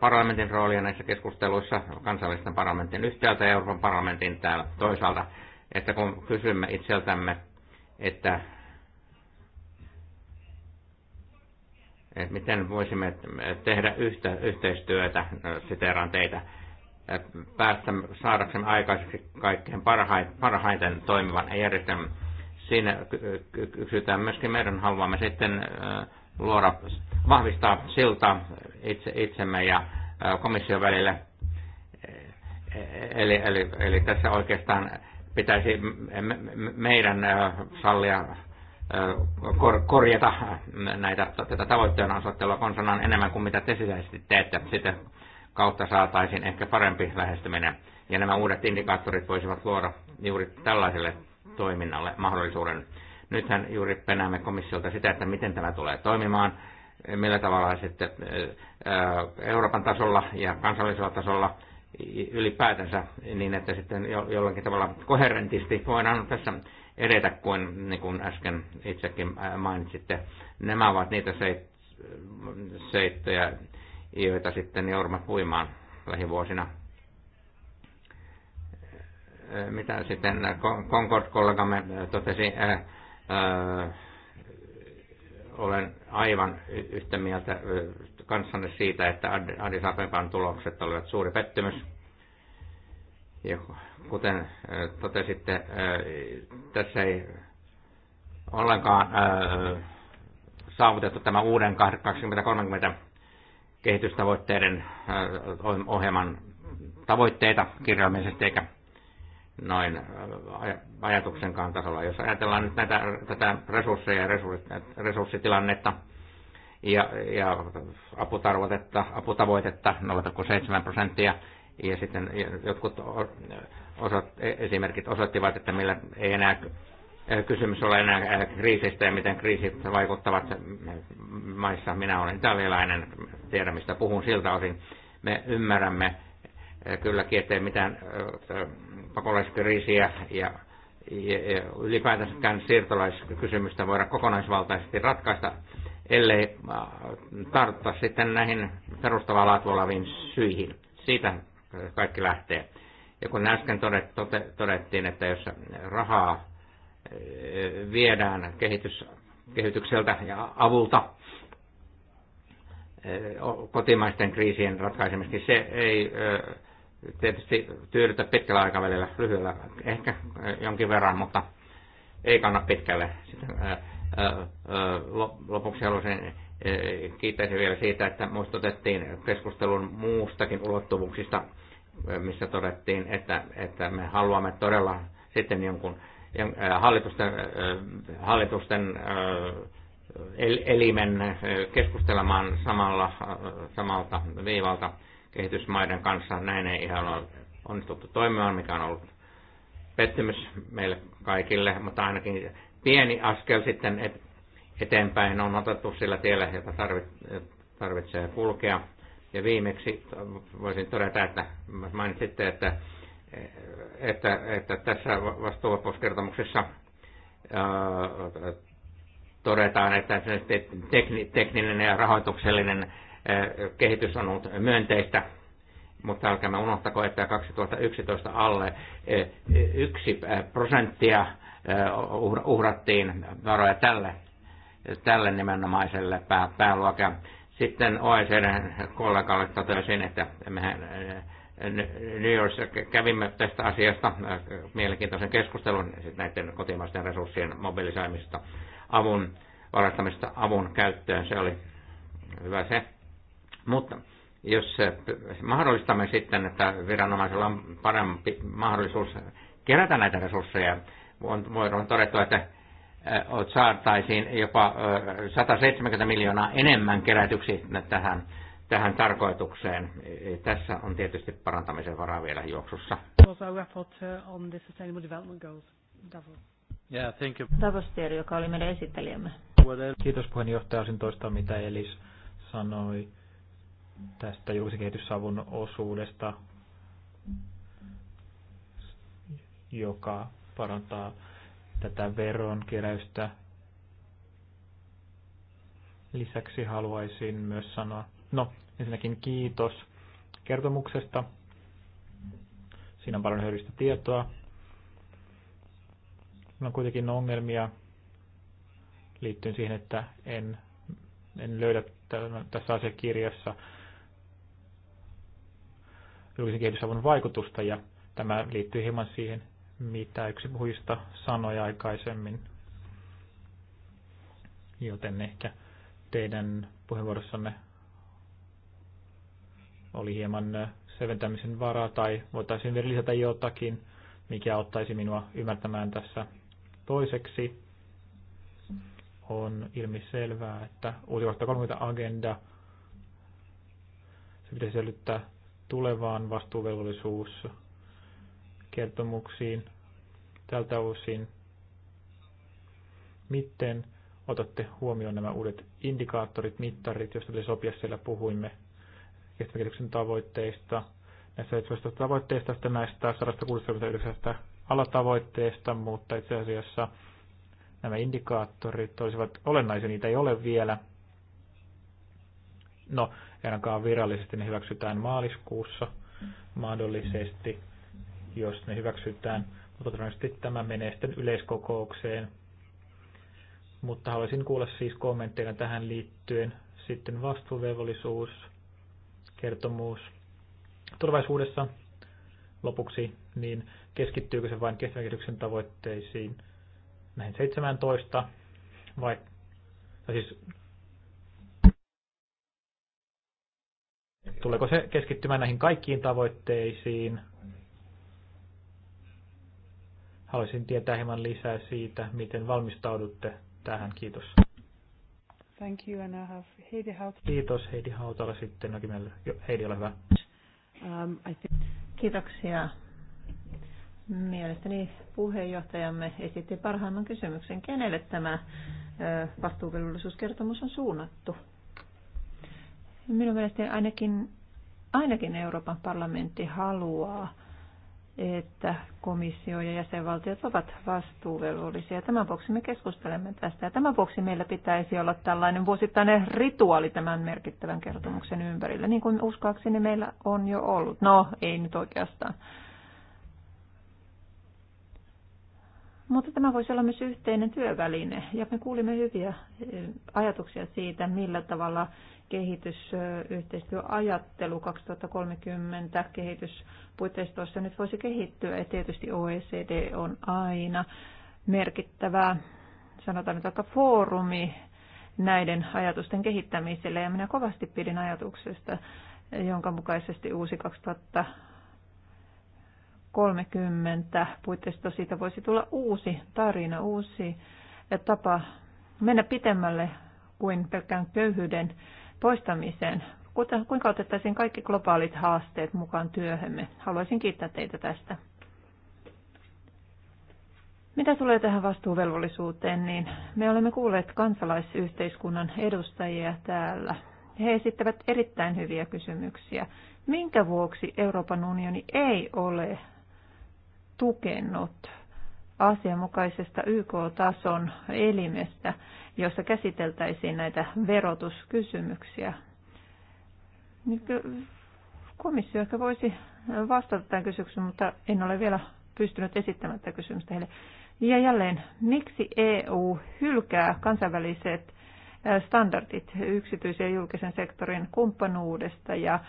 parlamentin roolia näissä keskusteluissa, kansallisten parlamentin yhtäältä ja Euroopan parlamentin täällä toisaalta, että kun kysymme itseltämme, että, että miten voisimme tehdä yhtä, yhteistyötä, siteeraan teitä, päästä, saadaksemme aikaiseksi kaikkein parhaiten, parhaiten toimivan järjestelmän, siinä kysytään myöskin meidän haluamme sitten luoda, vahvistaa silta itse, itsemme ja komission välillä. E, eli, eli, eli tässä oikeastaan pitäisi meidän sallia korjata näitä, tätä tavoitteena asettelua konsanaan enemmän kuin mitä te sisäisesti teette. Sitä kautta saataisiin ehkä parempi lähestyminen. Ja nämä uudet indikaattorit voisivat luoda juuri tällaiselle toiminnalle mahdollisuuden. Nythän juuri penäämme komissiolta sitä, että miten tämä tulee toimimaan, millä tavalla sitten Euroopan tasolla ja kansallisella tasolla ylipäätänsä niin, että sitten jollakin tavalla koherentisti voidaan tässä edetä, kuin, niin kuin äsken itsekin mainitsitte. Nämä ovat niitä seittoja, joita sitten joudumme puimaan lähivuosina Äh, mitä sitten äh, Concord-kollegamme äh, totesi, ää, ää, olen aivan yhtä mieltä kanssanne siitä, että Addis Abeban tulokset olivat suuri pettymys. Ja kuten totesitte, ää, tässä ei ollenkaan ää, saavutettu tämä uuden 2030 kehitystavoitteiden ohjelman tavoitteita kirjaimellisesti eikä noin äh, ajatuksen kantasolla. Jos ajatellaan nyt näitä, tätä resursseja ja resurssitilannetta ja, ja aputarvoitetta, aputavoitetta 0,7 prosenttia, ja sitten jotkut osat, e, esimerkit osoittivat, että millä ei enää kysymys ole enää kriisistä ja miten kriisit vaikuttavat maissa. Minä olen italialainen, tiedän mistä puhun siltä osin. Me ymmärrämme kylläkin, ettei mitään pakolaiskriisiä ja ylipäätänsäkään siirtolaiskysymystä voida kokonaisvaltaisesti ratkaista, ellei tartta sitten näihin perustavaa laatua oleviin syihin. Siitä kaikki lähtee. Ja kun äsken todettiin, että jos rahaa viedään kehitys, kehitykseltä ja avulta kotimaisten kriisien ratkaisemiseksi, se ei tietysti tyydytä pitkällä aikavälillä, lyhyellä ehkä äh, jonkin verran, mutta ei kanna pitkälle. Sitten, ää, äh, ää, äh, lopuksi haluaisin kiittäisin vielä siitä, että muistutettiin keskustelun muustakin ulottuvuuksista, missä todettiin, että, että me haluamme todella sitten jonkun hallitusten, hallitusten elimen keskustelemaan samalla, samalta viivalta kehitysmaiden kanssa. Näin ei ihan ole onnistuttu toimimaan, mikä on ollut pettymys meille kaikille, mutta ainakin pieni askel sitten eteenpäin on otettu sillä tiellä, jota tarvitsee kulkea. Ja viimeksi voisin todeta, että mainitsitte, että, että, että tässä vastuuvapauskertomuksessa todetaan, että tekninen ja rahoituksellinen kehitys on ollut myönteistä, mutta älkää unohtako, että 2011 alle yksi prosenttia uhrattiin varoja tälle, tälle nimenomaiselle pää, pääluokalle. Sitten oecd kollegalle totesin, että mehän New Yorkissa kävimme tästä asiasta mielenkiintoisen keskustelun näiden kotimaisten resurssien mobilisoimista, avun varastamista avun käyttöön. Se oli hyvä se. Mutta jos mahdollistamme sitten, että viranomaisilla on parempi mahdollisuus kerätä näitä resursseja, on, todettu, että saataisiin jopa 170 miljoonaa enemmän kerätyksi tähän, tähän tarkoitukseen. E, tässä on tietysti parantamisen varaa vielä juoksussa. Uh, yeah, thank you. Tavosteeri, joka oli meidän esittelijämme. Kiitos puheenjohtaja, olisin toista mitä Elis sanoi tästä julkisen kehitysavun osuudesta, joka parantaa tätä veronkeräystä. Lisäksi haluaisin myös sanoa, no ensinnäkin kiitos kertomuksesta. Siinä on paljon hyödyllistä tietoa. Minulla on kuitenkin ongelmia liittyen siihen, että en, en löydä tässä asiakirjassa julkisen kehitysavun vaikutusta ja tämä liittyy hieman siihen, mitä yksi puhujista sanoi aikaisemmin. Joten ehkä teidän puheenvuorossanne oli hieman seventämisen varaa tai voitaisiin vielä lisätä jotakin, mikä auttaisi minua ymmärtämään tässä toiseksi. On ilmiselvää, että uusi 2030 agenda se pitäisi säilyttää tulevaan vastuuvelvollisuuskertomuksiin tältä osin. Miten otatte huomioon nämä uudet indikaattorit, mittarit, joista oli sopia siellä puhuimme kestävän tavoitteista, näistä 17 tavoitteista, näistä 169 alatavoitteista, mutta itse asiassa nämä indikaattorit olisivat olennaisia, niitä ei ole vielä. No, ei ainakaan virallisesti ne hyväksytään maaliskuussa mahdollisesti, jos ne hyväksytään, mutta todennäköisesti tämä menee sitten yleiskokoukseen. Mutta haluaisin kuulla siis kommentteja tähän liittyen. Sitten vastuuvelvollisuus, kertomus turvallisuudessa. Lopuksi, niin keskittyykö se vain kestävän kehityksen tavoitteisiin näihin 17, vai tai siis Tuleeko se keskittymään näihin kaikkiin tavoitteisiin? Haluaisin tietää hieman lisää siitä, miten valmistaudutte tähän. Kiitos. Thank you, and I have Heidi Hautala. Kiitos Heidi Hautala sitten. Heidi, ole hyvä. Um, I think... Kiitoksia. Mielestäni puheenjohtajamme esitti parhaimman kysymyksen, kenelle tämä vastuuvelvollisuuskertomus on suunnattu. Minun mielestäni ainakin, ainakin Euroopan parlamentti haluaa, että komissio ja jäsenvaltiot ovat vastuuvelvollisia. Tämän vuoksi me keskustelemme tästä ja tämän vuoksi meillä pitäisi olla tällainen vuosittainen rituaali tämän merkittävän kertomuksen ympärillä, niin kuin uskoakseni meillä on jo ollut. No, ei nyt oikeastaan. Mutta tämä voisi olla myös yhteinen työväline, ja me kuulimme hyviä eh, ajatuksia siitä, millä tavalla kehitysyhteistyöajattelu 2030 kehityspuitteistossa nyt voisi kehittyä. Ja tietysti OECD on aina merkittävä, sanotaan nyt vaikka foorumi näiden ajatusten kehittämiselle. Ja minä kovasti pidin ajatuksesta, jonka mukaisesti uusi 2000 30 puitteista siitä voisi tulla uusi tarina, uusi tapa mennä pitemmälle kuin pelkkään köyhyyden poistamiseen. Kuinka otettaisiin kaikki globaalit haasteet mukaan työhömme? Haluaisin kiittää teitä tästä. Mitä tulee tähän vastuuvelvollisuuteen, niin me olemme kuulleet kansalaisyhteiskunnan edustajia täällä. He esittävät erittäin hyviä kysymyksiä. Minkä vuoksi Euroopan unioni ei ole tukenut asianmukaisesta YK-tason elimestä jossa käsiteltäisiin näitä verotuskysymyksiä. Komissio ehkä voisi vastata tämän kysymykseen, mutta en ole vielä pystynyt esittämään tätä kysymystä heille. Ja jälleen, miksi EU hylkää kansainväliset standardit yksityisen ja julkisen sektorin kumppanuudesta ja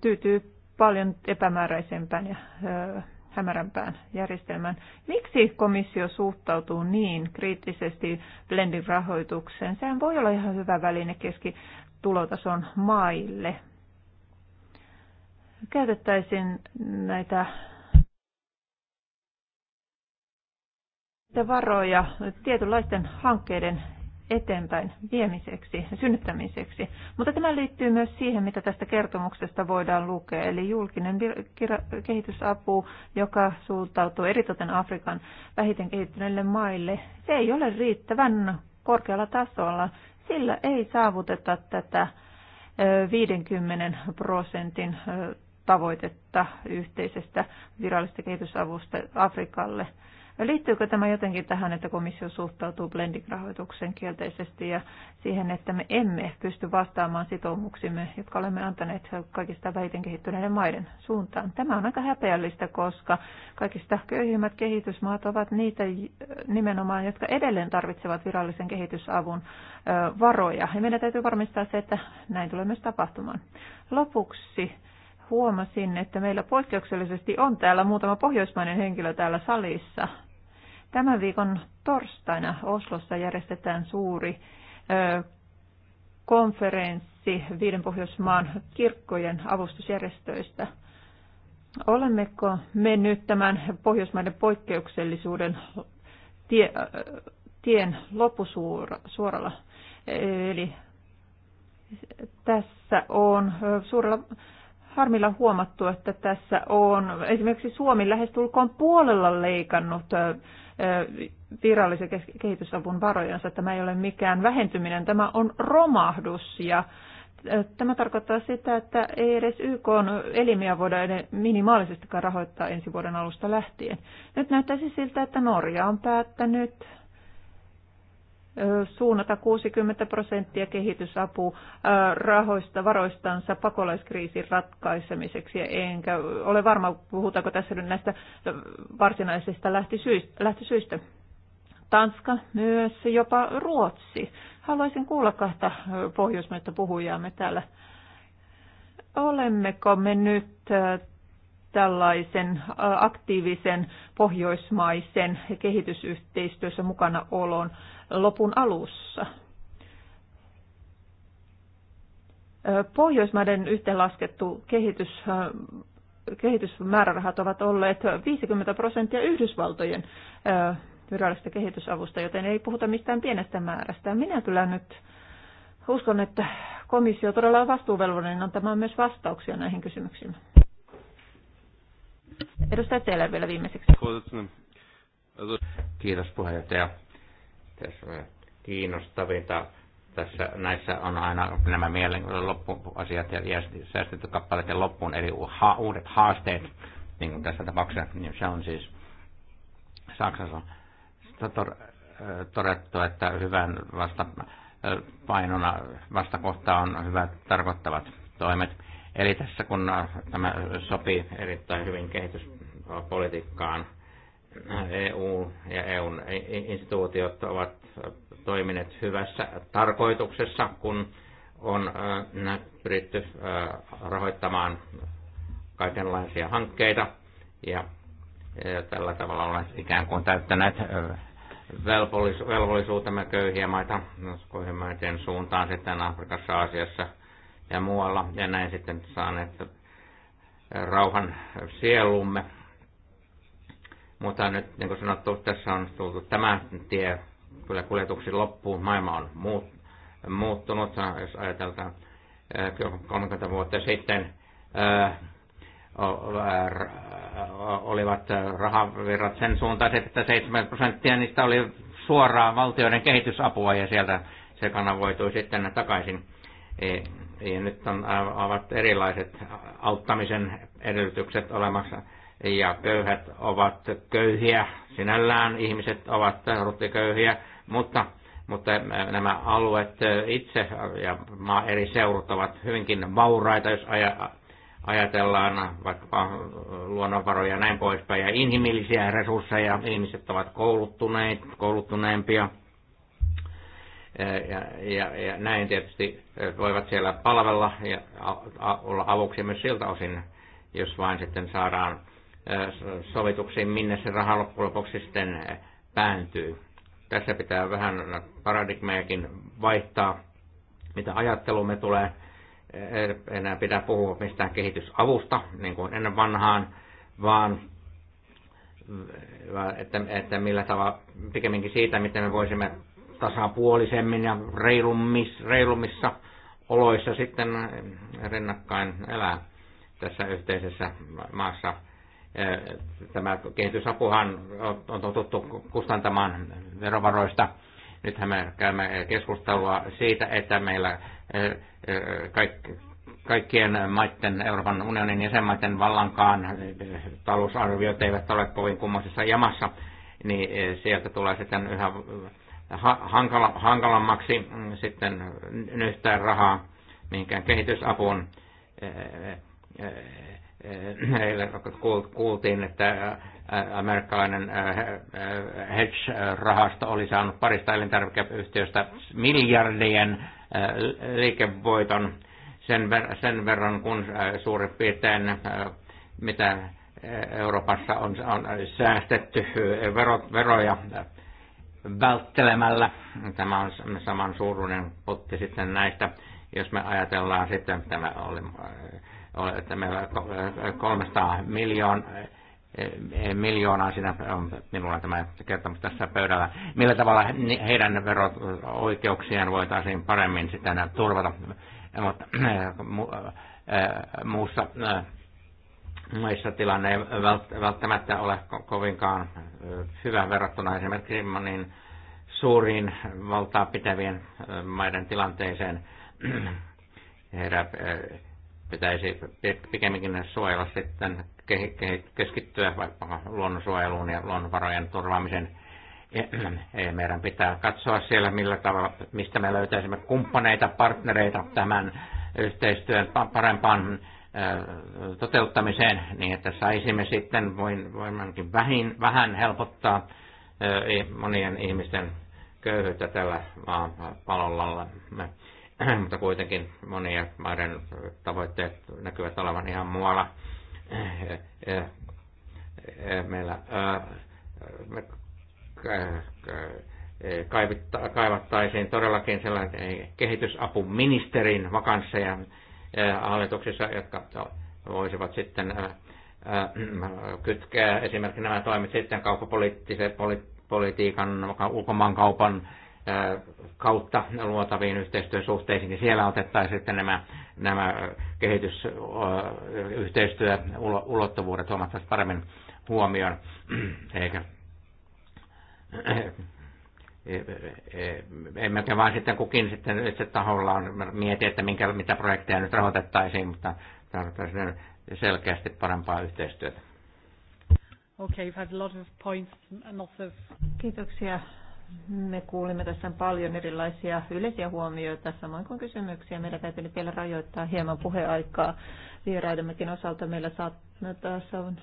tyytyy paljon epämääräisempään ja hämärämpään järjestelmään. Miksi komissio suhtautuu niin kriittisesti blendin rahoitukseen? Sehän voi olla ihan hyvä väline keskitulotason maille. Käytettäisiin näitä varoja tietynlaisten hankkeiden eteenpäin viemiseksi ja synnyttämiseksi. Mutta tämä liittyy myös siihen, mitä tästä kertomuksesta voidaan lukea, eli julkinen kehitysapu, joka suuntautuu eritoten Afrikan vähiten kehittyneille maille, se ei ole riittävän korkealla tasolla. Sillä ei saavuteta tätä 50 prosentin tavoitetta yhteisestä virallisesta kehitysavusta Afrikalle. Liittyykö tämä jotenkin tähän, että komissio suhtautuu blending-rahoitukseen kielteisesti ja siihen, että me emme pysty vastaamaan sitoumuksimme, jotka olemme antaneet kaikista vähiten kehittyneiden maiden suuntaan? Tämä on aika häpeällistä, koska kaikista köyhimmät kehitysmaat ovat niitä nimenomaan, jotka edelleen tarvitsevat virallisen kehitysavun varoja. Ja meidän täytyy varmistaa se, että näin tulee myös tapahtumaan. Lopuksi huomasin, että meillä poikkeuksellisesti on täällä muutama pohjoismainen henkilö täällä salissa. Tämän viikon torstaina Oslossa järjestetään suuri konferenssi Viiden Pohjoismaan kirkkojen avustusjärjestöistä. Olemmeko me nyt tämän Pohjoismaiden poikkeuksellisuuden tie, tien loppusuoralla? Eli tässä on suurella harmilla huomattu, että tässä on esimerkiksi Suomi lähestulkoon puolella leikannut virallisen kehitysavun varojensa. Tämä ei ole mikään vähentyminen, tämä on romahdus ja Tämä tarkoittaa sitä, että ei edes YK elimiä voida edes minimaalisestikaan rahoittaa ensi vuoden alusta lähtien. Nyt näyttäisi siltä, että Norja on päättänyt suunnata 60 prosenttia kehitysapurahoista varoistansa pakolaiskriisin ratkaisemiseksi. Enkä ole varma, puhutaanko tässä nyt näistä varsinaisista lähtisyistä. Tanska, myös jopa Ruotsi. Haluaisin kuulla kahta pohjoismaista puhujaamme täällä. Olemmeko me nyt tällaisen aktiivisen pohjoismaisen kehitysyhteistyössä mukana olon lopun alussa. Pohjoismaiden yhteenlaskettu kehitys, kehitysmäärärahat ovat olleet 50 prosenttia Yhdysvaltojen virallista kehitysavusta, joten ei puhuta mistään pienestä määrästä. Minä kyllä nyt uskon, että komissio todella on vastuuvelvollinen antamaan myös vastauksia näihin kysymyksiin. Edustaja Teller vielä viimeiseksi. Kiitos puheenjohtaja. Tässä on kiinnostavinta tässä, näissä on aina nämä mielen loppuasiat ja säästetty kappaleet ja loppuun, eli ha, uudet haasteet, niin kuin tässä tapauksessa, niin se on siis Saksassa tor, todettu, että hyvän vasta painona vastakohta on hyvät tarkoittavat toimet Eli tässä kun tämä sopii erittäin hyvin kehityspolitiikkaan, EU ja EUn instituutiot ovat toimineet hyvässä tarkoituksessa, kun on pyritty rahoittamaan kaikenlaisia hankkeita ja tällä tavalla olemme ikään kuin täyttäneet velvollisuutemme köyhiä maita maiden suuntaan sitten Afrikassa, Aasiassa ja muualla, ja näin sitten saaneet rauhan sielumme. Mutta nyt, niin kuin sanottu, tässä on tultu tämä tie kyllä kuljetuksi loppuun. Maailma on muut, muuttunut, jos ajatellaan 30 eh, vuotta sitten eh, olivat rahavirrat sen suuntaiset, että 7 prosenttia niistä oli suoraa valtioiden kehitysapua ja sieltä se kanavoitui sitten takaisin eh, ja nyt on, ovat erilaiset auttamisen edellytykset olemassa ja köyhät ovat köyhiä, sinällään ihmiset ovat ruttiköyhiä, mutta, mutta nämä alueet itse ja maa eri seurut ovat hyvinkin vauraita, jos ajatellaan vaikkapa luonnonvaroja ja näin poispäin, ja inhimillisiä resursseja, ihmiset ovat kouluttuneet, kouluttuneempia, ja, ja, ja näin tietysti voivat siellä palvella ja olla avuksi myös siltä osin, jos vain sitten saadaan sovituksiin, minne se raha loppujen lopuksi sitten pääntyy. Tässä pitää vähän paradigmejakin vaihtaa, mitä ajattelumme tulee. Enää pitää puhua mistään kehitysavusta, niin kuin ennen vanhaan, vaan että, että millä tavalla, pikemminkin siitä, miten me voisimme tasapuolisemmin ja reilummissa, reilummissa oloissa sitten rinnakkain elää tässä yhteisessä maassa. Tämä kehitysapuhan on totuttu kustantamaan verovaroista. Nythän me käymme keskustelua siitä, että meillä e, e, kaikkien maiden, Euroopan unionin jäsenmaiden vallankaan talousarviot eivät ole kovin kummoisessa jamassa, niin e, sieltä tulee sitten yhä hankala, hankalammaksi mm, sitten nyhtää rahaa mihinkään kehitysapuun. Heille kuultiin, että amerikkalainen hedge-rahasto oli saanut parista elintarvikeyhtiöstä miljardien liikevoiton sen, ver- sen verran, kun suurin piirtein mitä Euroopassa on, on säästetty verot, veroja välttelemällä. Tämä on saman suuruinen potti sitten näistä, jos me ajatellaan sitten, tämä oli, että meillä äh, 300 äh, äh, miljoon, miljoonaa, siinä on minulla tämä kertomus tässä pöydällä, millä tavalla heidän verotusoikeuksiaan voitaisiin paremmin sitten turvata. Mutta muussa maissa tilanne ei välttämättä ole kovinkaan hyvä verrattuna esimerkiksi niin suuriin valtaa pitävien maiden tilanteeseen. Heidän pitäisi pikemminkin suojella sitten keskittyä vaikka luonnonsuojeluun ja luonnonvarojen turvaamisen. Meidän pitää katsoa siellä, millä tavalla, mistä me löytäisimme kumppaneita, partnereita tämän yhteistyön parempaan toteuttamiseen, niin että saisimme sitten voimankin vähin, vähän helpottaa monien ihmisten köyhyyttä tällä palolla, Mutta kuitenkin monien maiden tavoitteet näkyvät olevan ihan muualla. Meillä me e, kaivattaisiin todellakin sellainen kehitysapuministerin vakansseja, Eh, hallituksissa, jotka voisivat sitten eh, eh, kytkeä esimerkiksi nämä toimet sitten kauppapoliittisen politiikan, ulkomaankaupan kautta luotaviin yhteistyösuhteisiin, niin siellä otettaisiin sitten nämä, nämä kehitysyhteistyöulottuvuudet huomattavasti paremmin huomioon, eikä emmekä vaan sitten kukin sitten itse tahollaan mieti, että minkä, mitä projekteja nyt rahoitettaisiin, mutta tarvitaan selkeästi parempaa yhteistyötä. Okay, you've had a lot of points and lots of... Kiitoksia. Me kuulimme tässä paljon erilaisia yleisiä huomioita, samoin kuin kysymyksiä. Meidän täytyy nyt vielä rajoittaa hieman puheaikaa vieraidemmekin osalta. Meillä saattaa tässä on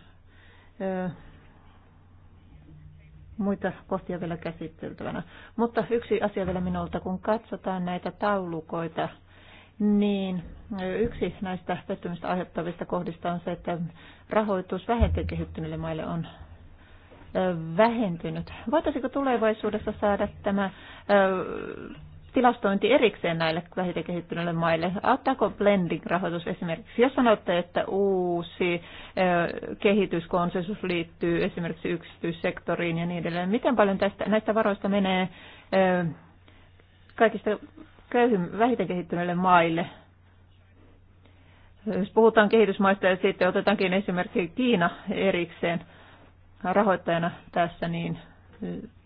muita kohtia vielä käsiteltävänä. Mutta yksi asia vielä minulta, kun katsotaan näitä taulukoita, niin yksi näistä pettymistä aiheuttavista kohdista on se, että rahoitus vähentyy kehittyneille maille on vähentynyt. Voitaisiko tulevaisuudessa saada tämä tilastointi erikseen näille vähiten kehittyneille maille? Auttaako blending-rahoitus esimerkiksi? Jos sanotte, että uusi kehityskonsensus liittyy esimerkiksi yksityissektoriin ja niin edelleen, miten paljon tästä, näistä varoista menee kaikista köyhim, vähiten kehittyneille maille? Jos puhutaan kehitysmaista ja sitten otetaankin esimerkiksi Kiina erikseen rahoittajana tässä, niin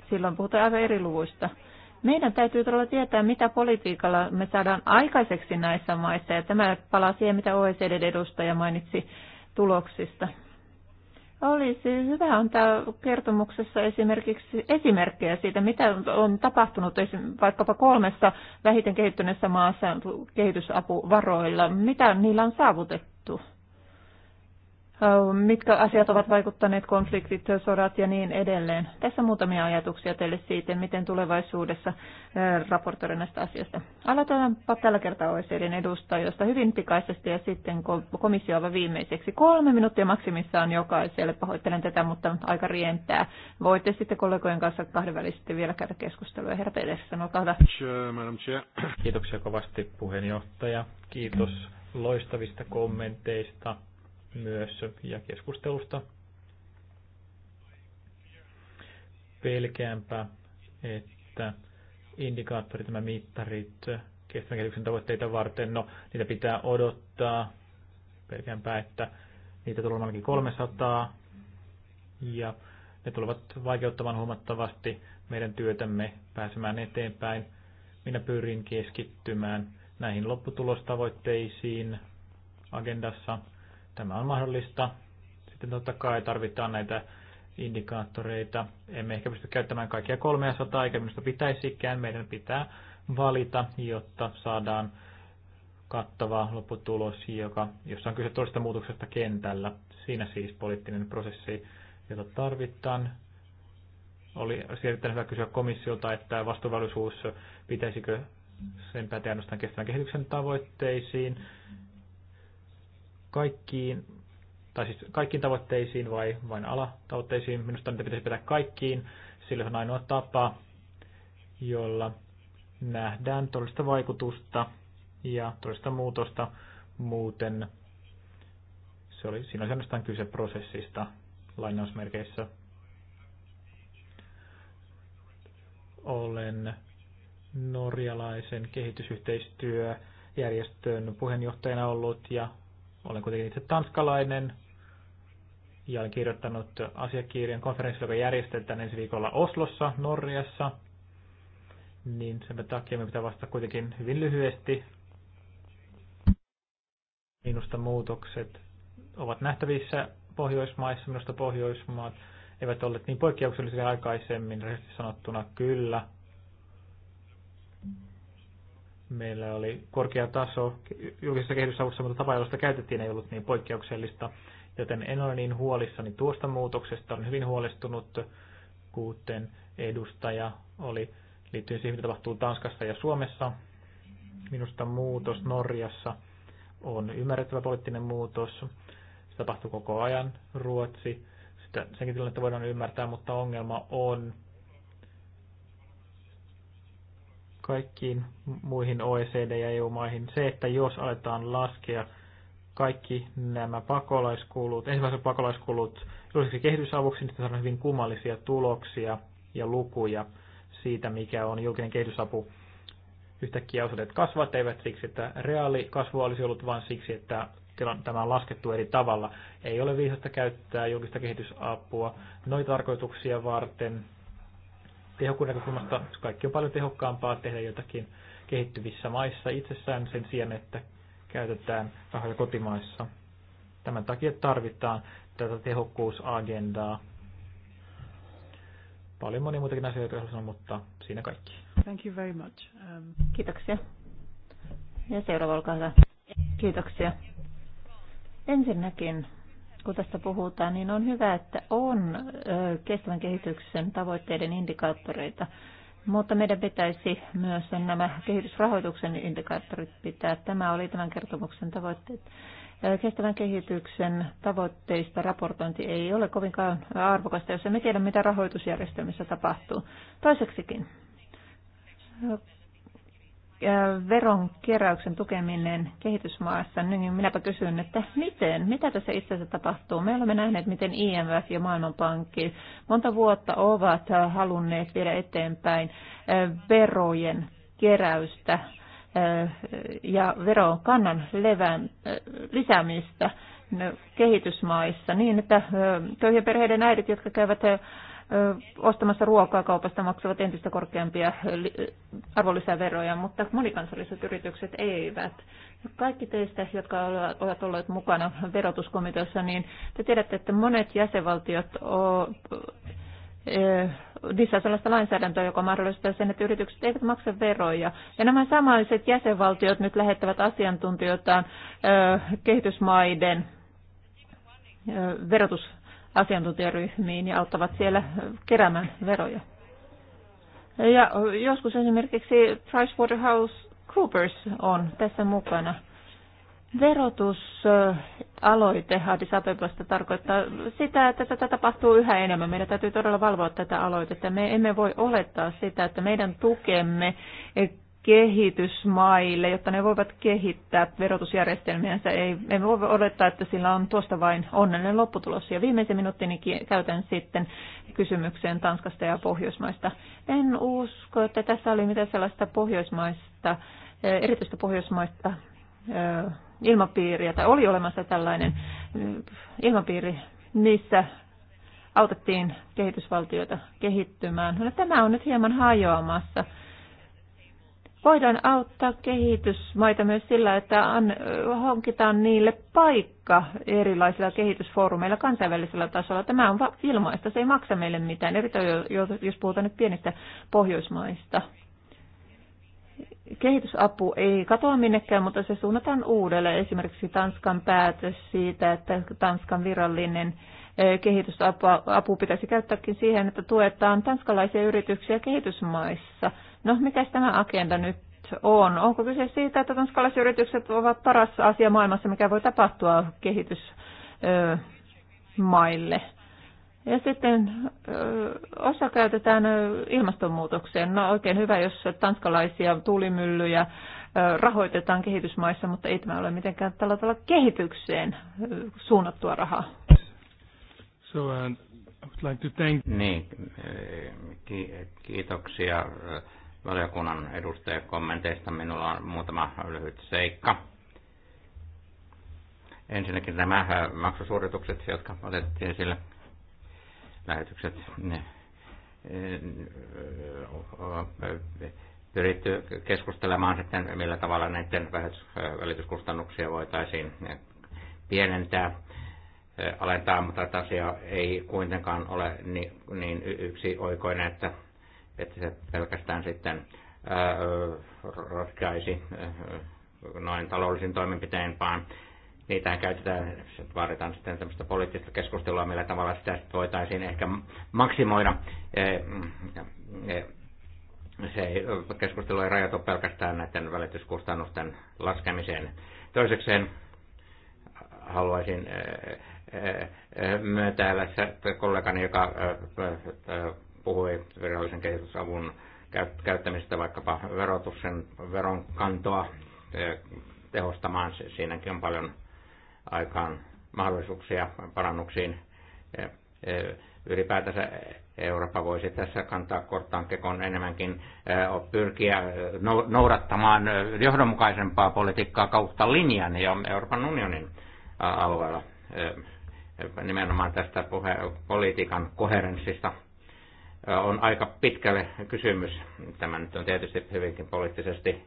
silloin puhutaan aivan eri luvuista. Meidän täytyy todella tietää, mitä politiikalla me saadaan aikaiseksi näissä maissa, ja tämä palaa siihen, mitä OECD-edustaja mainitsi tuloksista. Olisi hyvä antaa kertomuksessa esimerkiksi esimerkkejä siitä, mitä on tapahtunut vaikkapa kolmessa vähiten kehittyneessä maassa kehitysapuvaroilla, mitä niillä on saavutettu Äh, mitkä asiat ovat vaikuttaneet, konfliktit, sodat ja niin edelleen. Tässä muutamia ajatuksia teille siitä, miten tulevaisuudessa äh, raportoida näistä asioista. Aloitetaanpa tällä kertaa OECDn edustajasta hyvin pikaisesti ja sitten komissio aivan viimeiseksi. Kolme minuuttia maksimissaan jokaiselle. Pahoittelen tätä, mutta aika rientää. Voitte sitten kollegojen kanssa kahdenvälisesti vielä käydä keskustelua. Herra Pedersen, olkaa hyvä. Kiitoksia kovasti puheenjohtaja. Kiitos loistavista kommenteista myös ja keskustelusta. Pelkeämpää, että indikaattorit, nämä mittarit kestävän kehityksen tavoitteita varten, no niitä pitää odottaa. Pelkeämpää, että niitä tulee ainakin 300 ja ne tulevat vaikeuttamaan huomattavasti meidän työtämme pääsemään eteenpäin. Minä pyrin keskittymään näihin lopputulostavoitteisiin agendassa Tämä on mahdollista. Sitten totta kai tarvitaan näitä indikaattoreita. Emme ehkä pysty käyttämään kaikkia 300, eikä minusta pitäisikään. Meidän pitää valita, jotta saadaan kattava lopputulos, joka, jossa on kyse toista muutoksesta kentällä. Siinä siis poliittinen prosessi, jota tarvitaan. Oli erittäin hyvä kysyä komissiolta, että vastuuvallisuus pitäisikö sen päätä ainoastaan kestävän kehityksen tavoitteisiin kaikkiin, tai siis kaikkiin tavoitteisiin vai vain alatavoitteisiin. Minusta niitä pitäisi pitää kaikkiin, sillä on ainoa tapa, jolla nähdään todellista vaikutusta ja todellista muutosta. Muuten se oli, siinä on ainoastaan kyse prosessista lainausmerkeissä. Olen norjalaisen kehitysyhteistyöjärjestön puheenjohtajana ollut ja olen kuitenkin itse tanskalainen ja olen kirjoittanut asiakirjan konferenssi, joka järjestetään ensi viikolla Oslossa, Norjassa. Niin sen takia me pitää vastata kuitenkin hyvin lyhyesti. Minusta muutokset ovat nähtävissä Pohjoismaissa. Minusta Pohjoismaat eivät olleet niin poikkeuksellisia aikaisemmin, rehellisesti sanottuna kyllä meillä oli korkea taso julkisessa kehitysavussa, mutta tapa, sitä käytettiin, ei ollut niin poikkeuksellista, joten en ole niin huolissani tuosta muutoksesta. Olen hyvin huolestunut, kuten edustaja oli liittyen siihen, mitä tapahtuu Tanskassa ja Suomessa. Minusta muutos Norjassa on ymmärrettävä poliittinen muutos. Se tapahtuu koko ajan. Ruotsi, sitä, senkin tilannetta voidaan ymmärtää, mutta ongelma on, kaikkiin muihin OECD- ja EU-maihin. Se, että jos aletaan laskea kaikki nämä pakolaiskulut, ensimmäiset pakolaiskulut julkiseksi kehitysavuksi, niin saadaan hyvin kummallisia tuloksia ja lukuja siitä, mikä on julkinen kehitysapu. Yhtäkkiä osoitteet kasvavat, eivät siksi, että reaali olisi ollut, vaan siksi, että tämä on laskettu eri tavalla. Ei ole viisasta käyttää julkista kehitysapua noita tarkoituksia varten, tehokkuuden näkökulmasta kaikki on paljon tehokkaampaa tehdä jotakin kehittyvissä maissa itsessään sen sijaan, että käytetään rahoja kotimaissa. Tämän takia tarvitaan tätä tehokkuusagendaa. Paljon monia muitakin asioita sanoa, mutta siinä kaikki. Thank you very much. Um... Kiitoksia. Ja seuraava, olkaa hyvä. Kiitoksia. Ensinnäkin kun tästä puhutaan, niin on hyvä, että on kestävän kehityksen tavoitteiden indikaattoreita, mutta meidän pitäisi myös nämä kehitysrahoituksen indikaattorit pitää. Tämä oli tämän kertomuksen tavoitteet. Kestävän kehityksen tavoitteista raportointi ei ole kovinkaan arvokasta, jos emme tiedä, mitä rahoitusjärjestelmissä tapahtuu. Toiseksikin, veronkeräyksen tukeminen kehitysmaassa, niin minäpä kysyn, että miten, mitä tässä itse asiassa tapahtuu? Me olemme nähneet, miten IMF ja Maailmanpankki monta vuotta ovat halunneet viedä eteenpäin verojen keräystä ja verokannan levän, lisäämistä kehitysmaissa niin, että köyhien perheiden äidit, jotka käyvät ostamassa ruokaa kaupasta maksavat entistä korkeampia arvonlisäveroja, mutta monikansalliset yritykset eivät. Kaikki teistä, jotka ovat olleet mukana verotuskomiteassa, niin te tiedätte, että monet jäsenvaltiot lisää sellaista lainsäädäntöä, joka mahdollistaa sen, että yritykset eivät maksa veroja. Ja nämä samaiset jäsenvaltiot nyt lähettävät asiantuntijoitaan kehitysmaiden verotus asiantuntijaryhmiin ja auttavat siellä keräämään veroja. Ja joskus esimerkiksi Pricewaterhouse Coopers on tässä mukana. Verotusaloite Addis Abebasta tarkoittaa sitä, että tätä tapahtuu yhä enemmän. Meidän täytyy todella valvoa tätä aloitetta. Me emme voi olettaa sitä, että meidän tukemme kehitysmaille, jotta ne voivat kehittää verotusjärjestelmiänsä. Ei, emme voi odottaa, että sillä on tuosta vain onnellinen lopputulos. Ja viimeisen minuutin käytän sitten kysymykseen Tanskasta ja Pohjoismaista. En usko, että tässä oli mitään sellaista pohjoismaista, eh, erityistä pohjoismaista eh, ilmapiiriä, tai oli olemassa tällainen eh, ilmapiiri, missä autettiin kehitysvaltioita kehittymään. No, tämä on nyt hieman hajoamassa voidaan auttaa kehitysmaita myös sillä, että hankitaan niille paikka erilaisilla kehitysfoorumeilla kansainvälisellä tasolla. Tämä on ilmaista, se ei maksa meille mitään, erityisesti jos puhutaan nyt pienistä pohjoismaista. Kehitysapu ei katoa minnekään, mutta se suunnataan uudelleen. Esimerkiksi Tanskan päätös siitä, että Tanskan virallinen e, kehitysapu pitäisi käyttääkin siihen, että tuetaan tanskalaisia yrityksiä kehitysmaissa – No, mikä tämä agenda nyt on? Onko kyse siitä, että tanskalaiset yritykset ovat paras asia maailmassa, mikä voi tapahtua kehitysmaille? Ja sitten osa käytetään ilmastonmuutokseen. No oikein hyvä, jos tanskalaisia tuulimyllyjä rahoitetaan kehitysmaissa, mutta ei tämä ole mitenkään tällä tavalla kehitykseen suunnattua rahaa. So, uh, I would like to thank... Niin, kiitoksia valiokunnan edustajien kommenteista. Minulla on muutama lyhyt seikka. Ensinnäkin nämä äh, maksusuoritukset, jotka otettiin esille, lähetykset, ne, äh, pyritty keskustelemaan sitten, millä tavalla näiden äh, välityskustannuksia voitaisiin pienentää, alentaa, mutta asia ei kuitenkaan ole niin, niin yksi oikoinen, että että se pelkästään sitten ratkaisi noin taloudellisin toimenpitein, vaan niitähän käytetään, vaaditaan sitten tämmöistä poliittista keskustelua, millä tavalla sitä sitten voitaisiin ehkä maksimoida. Se keskustelu ei rajoitu pelkästään näiden välityskustannusten laskemiseen. Toisekseen haluaisin myötäillä kollegani, joka puhui virallisen kehitysavun käyttämistä vaikkapa verotuksen veron kantoa e, tehostamaan. Siinäkin on paljon aikaan mahdollisuuksia parannuksiin. E, e, ylipäätänsä Eurooppa voisi tässä kantaa korttaan kekon enemmänkin pyrkiä no, noudattamaan johdonmukaisempaa politiikkaa kautta linjan ja Euroopan unionin alueella nimenomaan tästä puhe, politiikan koherenssista on aika pitkälle kysymys. Tämä nyt on tietysti hyvinkin poliittisesti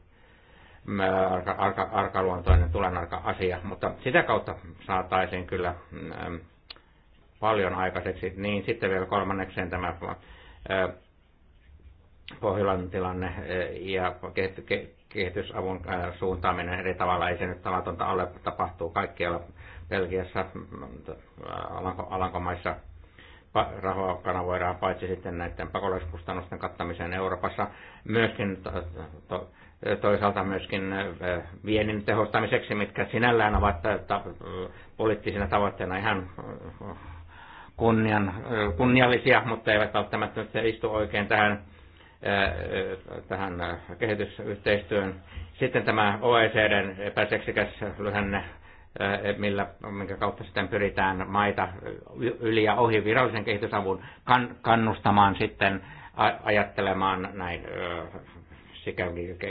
mm, arka, arka, arkaluontoinen tulenarka asia, mutta sitä kautta saataisiin kyllä mm, paljon aikaiseksi. Niin sitten vielä kolmannekseen tämä Pohjolan tilanne ja kehitysavun suuntaaminen eri tavalla. Ei se nyt tavatonta ole, tapahtuu kaikkialla Belgiassa, Alanko, Alankomaissa – rahoa kanavoidaan paitsi sitten näiden pakolaiskustannusten kattamiseen Euroopassa, myöskin to, to, toisaalta myöskin viennin tehostamiseksi, mitkä sinällään ovat ta, poliittisina tavoitteena ihan kunnian, kunniallisia, mutta eivät välttämättä nyt istu oikein tähän, tähän kehitysyhteistyön. Sitten tämä OECDn epäseksikäs lyhenne E, millä, minkä kautta sitten pyritään maita yli ja ohi virallisen kehitysavun kan, kannustamaan sitten ajattelemaan näin sekä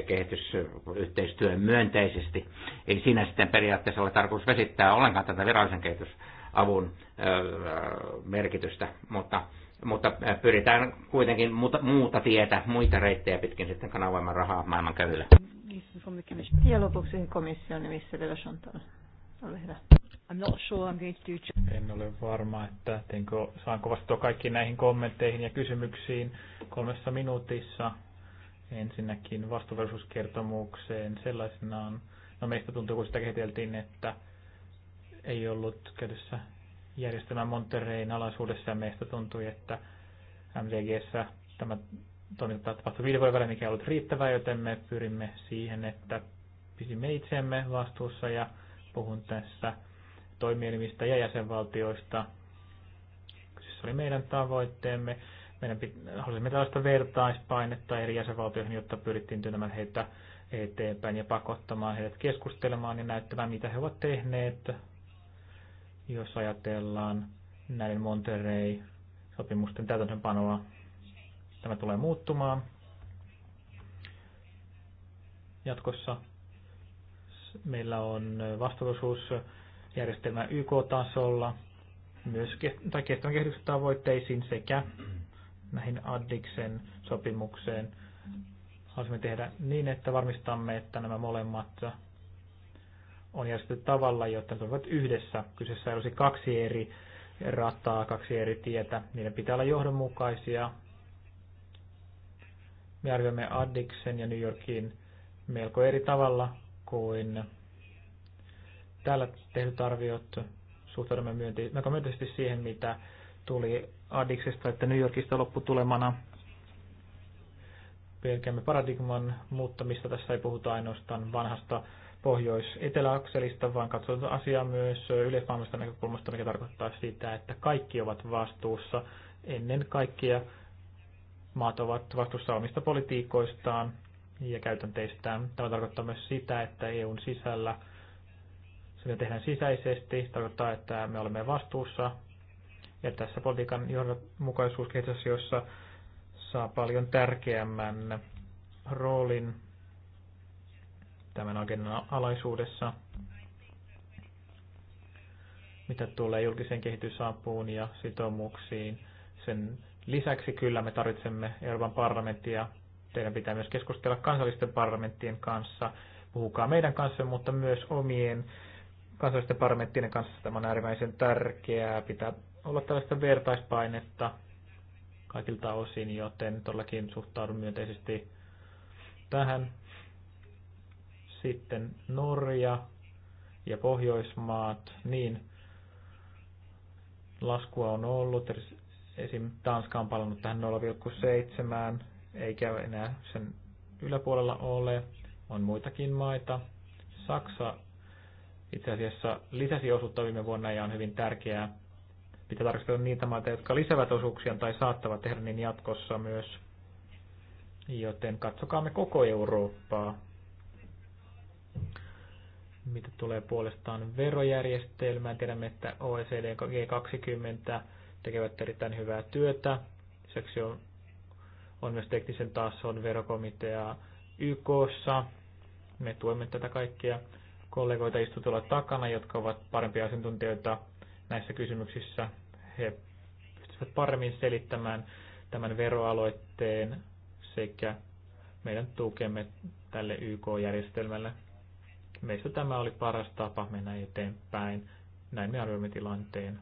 kehitysyhteistyön myönteisesti. Ei siinä sitten periaatteessa ole tarkoitus vesittää ollenkaan tätä virallisen kehitysavun merkitystä, mutta, mutta pyritään kuitenkin muuta, muuta tietä, muita reittejä pitkin sitten kanavoimaan rahaa maailman köyhille. Ja lopuksi komission nimissä vielä Chantal. Ole hyvä. I'm not sure I'm going to do... En ole varma, että teinkö, saanko vastata kaikkiin näihin kommentteihin ja kysymyksiin kolmessa minuutissa. Ensinnäkin vastuullisuuskertomukseen sellaisenaan. No meistä tuntuu, kun sitä kehiteltiin, että ei ollut käytössä järjestelmä Monterrein alaisuudessa ja meistä tuntui, että MDGssä tämä toiminta tapahtui viiden vuoden välein, mikä ei ollut riittävää, joten me pyrimme siihen, että pisimme itseämme vastuussa ja Puhun tässä toimielimistä ja jäsenvaltioista. Siis se oli meidän tavoitteemme. Meidän pit- halusimme tällaista vertaispainetta eri jäsenvaltioihin, jotta pyrittiin työntämään heitä eteenpäin ja pakottamaan heidät keskustelemaan ja näyttämään, mitä he ovat tehneet. Jos ajatellaan näiden Monterey-sopimusten täytäntöönpanoa, tämä tulee muuttumaan jatkossa Meillä on vastuullisuusjärjestelmä YK-tasolla, myös tai kestävän kehityksen tavoitteisiin sekä näihin Addiksen sopimukseen. Haluaisimme tehdä niin, että varmistamme, että nämä molemmat on järjestetty tavalla, jotta ne ovat yhdessä. Kyseessä ei olisi kaksi eri rataa, kaksi eri tietä. Niiden pitää olla johdonmukaisia. Me arvioimme Addiksen ja New Yorkin melko eri tavalla, kuin täällä tehdyt arviot suhtaudumme myönti- aika myönteisesti siihen, mitä tuli Adiksesta, että New Yorkista lopputulemana pelkäämme paradigman muuttamista. Tässä ei puhuta ainoastaan vanhasta pohjois-eteläakselista, vaan katsotaan asiaa myös yleismaailmasta näkökulmasta, mikä tarkoittaa sitä, että kaikki ovat vastuussa. Ennen kaikkea maat ovat vastuussa omista politiikoistaan ja käytänteistään. Tämä tarkoittaa myös sitä, että EUn sisällä se tehdään sisäisesti, tarkoittaa, että me olemme vastuussa. Ja tässä politiikan johdonmukaisuuskehitysasioissa saa paljon tärkeämmän roolin tämän agendan alaisuudessa, mitä tulee julkiseen kehitysapuun ja sitoumuksiin. Sen lisäksi kyllä me tarvitsemme Euroopan parlamenttia teidän pitää myös keskustella kansallisten parlamenttien kanssa. Puhukaa meidän kanssa, mutta myös omien kansallisten parlamenttien kanssa. Tämä on äärimmäisen tärkeää. Pitää olla tällaista vertaispainetta kaikilta osin, joten todellakin suhtaudun myönteisesti tähän. Sitten Norja ja Pohjoismaat, niin laskua on ollut. Esim. Tanska on palannut tähän 0,7 eikä enää sen yläpuolella ole. On muitakin maita. Saksa itse asiassa lisäsi osuutta viime vuonna ja on hyvin tärkeää. Pitää tarkastella niitä maita, jotka lisäävät osuuksia tai saattavat tehdä niin jatkossa myös. Joten katsokaamme koko Eurooppaa. Mitä tulee puolestaan verojärjestelmään, tiedämme, että OECD G20 tekevät erittäin hyvää työtä. Lisäksi on on myös teknisen tason verokomitea YKssa. Me tuemme tätä kaikkia kollegoita istutulla takana, jotka ovat parempia asiantuntijoita näissä kysymyksissä. He pystyvät paremmin selittämään tämän veroaloitteen sekä meidän tukemme tälle YK-järjestelmälle. Meistä tämä oli paras tapa mennä eteenpäin. Näin me arvioimme tilanteen.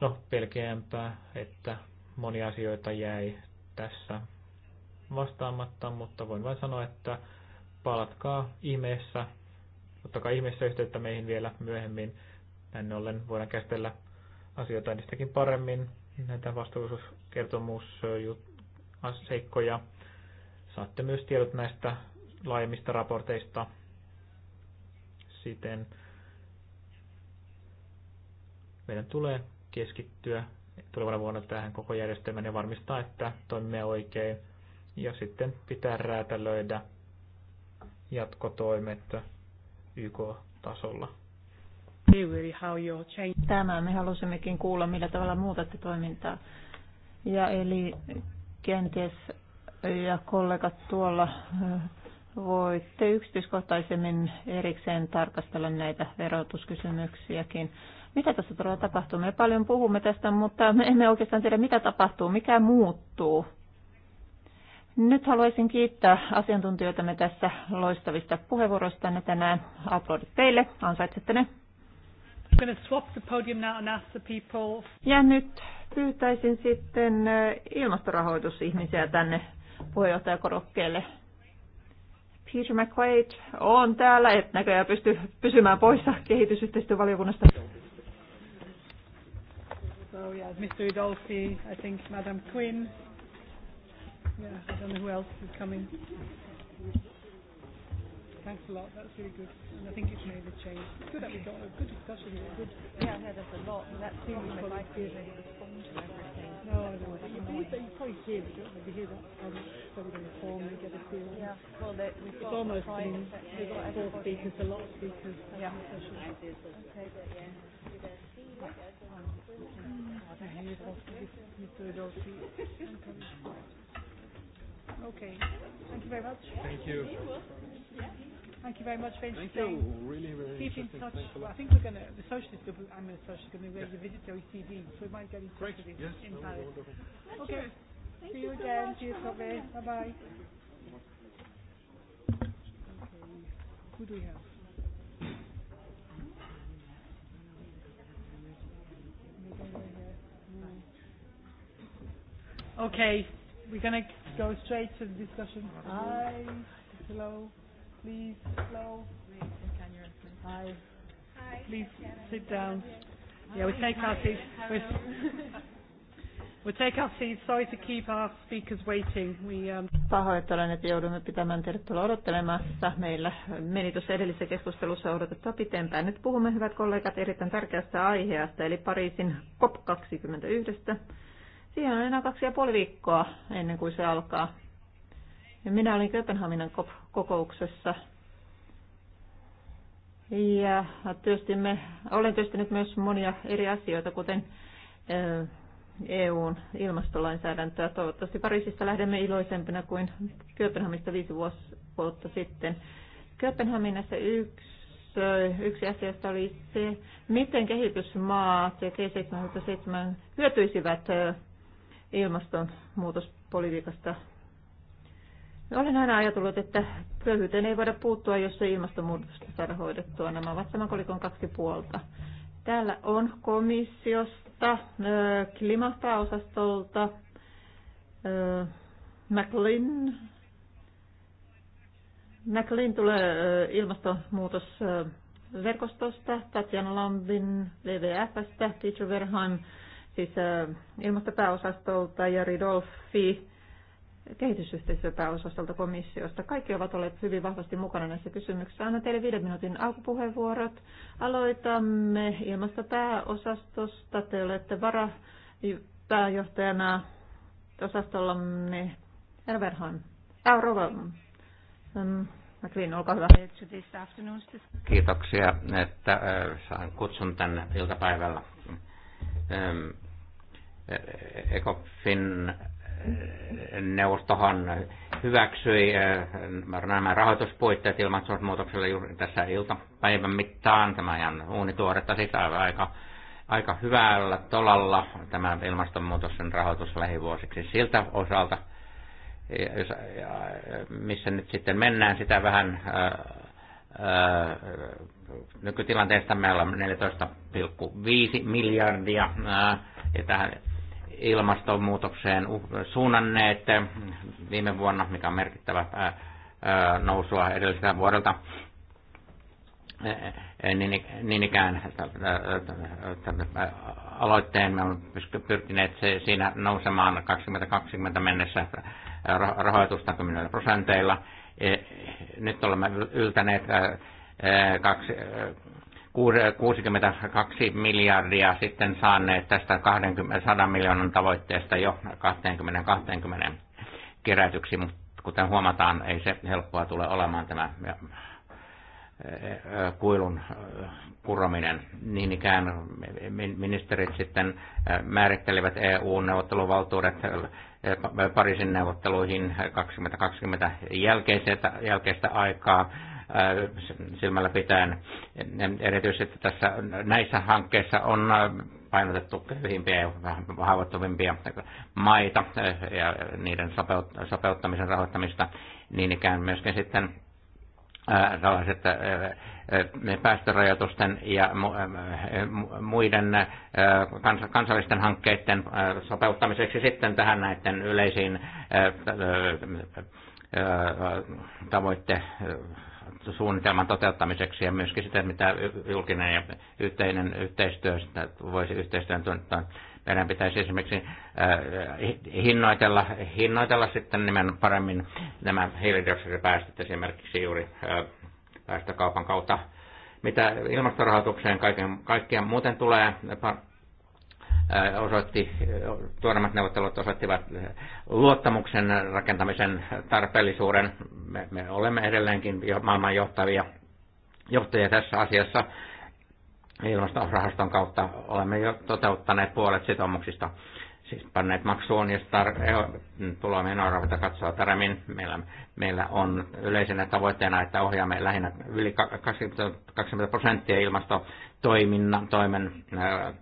No, pelkeämpää, että monia asioita jäi tässä vastaamatta, mutta voin vain sanoa, että palatkaa ihmeessä, ottakaa ihmeessä yhteyttä meihin vielä myöhemmin. Näin ollen voidaan käsitellä asioita niistäkin paremmin, näitä vastuullisuuskertomusseikkoja. Saatte myös tiedot näistä laajemmista raporteista siten meidän tulee keskittyä tulevana vuonna tähän koko järjestelmään ja varmistaa, että toimii oikein. Ja sitten pitää räätälöidä jatkotoimet YK-tasolla. Tämä me halusimmekin kuulla, millä tavalla muutatte toimintaa. Ja eli kenties ja kollegat tuolla eh, voitte yksityiskohtaisemmin erikseen tarkastella näitä verotuskysymyksiäkin. Mitä tässä todella tapahtuu? Me paljon puhumme tästä, mutta me emme oikeastaan tiedä, mitä tapahtuu, mikä muuttuu. Nyt haluaisin kiittää asiantuntijoitamme tässä loistavista puheenvuoroistanne tänään. Aplodit teille, ansaitsette ne. Ja nyt pyytäisin sitten äh, ilmastorahoitusihmisiä tänne puheenjohtajakorokkeelle. Peter McQuaid on täällä, et näköjään pysty pysymään poissa kehitysyhteistyövaliokunnasta. So yeah, Mr. Ridolfi, I think Madam Quinn. Yeah, I don't know who else is coming. Thanks a lot. That's really good. And I think it's made a change. It's good that we got a good discussion here. Good. Yeah, heard no, there's a lot. That seems like I could respond to everything. No, I know. But you, you probably hear it, don't you? You hear that um, somebody inform and get a feel. Yeah, well, they, we've it's got almost been, we've got four speakers, a lot of speakers. Yeah. Okay, yeah. Mm. Mm. Okay. Thank you very much. Thank you. Thank you very much for Thank you. Really, really. Keep in touch. Well, I think we're going to, the socialist group, I'm a socialist group, going to visit the OECD, so we might get in touch Great. with you yes, in Paris. Okay. Thank See you, you so again. Cheers, Kobe. Bye-bye. Okay. Who do we have? Okay, we're going to go straight to the discussion. Hi, hello, please, hello. Hi. Please sit down. Yeah, we take our seats. We take our seats. Sorry to keep our speakers waiting. We, um... Pahoittelen, että joudumme pitämään teidät tuolla odottelemassa. Meillä meni tuossa edellisessä keskustelussa odotettua pitempään. Nyt puhumme, hyvät kollegat, erittäin tärkeästä aiheesta, eli Pariisin COP21 Siihen on enää kaksi ja puoli viikkoa ennen kuin se alkaa. Ja minä olin Kööpenhaminan kokouksessa ja työstimme, olen työstänyt myös monia eri asioita, kuten EUn ilmastolainsäädäntöä. Toivottavasti Pariisista lähdemme iloisempina kuin Kööpenhaminasta viisi vuotta sitten. Kööpenhaminassa yksi, yksi asiasta oli se, miten kehitysmaat ja G77 hyötyisivät ilmastonmuutospolitiikasta. No, olen aina ajatellut, että köyhyyteen ei voida puuttua, jos ei ilmastonmuutosta saada hoidettua. Nämä ovat tämän kolikon kaksi puolta. Täällä on komissiosta, klimapääosastolta, McLean. McLean tulee ilmastonmuutosverkostosta, Tatjana Lambin WWFstä, Peter Verheim siis ilmastopääosastolta ja Ridolfi kehitysyhteistyöpääosastolta komissiosta. Kaikki ovat olleet hyvin vahvasti mukana näissä kysymyksissä. Anna teille viiden minuutin alkupuheenvuorot. Aloitamme ilmastopääosastosta. Te olette varapääjohtajana osastollamme Elverhan. Eurova. Äh, ähm, McLean, olkaa hyvä. Kiitoksia, että saan kutsun tänne iltapäivällä Ähm, ECOFIN äh, neuvostohan hyväksyi äh, nämä rahoituspuitteet ilmastonmuutokselle juuri tässä iltapäivän mittaan. Tämä ihan uunituoretta sitä siis aika, aika hyvällä tolalla tämä ilmastonmuutoksen rahoitus lähivuosiksi siltä osalta. ja, missä nyt sitten mennään, sitä vähän äh, nykytilanteesta meillä on 14,5 miljardia ja tähän ilmastonmuutokseen suunnanneet viime vuonna, mikä on merkittävä nousua edelliseltä vuodelta. Niin, niin ikään aloitteen me olemme pyrkineet siinä nousemaan 2020 mennessä rahoitusta 10 prosenteilla. Nyt olemme yltäneet 62 eh, eh, eh, miljardia sitten saaneet tästä 20, 100 miljoonan tavoitteesta jo 20-20 kerätyksi, mutta kuten huomataan, ei se helppoa tule olemaan tämä kuilun kurominen. Niin ikään ministerit sitten määrittelivät EU-neuvotteluvaltuudet Pariisin neuvotteluihin 2020 jälkeistä aikaa silmällä pitäen. Erityisesti tässä näissä hankkeissa on painotettu köyhimpiä ja haavoittuvimpia maita ja niiden sopeuttamisen rahoittamista, niin ikään myöskin sitten tällaiset päästörajoitusten ja muiden kansallisten hankkeiden sopeuttamiseksi sitten tähän näiden yleisiin tavoitte suunnitelman toteuttamiseksi ja myöskin sitä, mitä julkinen ja yhteinen yhteistyö voisi yhteistyön tuntua, Meidän pitäisi esimerkiksi äh, hinnoitella, hinnoitella sitten nimen paremmin nämä hiilidioksidipäästöt esimerkiksi juuri äh, päästökaupan kautta. Mitä ilmastorahoitukseen kaiken, kaikkien muuten tulee, osoitti, tuoremmat neuvottelut osoittivat luottamuksen rakentamisen tarpeellisuuden. Me, me olemme edelleenkin maailman johtavia johtajia tässä asiassa. Ilmastorahaston kautta olemme jo toteuttaneet puolet sitoumuksista, siis panneet maksuun ja eh, tuloa arvoita katsoa paremmin. Meillä, meillä on yleisenä tavoitteena, että ohjaamme lähinnä yli 20 prosenttia ilmastotoiminnan toimen ää,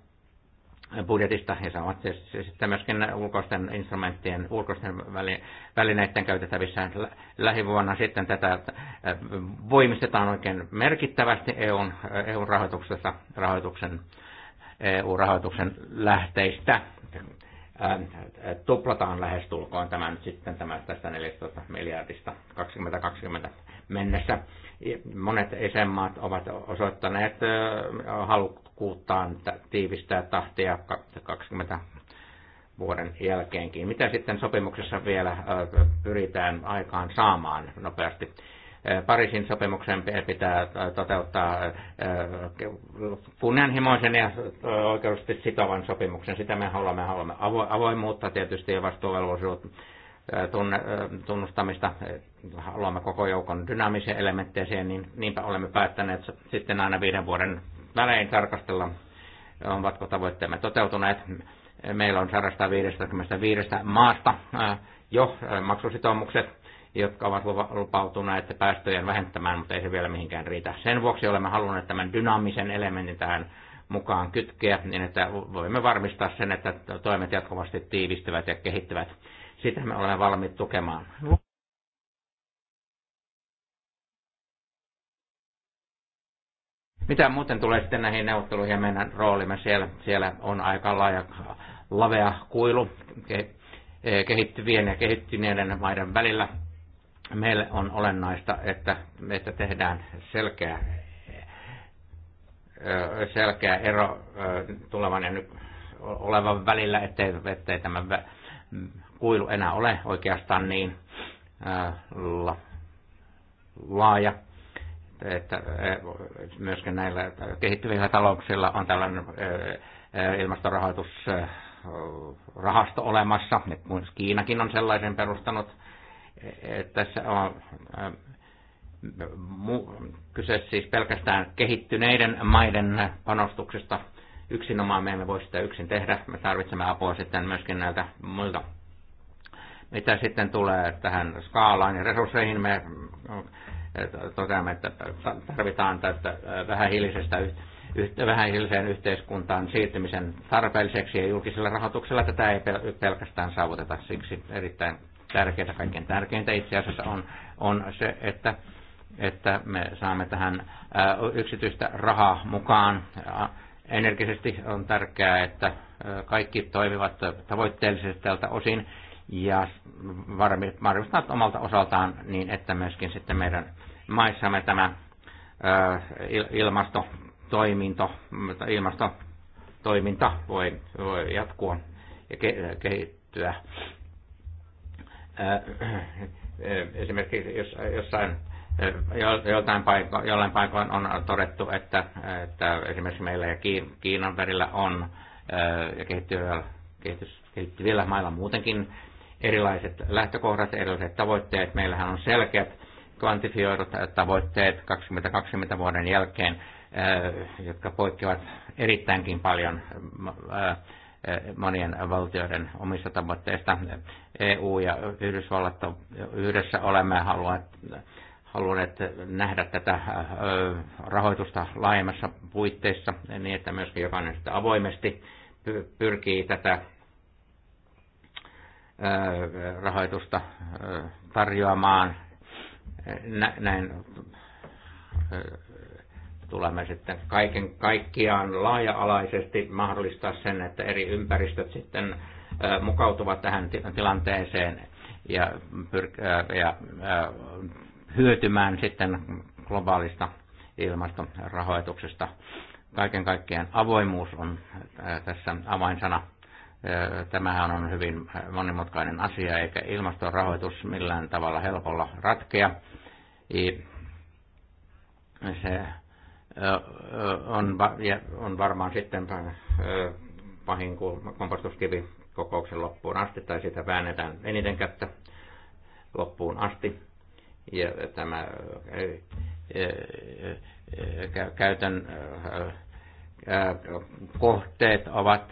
budjetista ja saavat siis sitten myöskin ulkoisten instrumenttien, ulkoisten välineiden käytettävissä. Lähivuonna sitten tätä äh, voimistetaan oikein merkittävästi EUn, EUn rahoituksessa, rahoituksen, EU-rahoituksen lähteistä. Äh, tuplataan lähestulkoon tämä nyt sitten tämä tästä 14 miljardista 2020 mennessä. Monet jäsenmaat ovat osoittaneet äh, halukkuutta uuttaan tiivistää tahtia 20 vuoden jälkeenkin. Mitä sitten sopimuksessa vielä pyritään aikaan saamaan nopeasti? Pariisin sopimuksen pitää toteuttaa kunnianhimoisen ja oikeudellisesti sitovan sopimuksen. Sitä me haluamme, haluamme avoimuutta tietysti ja vastuuvelvollisuutta tunnustamista, haluamme koko joukon dynaamisia elementtejä siihen, niin niinpä olemme päättäneet sitten aina viiden vuoden välein tarkastella, ovatko tavoitteemme toteutuneet. Meillä on 155 maasta jo maksusitoumukset, jotka ovat lupautuneet päästöjen vähentämään, mutta ei se vielä mihinkään riitä. Sen vuoksi olemme halunneet tämän dynaamisen elementin tähän mukaan kytkeä, niin että voimme varmistaa sen, että toimet jatkuvasti tiivistyvät ja kehittyvät. Sitä me olemme valmiit tukemaan. Mitä muuten tulee sitten näihin neuvotteluihin ja meidän roolimme siellä? Siellä on aika laaja, lavea kuilu e, kehittyvien ja kehittyneiden maiden välillä. Meille on olennaista, että, että tehdään selkeä, e, selkeä ero e, tulevan ja nyt olevan välillä, ettei, ettei tämä kuilu enää ole oikeastaan niin laaja että eh, myöskin näillä kehittyvillä talouksilla on tällainen eh, eh, ilmastorahoitusrahasto olemassa. Kiinakin on sellaisen perustanut. Tässä on kyse siis pelkästään kehittyneiden maiden panostuksesta. Yksinomaan me emme voi sitä yksin tehdä. Me tarvitsemme apua sitten myöskin näiltä muilta. Mitä sitten tulee tähän skaalaan ja resursseihin, me toteamme, että tarvitaan tästä äh, vähähiilisestä vähän yhteiskuntaan siirtymisen tarpeelliseksi ja julkisella rahoituksella tätä ei pelkästään saavuteta. Siksi erittäin tärkeintä, kaikkein tärkeintä itse asiassa on, on se, että, että me saamme tähän äh, yksityistä rahaa mukaan. Energisesti on tärkeää, että äh, kaikki toimivat tavoitteellisesti tältä osin ja varmistavat omalta osaltaan niin, että myöskin sitten meidän maissamme tämä ilmastotoiminto, ilmastotoiminta voi, voi jatkua ja kehittyä. Esimerkiksi jos, jossain joltain paiko, jollain paikoin on todettu, että, että esimerkiksi meillä ja Kiinan välillä on ja kehitys, kehittyvillä mailla muutenkin erilaiset lähtökohdat, erilaiset tavoitteet. Meillähän on selkeät kvantifioidut tavoitteet 2020 vuoden jälkeen, eh, jotka poikkeavat erittäinkin paljon eh, eh, monien valtioiden omista tavoitteista. EU ja Yhdysvallat yhdessä olemme haluaneet halunneet nähdä tätä rahoitusta laajemmassa puitteissa niin, että myöskin jokainen sitä avoimesti pyrkii tätä rahoitusta tarjoamaan näin tulemme sitten kaiken kaikkiaan laaja-alaisesti mahdollistaa sen, että eri ympäristöt sitten mukautuvat tähän tilanteeseen ja, pyr- ja hyötymään sitten globaalista ilmastorahoituksesta. Kaiken kaikkiaan avoimuus on tässä avainsana. Tämähän on hyvin monimutkainen asia, eikä ilmastorahoitus millään tavalla helpolla ratkea se on, on varmaan sitten pahin kompastuskivi kokouksen loppuun asti, tai sitä väännetään eniten kättä loppuun asti. Ja tämä käytön kohteet ovat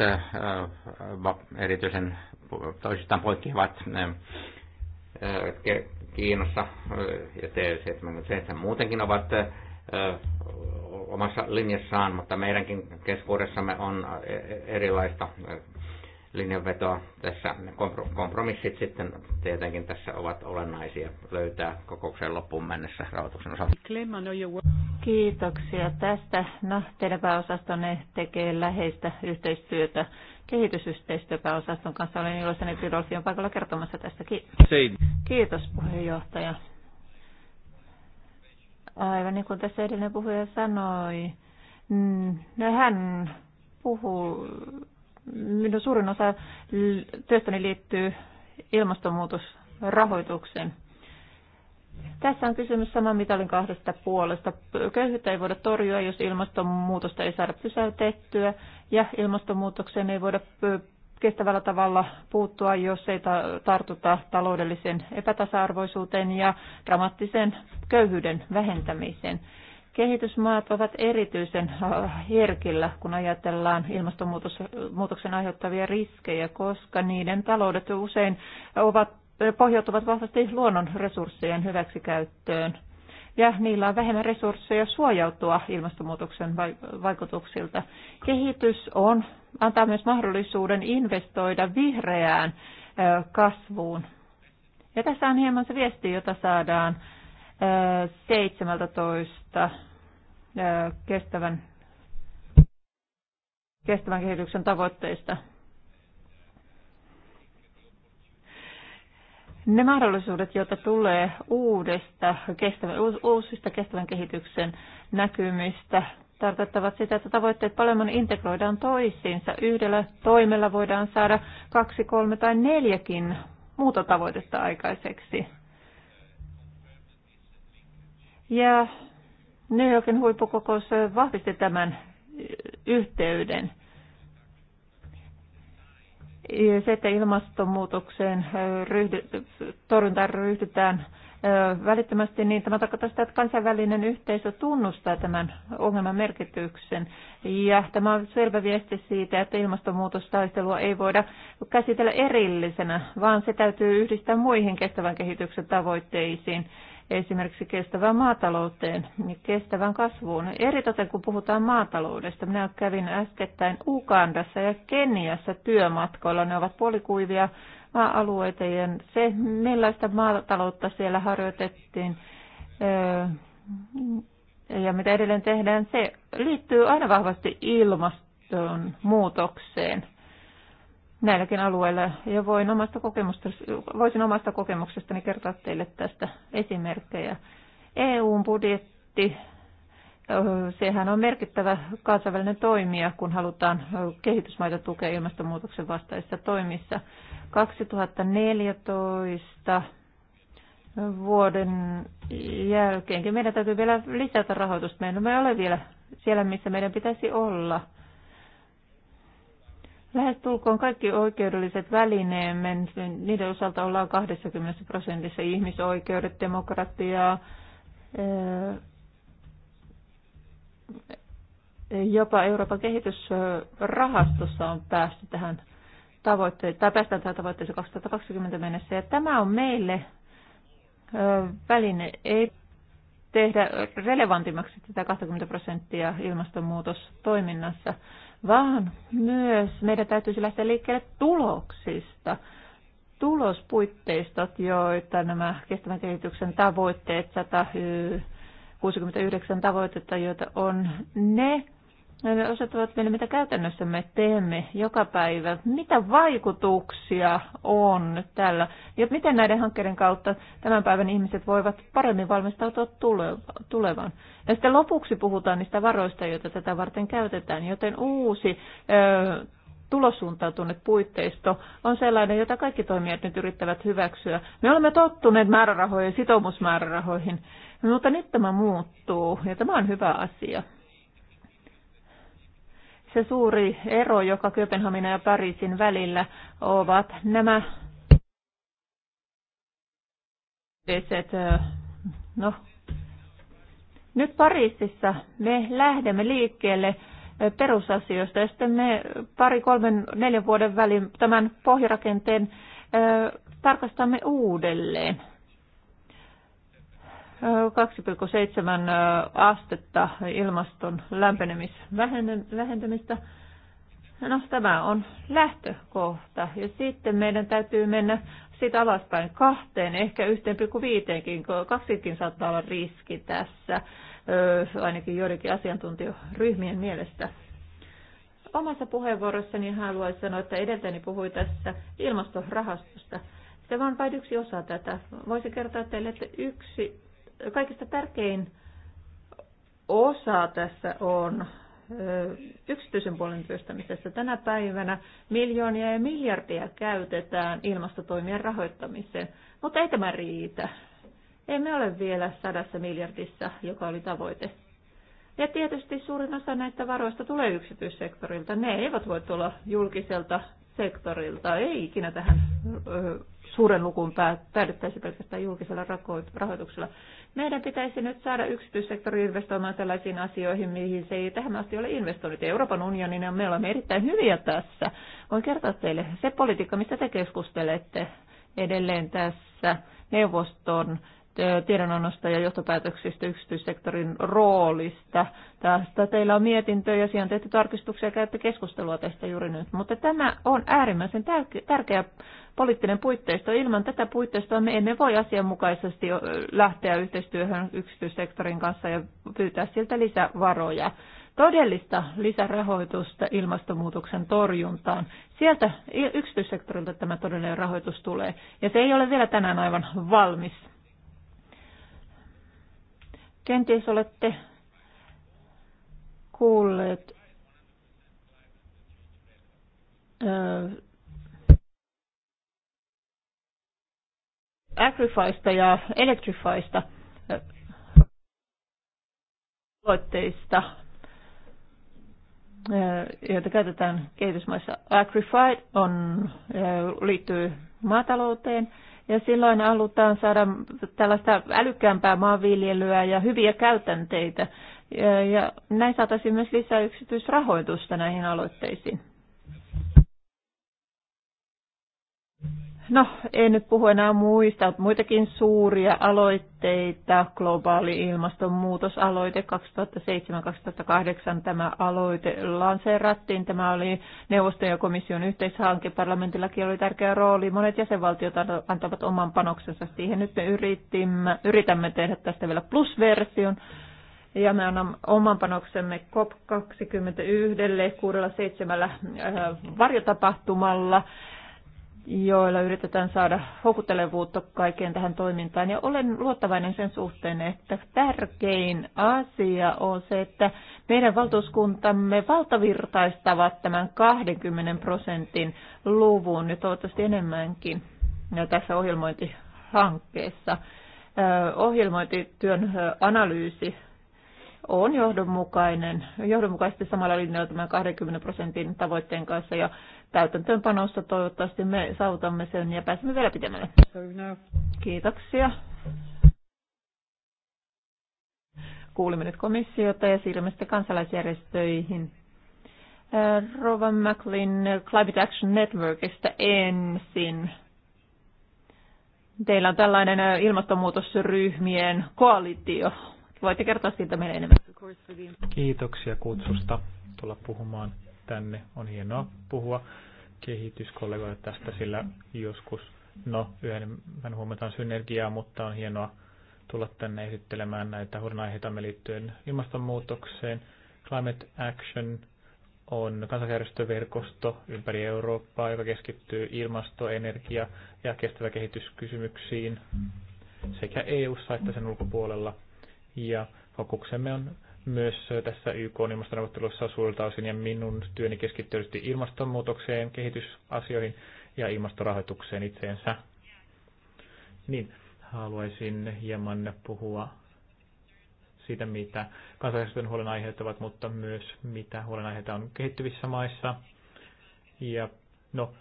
erityisen toisistaan poikkeavat Kiinassa ja T77 muutenkin ovat omassa linjassaan, mutta meidänkin keskuudessamme on e-, erilaista linjanvetoa tässä. Kompromissit sitten tietenkin tässä ovat olennaisia löytää kokouksen loppuun mennessä rahoituksen osalta. Kiitoksia tästä. No, teidän pääosastonne tekee läheistä yhteistyötä kehitysyhteistyöpääosaston kanssa. Olen iloisen, että on paikalla kertomassa tästä. Kiitos. Kiitos puheenjohtaja. Aivan niin kuin tässä edellinen puhuja sanoi, mm, no hän puhuu, minun suurin osa työstäni liittyy ilmastonmuutosrahoitukseen. Tässä on kysymys saman mitalin kahdesta puolesta. Köyhyyttä ei voida torjua, jos ilmastonmuutosta ei saada pysäytettyä ja ilmastonmuutokseen ei voida kestävällä tavalla puuttua, jos ei tartuta taloudellisen epätasa-arvoisuuteen ja dramaattisen köyhyyden vähentämiseen. Kehitysmaat ovat erityisen herkillä, kun ajatellaan ilmastonmuutoksen aiheuttavia riskejä, koska niiden taloudet usein ovat, pohjautuvat vahvasti luonnon resurssien hyväksikäyttöön ja niillä on vähemmän resursseja suojautua ilmastonmuutoksen vaikutuksilta. Kehitys on, antaa myös mahdollisuuden investoida vihreään kasvuun. Ja tässä on hieman se viesti, jota saadaan 17 kestävän, kestävän kehityksen tavoitteista Ne mahdollisuudet, joita tulee uudesta, kestävä, uusista kestävän kehityksen näkymistä, tarkoittavat sitä, että tavoitteet paljon integroidaan toisiinsa. Yhdellä toimella voidaan saada kaksi, kolme tai neljäkin muuta tavoitetta aikaiseksi. Ja New Yorkin huippukokous vahvisti tämän yhteyden. Se, että ilmastonmuutokseen ryhdy, torjuntaan ryhdytään välittömästi, niin tämä tarkoittaa sitä, että kansainvälinen yhteisö tunnustaa tämän ongelman merkityksen. Ja tämä on selvä viesti siitä, että ilmastonmuutostaistelua ei voida käsitellä erillisenä, vaan se täytyy yhdistää muihin kestävän kehityksen tavoitteisiin esimerkiksi kestävään maatalouteen niin kestävän kasvuun. Eritoten kun puhutaan maataloudesta, minä kävin äskettäin Ugandassa ja Keniassa työmatkoilla. Ne ovat puolikuivia maa-alueita ja se, millaista maataloutta siellä harjoitettiin ja mitä edelleen tehdään, se liittyy aina vahvasti ilmastoon muutokseen näilläkin alueilla ja voin omasta voisin omasta kokemuksestani kertoa teille tästä esimerkkejä. EUn budjetti, sehän on merkittävä kansainvälinen toimija, kun halutaan kehitysmaita tukea ilmastonmuutoksen vastaisissa toimissa. 2014 vuoden jälkeenkin meidän täytyy vielä lisätä rahoitusta. Me emme ole vielä siellä, missä meidän pitäisi olla – Lähestulkoon kaikki oikeudelliset välineemme, niiden osalta ollaan 20 prosentissa ihmisoikeudet, demokratiaa, jopa Euroopan kehitysrahastossa on päästy tähän tavoitteeseen, tai päästään tähän tavoitteeseen 2020 mennessä. Ja tämä on meille väline, ei tehdä relevantimmaksi tätä 20 prosenttia ilmastonmuutostoiminnassa. toiminnassa vaan myös meidän täytyisi lähteä liikkeelle tuloksista, tulospuitteistot, joita nämä kestävän kehityksen tavoitteet, 169 tavoitetta, joita on, ne ne osoittavat vielä, mitä käytännössä me teemme joka päivä, mitä vaikutuksia on tällä, ja miten näiden hankkeiden kautta tämän päivän ihmiset voivat paremmin valmistautua tulevaan. Ja sitten lopuksi puhutaan niistä varoista, joita tätä varten käytetään, joten uusi ö, tulosuuntautunut puitteisto on sellainen, jota kaikki toimijat nyt yrittävät hyväksyä. Me olemme tottuneet määrärahoihin, sitoumusmäärärahoihin, mutta nyt tämä muuttuu, ja tämä on hyvä asia se suuri ero, joka Kööpenhamina ja Pariisin välillä ovat nämä no, nyt Pariisissa me lähdemme liikkeelle perusasioista ja sitten me pari, kolmen, neljän vuoden välin tämän pohjarakenteen tarkastamme uudelleen. 2,7 astetta ilmaston lämpenemisvähentämistä. No tämä on lähtökohta ja sitten meidän täytyy mennä siitä alaspäin kahteen, ehkä 1,5kin, kaksikin saattaa olla riski tässä, ainakin joidenkin asiantuntijaryhmien mielestä. Omassa puheenvuorossani haluaisin sanoa, että edeltäni puhui tässä ilmastorahastosta. Se on vain yksi osa tätä. Voisin kertoa teille, että yksi kaikista tärkein osa tässä on yksityisen puolen työstämisessä. Tänä päivänä miljoonia ja miljardia käytetään ilmastotoimien rahoittamiseen, mutta ei tämä riitä. Emme ole vielä sadassa miljardissa, joka oli tavoite. Ja tietysti suurin osa näistä varoista tulee yksityissektorilta. Ne eivät voi tulla julkiselta sektorilta. Ei ikinä tähän suuren lukuun päädyttäisi pelkästään julkisella rahoituksella. Meidän pitäisi nyt saada yksityissektori investoimaan sellaisiin asioihin, mihin se ei tähän asti ole investoinut. Euroopan unionin ja me olemme erittäin hyviä tässä. Voin kertoa teille, se politiikka, mistä te keskustelette edelleen tässä neuvoston tiedonannosta ja johtopäätöksistä yksityissektorin roolista. Tästä teillä on mietintö ja siihen on tehty tarkistuksia ja käytte keskustelua tästä juuri nyt. Mutta tämä on äärimmäisen tärkeä poliittinen puitteisto. Ilman tätä puitteistoa me emme voi asianmukaisesti lähteä yhteistyöhön yksityissektorin kanssa ja pyytää siltä lisävaroja todellista lisärahoitusta ilmastonmuutoksen torjuntaan. Sieltä yksityissektorilta tämä todellinen rahoitus tulee. Ja se ei ole vielä tänään aivan valmis Kenties olette kuulleet äh, Agrifysta ja Electrifysta tuotteista, äh, äh, joita käytetään kehitysmaissa. Agrify on, liittyy maatalouteen ja silloin halutaan saada tällaista älykkäämpää maanviljelyä ja hyviä käytänteitä. Ja näin saataisiin myös lisää yksityisrahoitusta näihin aloitteisiin. No, en nyt puhu enää muista. Muitakin suuria aloitteita, globaali ilmastonmuutosaloite 2007-2008, tämä aloite lanseerattiin. Tämä oli neuvoston ja komission yhteishanke. Parlamentillakin oli tärkeä rooli. Monet jäsenvaltiot antavat oman panoksensa siihen. Nyt me yritimme, yritämme tehdä tästä vielä plusversion. Ja me annamme oman panoksemme COP21 kuudella seitsemällä äh, varjotapahtumalla joilla yritetään saada houkuttelevuutta kaikkeen tähän toimintaan. Ja olen luottavainen sen suhteen, että tärkein asia on se, että meidän valtuuskuntamme valtavirtaistavat tämän 20 prosentin luvun ja toivottavasti enemmänkin ja tässä ohjelmointihankkeessa. Ohjelmointityön analyysi on johdonmukainen, johdonmukaisesti samalla linjalla tämän 20 prosentin tavoitteen kanssa ja täytäntöönpanossa. Toivottavasti me saavutamme sen ja pääsemme vielä pitemmälle. Kiitoksia. Kuulimme nyt komissiota ja siirrymme sitten kansalaisjärjestöihin. Äh, Rovan McLean Climate Action Networkista ensin. Teillä on tällainen äh, ilmastonmuutosryhmien koalitio. Voitte kertoa siitä meille enemmän. Kiitoksia kutsusta tulla puhumaan tänne. On hienoa puhua kehityskollegoille tästä, sillä joskus, no yhden huomataan synergiaa, mutta on hienoa tulla tänne esittelemään näitä huolenaiheitamme liittyen ilmastonmuutokseen. Climate Action on kansanjärjestöverkosto ympäri Eurooppaa, joka keskittyy ilmasto-, energia- ja kestävä kehityskysymyksiin sekä eu että sen ulkopuolella. Ja fokuksemme on myös tässä YK ilmastoneuvottelussa suurilta osin ja minun työni keskittyy ilmastonmuutokseen, kehitysasioihin ja ilmastorahoitukseen itseensä. Niin, haluaisin hieman puhua siitä, mitä kansallisuuden huolenaiheet ovat, mutta myös mitä huolenaiheita on kehittyvissä maissa. Ja no,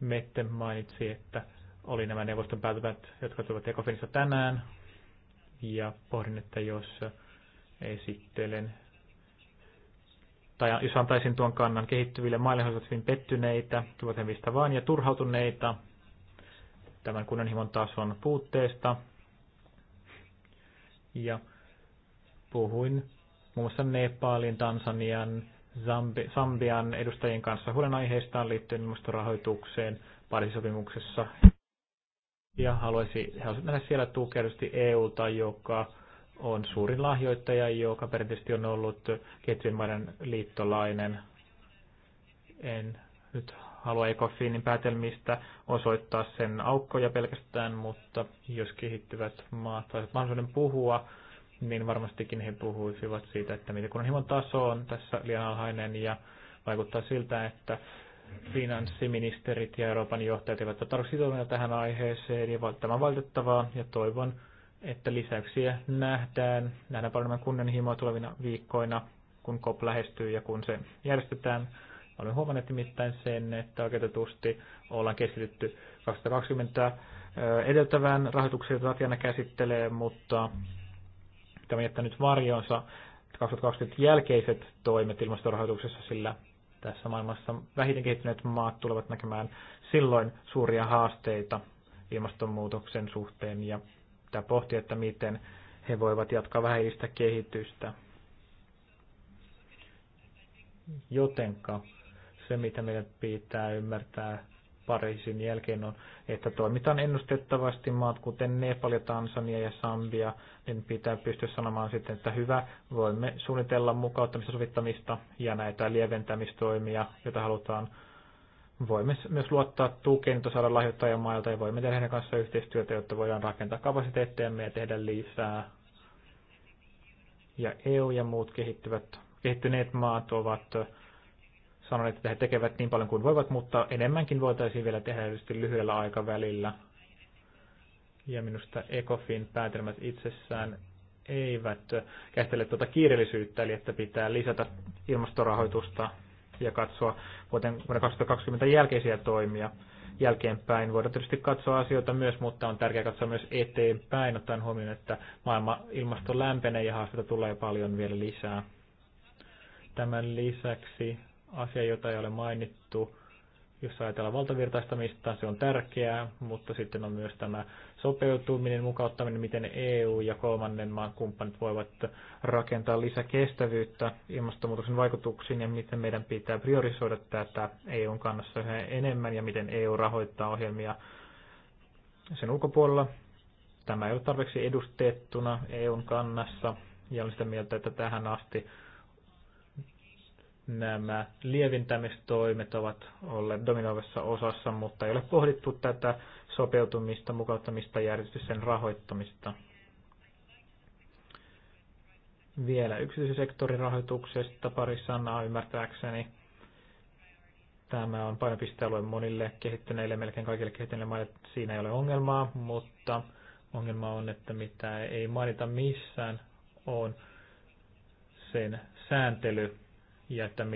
Mette mainitsi, että oli nämä neuvoston päätömät, jotka tulivat Ekofinissa tänään. Ja pohdin, että jos esittelen. Tai jos antaisin tuon kannan kehittyville maille, olisivat hyvin pettyneitä, tulevat hevistä vain ja turhautuneita tämän kunnianhimon tason puutteesta. Ja puhuin muun muassa Nepalin, Tansanian, Zambi, Sambian edustajien kanssa huolenaiheistaan liittyen ilmastorahoitukseen Pariisin sopimuksessa. Ja haluaisin, haluaisin nähdä siellä tukea EUta, joka on suurin lahjoittaja, joka perinteisesti on ollut kehittyvien maiden liittolainen. En nyt halua ECOFINin päätelmistä osoittaa sen aukkoja pelkästään, mutta jos kehittyvät maat saisivat mahdollisuuden puhua, niin varmastikin he puhuisivat siitä, että miten kunnianhimon taso on tässä liian alhainen ja vaikuttaa siltä, että finanssiministerit ja Euroopan johtajat eivät ole tarkoitus tähän aiheeseen ja tämä on valitettavaa ja toivon, että lisäyksiä nähdään, nähdään paljon kunnianhimoa tulevina viikkoina, kun COP lähestyy ja kun se järjestetään. Olen huomannut nimittäin sen, että oikeutetusti ollaan keskitytty 2020 edeltävään rahoitukseen, jota Tatjana käsittelee, mutta tämä on jättänyt varjonsa 2020 jälkeiset toimet ilmastorahoituksessa, sillä tässä maailmassa vähiten kehittyneet maat tulevat näkemään silloin suuria haasteita ilmastonmuutoksen suhteen ja pitää pohtia, että miten he voivat jatkaa vähäistä kehitystä. Jotenka se, mitä meidän pitää ymmärtää Pariisin jälkeen on, että toimitaan ennustettavasti maat, kuten Nepal ja Tansania ja Sambia, niin pitää pystyä sanomaan sitten, että hyvä, voimme suunnitella mukauttamista, sovittamista ja näitä lieventämistoimia, joita halutaan voimme myös luottaa tukeen saada lahjoittajamailta ja voimme tehdä heidän kanssa yhteistyötä, jotta voidaan rakentaa kapasiteetteja ja tehdä lisää. Ja EU ja muut kehittyvät, kehittyneet maat ovat äh, sanoneet, että he tekevät niin paljon kuin voivat, mutta enemmänkin voitaisiin vielä tehdä tietysti lyhyellä aikavälillä. Ja minusta ECOFin päätelmät itsessään eivät käsittele tuota kiireellisyyttä, eli että pitää lisätä ilmastorahoitusta ja katsoa vuoden 2020 jälkeisiä toimia jälkeenpäin. Voidaan tietysti katsoa asioita myös, mutta on tärkeää katsoa myös eteenpäin, ottaen huomioon, että maailma ilmasto lämpenee ja haasteita tulee paljon vielä lisää. Tämän lisäksi asia, jota ei ole mainittu, jos ajatellaan valtavirtaistamista, se on tärkeää, mutta sitten on myös tämä sopeutuminen, mukauttaminen, miten EU ja kolmannen maan kumppanit voivat rakentaa lisäkestävyyttä ilmastonmuutoksen vaikutuksiin ja miten meidän pitää priorisoida tätä EUn kannassa yhä enemmän ja miten EU rahoittaa ohjelmia sen ulkopuolella. Tämä ei ole tarpeeksi edustettuna EUn kannassa ja olen sitä mieltä, että tähän asti nämä lieventämistoimet ovat olleet dominoivassa osassa, mutta ei ole pohdittu tätä sopeutumista, mukauttamista ja sen rahoittamista. Vielä yksityissektorin rahoituksesta pari sanaa ymmärtääkseni. Tämä on painopistealue monille kehittyneille, melkein kaikille kehittyneille maille. Siinä ei ole ongelmaa, mutta ongelma on, että mitä ei mainita missään, on sen sääntely ja että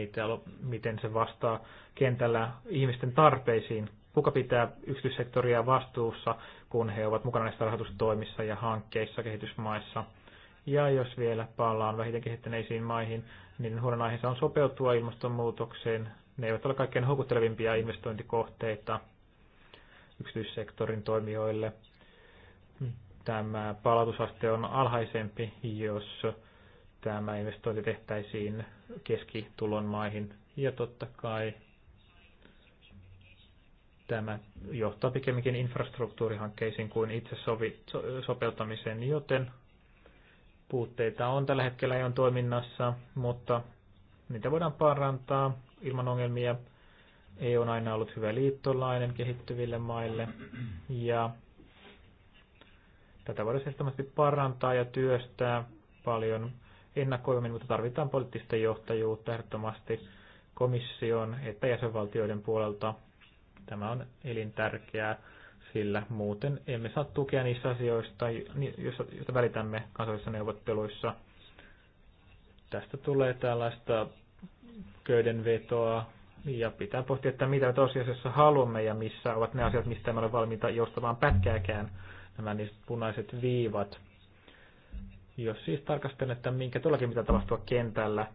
miten se vastaa kentällä ihmisten tarpeisiin. Kuka pitää yksityissektoria vastuussa, kun he ovat mukana näissä rahoitustoimissa ja hankkeissa kehitysmaissa. Ja jos vielä palaan vähiten kehittyneisiin maihin, niin huolenaiheensa on sopeutua ilmastonmuutokseen. Ne eivät ole kaikkein houkuttelevimpia investointikohteita yksityissektorin toimijoille. Tämä palautusaste on alhaisempi, jos tämä investointi tehtäisiin keskitulon maihin. Ja totta kai tämä johtaa pikemminkin infrastruktuurihankkeisiin kuin itse sovi, so, sopeutamiseen, joten puutteita on tällä hetkellä jo toiminnassa, mutta niitä voidaan parantaa ilman ongelmia. EU on aina ollut hyvä liittolainen kehittyville maille ja tätä voidaan selvästi parantaa ja työstää paljon ennakoimin, mutta tarvitaan poliittista johtajuutta ehdottomasti komission että jäsenvaltioiden puolelta. Tämä on elintärkeää, sillä muuten emme saa tukea niissä asioista, joista välitämme kansallisissa neuvotteluissa. Tästä tulee tällaista köydenvetoa ja pitää pohtia, että mitä tosiasiassa haluamme ja missä ovat ne asiat, mistä emme ole valmiita joustamaan pätkääkään nämä niistä punaiset viivat. Jos siis tarkastelen, että minkä tuollakin mitä tapahtua kentällä,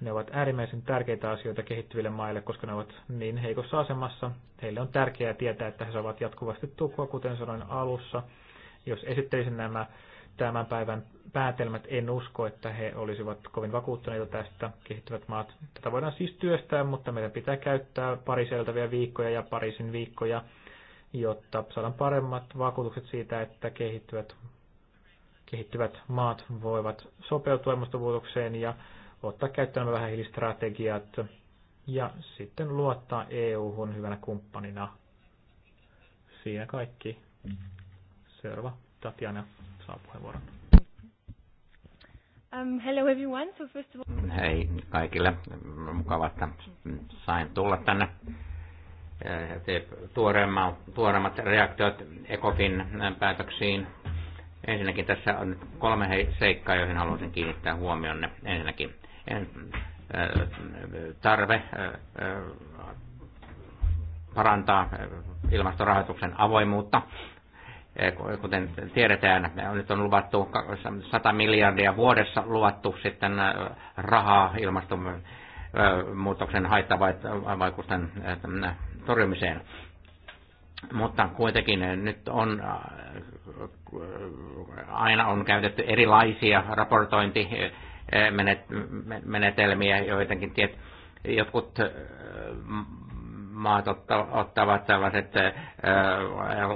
ne ovat äärimmäisen tärkeitä asioita kehittyville maille, koska ne ovat niin heikossa asemassa. Heille on tärkeää tietää, että he saavat jatkuvasti tukua, kuten sanoin alussa. Jos esittelisin nämä tämän päivän päätelmät, en usko, että he olisivat kovin vakuuttuneita tästä kehittyvät maat. Tätä voidaan siis työstää, mutta meidän pitää käyttää pariseltäviä viikkoja ja parisin viikkoja, jotta saadaan paremmat vakuutukset siitä, että kehittyvät kehittyvät maat voivat sopeutua ilmastonmuutokseen ja ottaa käyttöön vähän hiilistrategiat ja sitten luottaa EU-hun hyvänä kumppanina. Siinä kaikki. Seuraava Tatjana saa puheenvuoron. Um, hello everyone. So first of all... Hei kaikille. Mukava, että sain tulla tänne. Tuoreimmat, tuoreimmat reaktiot ECOFIN päätöksiin Ensinnäkin tässä on nyt kolme seikkaa, joihin haluaisin kiinnittää huomionne. Ensinnäkin äh, tarve äh, äh, parantaa ilmastorahoituksen avoimuutta. Kuten tiedetään, nyt on luvattu 100 miljardia vuodessa luvattu sitten rahaa ilmastonmuutoksen haittavaikutusten torjumiseen. Mutta kuitenkin nyt on aina on käytetty erilaisia raportointimenetelmiä, eh, joidenkin tiet, jotkut eh, maat ottavat tällaiset eh,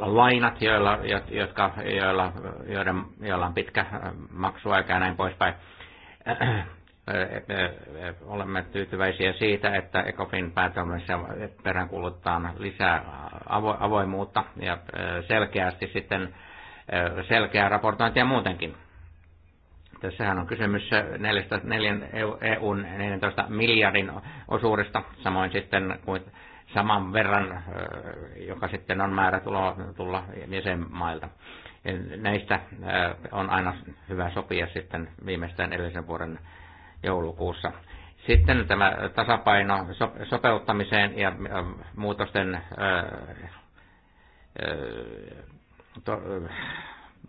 lainat, joilla, jotka, joilla, joiden, joilla on pitkä maksuaika ja näin poispäin. Olemme tyytyväisiä siitä, että ECOFIN päätelmässä peräänkuuluttaa lisää avoimuutta ja selkeästi sitten selkeää raportointia muutenkin. Tässähän on kysymys 44 EUn 14 miljardin osuudesta, samoin sitten kuin saman verran, joka sitten on määrä tulla, tulla jäsenmailta. Näistä on aina hyvä sopia sitten viimeistään edellisen vuoden joulukuussa. Sitten tämä tasapaino sopeuttamiseen ja muutosten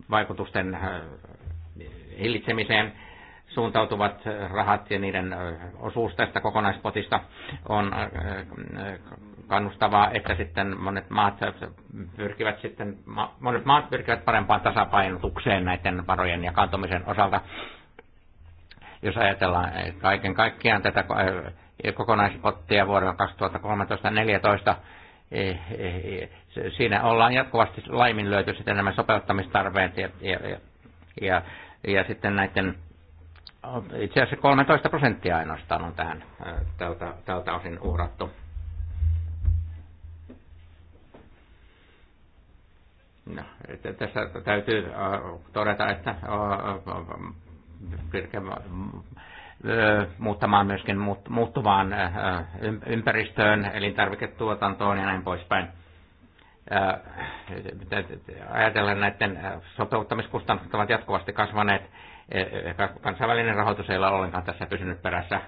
vaikutusten hillitsemiseen suuntautuvat rahat ja niiden osuus tästä kokonaispotista on kannustavaa, että sitten monet maat pyrkivät sitten, monet maat pyrkivät parempaan tasapainotukseen näiden varojen jakantumisen osalta. Jos ajatellaan kaiken kaikkiaan tätä kokonaispottia vuodelle 2013-2014, siinä ollaan jatkuvasti laiminlyöty sitten nämä sopeuttamistarpeet ja, ja, ja, ja sitten näiden itse asiassa 13 prosenttia ainoastaan on tähän tältä, tältä osin uhrattu. No, tässä täytyy todeta, että muuttamaan myöskin muuttuvaan ympäristöön, elintarviketuotantoon ja näin poispäin. Ajatellen näiden sopeuttamiskustannukset ovat jatkuvasti kasvaneet. E, kansainvälinen rahoitus ei ole ollenkaan tässä pysynyt perässä.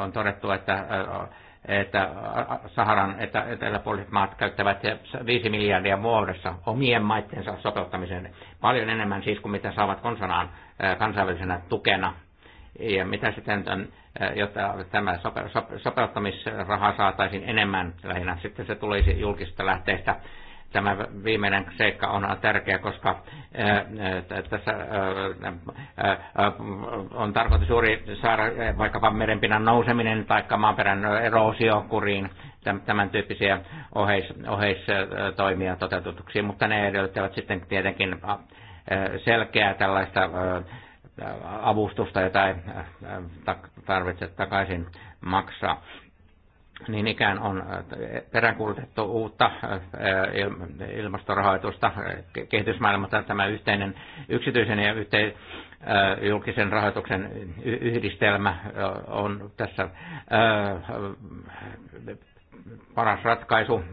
On todettu, että että äh, Saharan että eteläpuoliset maat käyttävät 5 miljardia vuodessa omien maittensa sopeuttamiseen. Paljon enemmän siis kuin mitä saavat konsanaan äh, kansainvälisenä tukena. Ja mitä sitten, on, äh, jotta tämä sopeuttamisraha saataisiin enemmän lähinnä, sitten se tulisi julkisista lähteistä Tämä viimeinen seikka on tärkeä, koska tässä on tarkoitus juuri saada vaikkapa merenpinnan nouseminen tai maaperän eroosiokuriin kuriin, tämän tyyppisiä oheis, oheistoimia toteutetuksi, mutta ne edellyttävät sitten tietenkin selkeää tällaista avustusta, jota ei tarvitse takaisin maksaa niin ikään on äh, peräänkuulutettu uutta äh, ilmastorahoitusta kehitysmaailmasta Tämä yhteinen yksityisen ja yhteen, äh, julkisen rahoituksen yhdistelmä on tässä paras ratkaisu.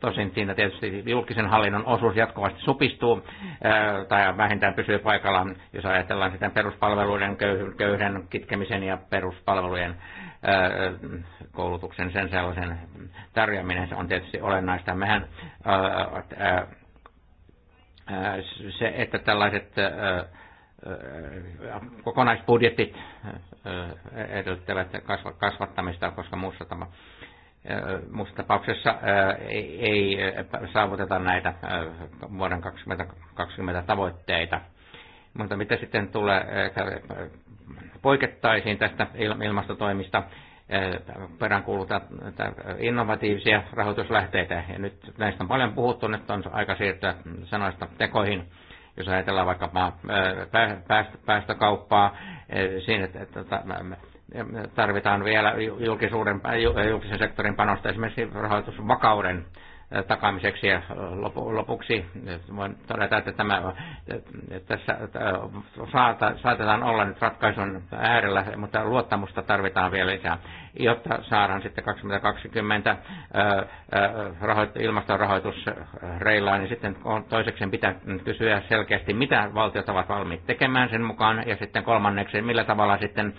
Tosin siinä tietysti julkisen hallinnon osuus jatkuvasti supistuu tai vähintään pysyy paikallaan, jos ajatellaan sitä peruspalveluiden köyhden kitkemisen ja peruspalvelujen koulutuksen sen sellaisen tarjoaminen se on tietysti olennaista. Mehän se, että tällaiset kokonaisbudjetit edellyttävät kasvattamista, koska muussa tapauksessa Muussa tapauksessa ei, ei saavuteta näitä vuoden 2020 tavoitteita. Mutta mitä sitten tulee poikettaisiin tästä ilmastotoimista peräänkuuluta innovatiivisia rahoituslähteitä. Ja nyt näistä on paljon puhuttu, nyt on aika siirtyä sanoista tekoihin. Jos ajatellaan vaikka päästökauppaa, siinä tarvitaan vielä julkisuuden, julkisen sektorin panosta esimerkiksi rahoitusvakauden takaamiseksi. Ja lopuksi voin todeta, että tämä, tässä saata, saatetaan olla nyt ratkaisun äärellä, mutta luottamusta tarvitaan vielä lisää, jotta saadaan sitten 2020 rahoit, ilmastorahoitus reilaan. Niin sitten toiseksi pitää kysyä selkeästi, mitä valtiot ovat valmiit tekemään sen mukaan, ja sitten kolmanneksi, millä tavalla sitten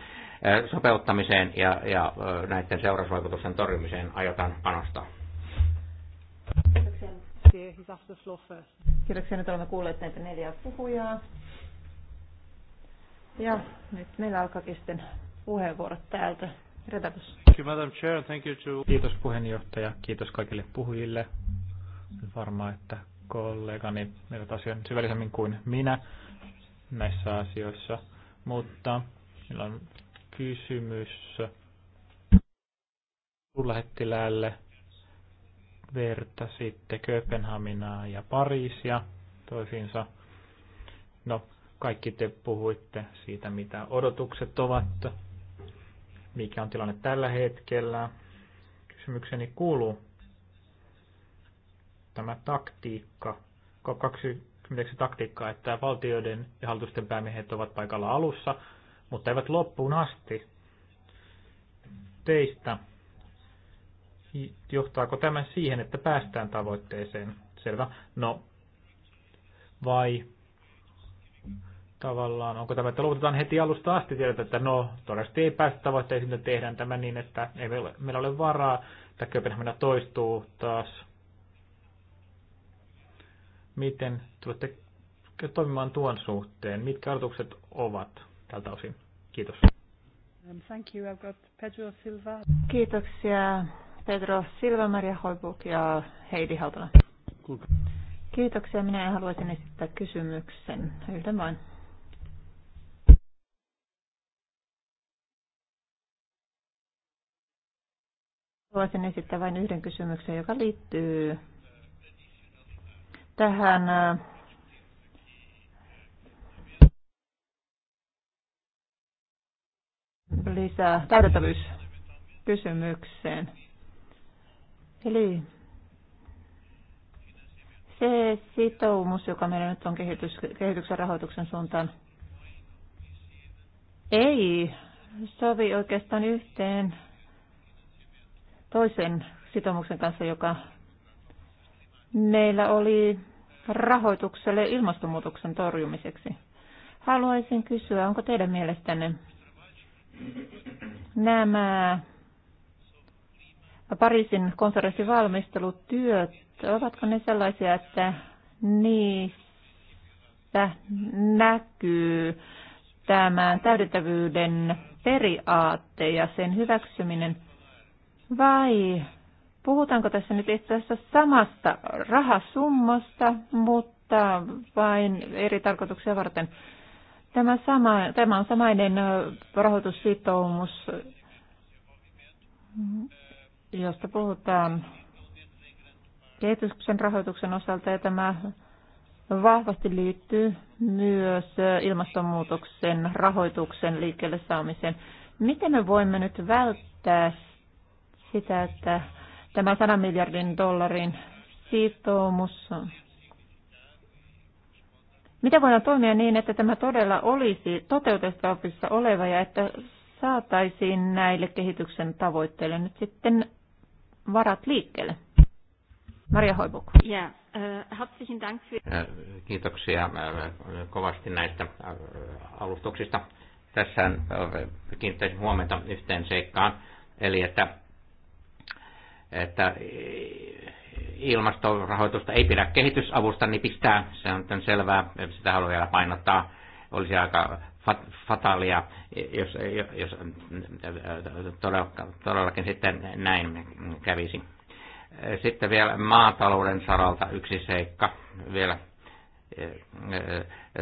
sopeuttamiseen ja, ja näiden seurausvaikutusten torjumiseen aiotaan panostaa. Kiitoksia. Kiitoksia. Nyt olemme kuulleet näitä neljää puhujaa. Ja nyt meillä alkaakin sitten puheenvuorot täältä. Redatus. Thank you, Madam Chair. Thank you to... Kiitos puheenjohtaja. Kiitos kaikille puhujille. Varmaan, että kollegani meidät asian syvällisemmin kuin minä näissä asioissa. Mutta meillä on kysymys lähettiläälle vertasitte Kööpenhaminaa ja Pariisia toisiinsa. No, kaikki te puhuitte siitä, mitä odotukset ovat, mikä on tilanne tällä hetkellä. Kysymykseni kuuluu, tämä taktiikka, kaksi, 29 taktiikka, että valtioiden ja hallitusten päämiehet ovat paikalla alussa, mutta eivät loppuun asti. Teistä johtaako tämä siihen, että päästään tavoitteeseen? Selvä. No, vai tavallaan, onko tämä, että luvutetaan heti alusta asti, tiedetä, että no, todennäköisesti ei päästä tavoitteisiin, että tehdään tämä niin, että ei meillä, meillä ole varaa, että Köpenhamina toistuu taas. Miten tulette toimimaan tuon suhteen? Mitkä odotukset ovat tältä osin? Kiitos. Um, thank you. I've got Pedro Silva. Kiitoksia. Pedro Silva, Maria Hoibuk ja Heidi Hautala. Kiitoksia. Minä haluaisin esittää kysymyksen. Yhden vain. Haluaisin esittää vain yhden kysymyksen, joka liittyy tähän äh, lisää täydentävyyskysymykseen. Eli se sitoumus, joka meillä nyt on kehitys, kehityksen rahoituksen suuntaan, ei sovi oikeastaan yhteen toisen sitoumuksen kanssa, joka meillä oli rahoitukselle ilmastonmuutoksen torjumiseksi. Haluaisin kysyä, onko teidän mielestänne nämä Pariisin konferenssin valmistelutyöt, ovatko ne sellaisia, että niistä näkyy tämän täydentävyyden periaatte ja sen hyväksyminen, vai puhutaanko tässä nyt itse asiassa samasta rahasummasta, mutta vain eri tarkoituksia varten? Tämä, sama, tämä on samainen rahoitussitoumus josta puhutaan kehityksen rahoituksen osalta ja tämä vahvasti liittyy myös ilmastonmuutoksen rahoituksen liikkeelle saamiseen. Miten me voimme nyt välttää sitä, että tämä 100 miljardin dollarin sitoumus Miten voidaan toimia niin, että tämä todella olisi toteutettavissa oleva ja että saataisiin näille kehityksen tavoitteille nyt sitten varat liikkeelle. Maria Hoibuk. Yeah. Äh, uh, für... Äh, kiitoksia äh, kovasti näistä alustuksista. Tässä kiinnittäisin huomenta yhteen seikkaan, eli että, että ilmastorahoitusta ei pidä kehitysavusta nipistää, se on selvää, sitä haluan vielä painottaa. Olisi aika fataalia, jos, jos todellakin sitten näin kävisi. Sitten vielä maatalouden saralta yksi seikka vielä.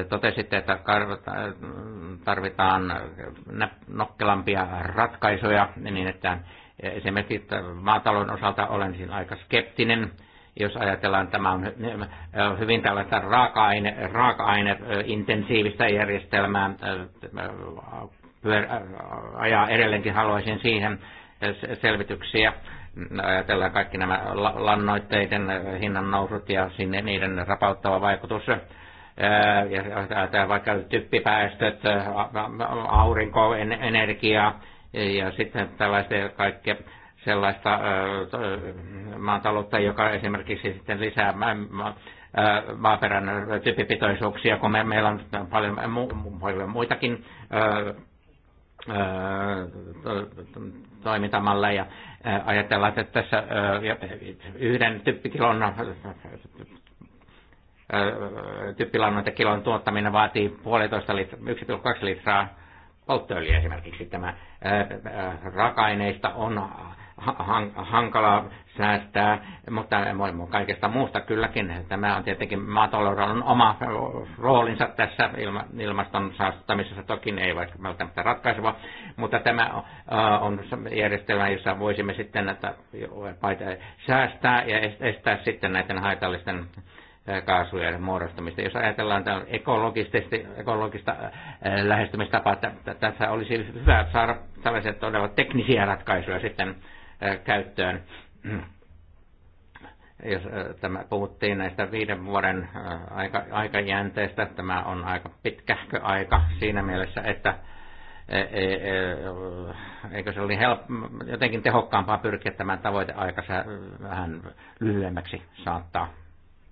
Totesitte, että tarvitaan nokkelampia ratkaisuja, niin että esimerkiksi maatalouden osalta olen siinä aika skeptinen jos ajatellaan, tämä on hyvin tällaista raaka-aine, raaka-aineintensiivistä järjestelmää, pyör, ajaa edelleenkin haluaisin siihen selvityksiä. Ajatellaan kaikki nämä lannoitteiden hinnan nousut ja sinne niiden rapauttava vaikutus. Ja vaikka typpipäästöt, aurinkoenergia ja sitten tällaista kaikkea sellaista maataloutta, joka esimerkiksi sitten lisää maaperän typipitoisuuksia, kun me, meillä on paljon, mu, paljon muitakin ö, ö, toimintamalleja. Ajatellaan, että tässä yhden typpikilon typpilannoitekilon tuottaminen vaatii puolitoista litraa, 1,2 litraa polttoöljyä esimerkiksi. Tämä raaka-aineista on hankalaa säästää, mutta kaikesta muusta kylläkin. Tämä on tietenkin maatalouden oma roolinsa tässä ilma, ilmaston saastuttamisessa, toki ei vaikka välttämättä ratkaiseva, mutta tämä on järjestelmä, jossa voisimme sitten näitä säästää ja estää sitten näiden haitallisten kaasujen muodostumista. Jos ajatellaan tämän ekologista lähestymistapaa, että tässä olisi hyvä saada tällaisia todella teknisiä ratkaisuja sitten käyttöön. Jos tämä, puhuttiin näistä viiden vuoden aika, aikajänteistä, tämä on aika pitkähkö aika siinä mielessä, että e, e, e, eikö se oli niin help, jotenkin tehokkaampaa pyrkiä tämän tavoiteaikansa vähän lyhyemmäksi saattaa.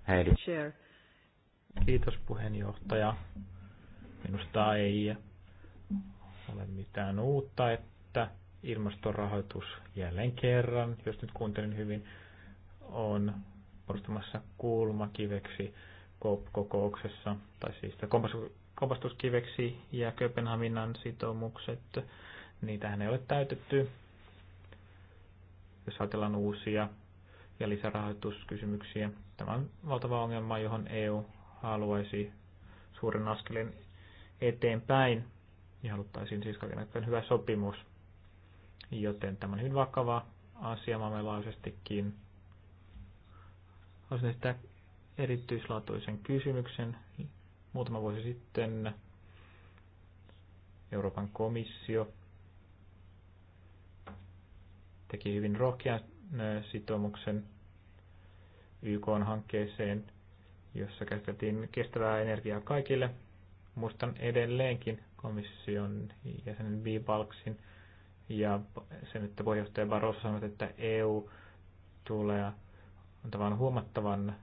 Heidi. Sure. Kiitos puheenjohtaja. Minusta ei ole mitään uutta, että ilmastorahoitus jälleen kerran, jos nyt kuuntelin hyvin, on muodostumassa kulmakiveksi kokouksessa, tai siis kompastuskiveksi ja Kööpenhaminan sitoumukset, niitähän ei ole täytetty. Jos ajatellaan uusia ja lisärahoituskysymyksiä, tämä on valtava ongelma, johon EU haluaisi suuren askelin eteenpäin ja haluttaisiin siis kaiken hyvä sopimus joten tämä on hyvin vakava asia maailmanlaajuisestikin. Haluaisin esittää erityislaatuisen kysymyksen. Muutama vuosi sitten Euroopan komissio teki hyvin rohkean sitoumuksen YK-hankkeeseen, jossa käsiteltiin kestävää energiaa kaikille. Muistan edelleenkin komission jäsenen B-Balksin ja sen, että puheenjohtaja Barroso sanoi, että EU tulee antamaan huomattavan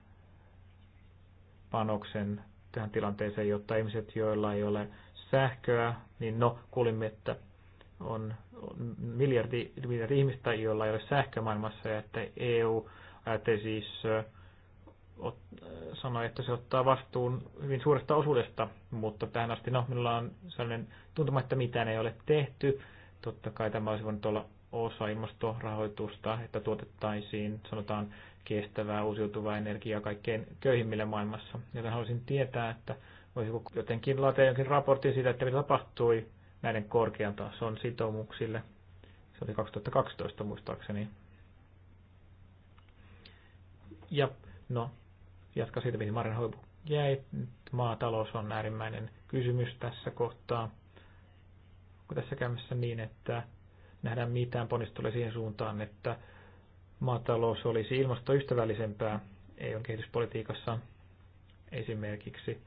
panoksen tähän tilanteeseen, jotta ihmiset, joilla ei ole sähköä, niin no, kuulimme, että on miljardi, miljardi ihmistä, joilla ei ole sähköä maailmassa, ja että EU ajattelee siis sanoi, että se ottaa vastuun hyvin suuresta osuudesta, mutta tähän asti, no, minulla on sellainen tuntuma, että mitään ei ole tehty, Totta kai tämä olisi voinut olla osa ilmastorahoitusta, että tuotettaisiin, sanotaan, kestävää uusiutuvaa energiaa kaikkein köyhimmille maailmassa. Joten haluaisin tietää, että voisiko jotenkin laatia jonkin raportin siitä, että mitä tapahtui näiden korkean tason sitoumuksille. Se oli 2012 muistaakseni. Ja no, jatka siitä, mihin Marin Hoibu jäi. Maatalous on äärimmäinen kysymys tässä kohtaa tässä käymässä niin, että nähdään mitään ponnistuja siihen suuntaan, että maatalous olisi ilmastoystävällisempää EUn kehityspolitiikassa. Esimerkiksi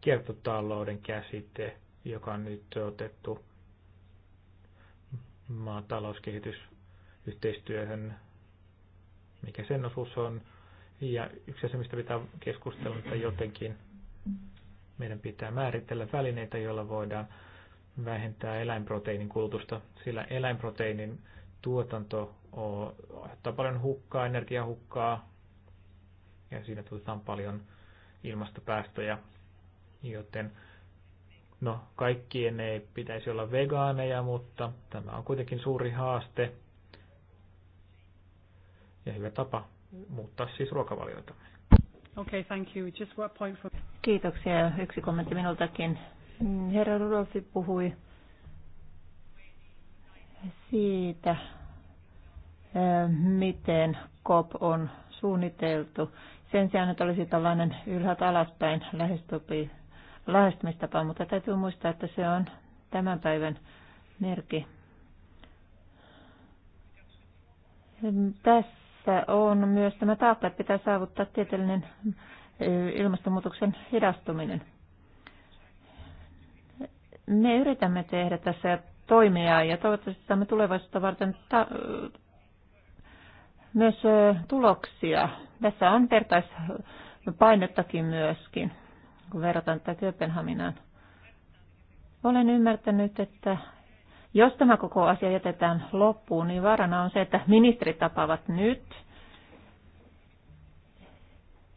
kiertotalouden käsite, joka on nyt otettu maatalouskehitysyhteistyöhön, mikä sen osuus on. Ja yksi asia, mistä pitää keskustella, että jotenkin meidän pitää määritellä välineitä, joilla voidaan vähentää eläinproteiinin kulutusta, sillä eläinproteiinin tuotanto aiheuttaa paljon hukkaa, energiahukkaa, ja siinä tuotetaan paljon ilmastopäästöjä, joten no, kaikkien ei pitäisi olla vegaaneja, mutta tämä on kuitenkin suuri haaste ja hyvä tapa muuttaa siis ruokavalioita. Okay, thank you. Just one point for... Kiitoksia. Yksi kommentti minultakin. Herra Rudolfi puhui siitä, miten COP on suunniteltu. Sen sijaan, että olisi tällainen ylhäältä alaspäin lähestymistapa, mutta täytyy muistaa, että se on tämän päivän merkki. Tässä on myös tämä taakka, että pitää saavuttaa tieteellinen ilmastonmuutoksen hidastuminen me yritämme tehdä tässä toimia ja toivottavasti saamme tulevaisuutta varten ta- myös tuloksia. Tässä on vertaispainettakin myöskin, kun verrataan tätä Kööpenhaminaan. Olen ymmärtänyt, että jos tämä koko asia jätetään loppuun, niin varana on se, että ministerit tapaavat nyt.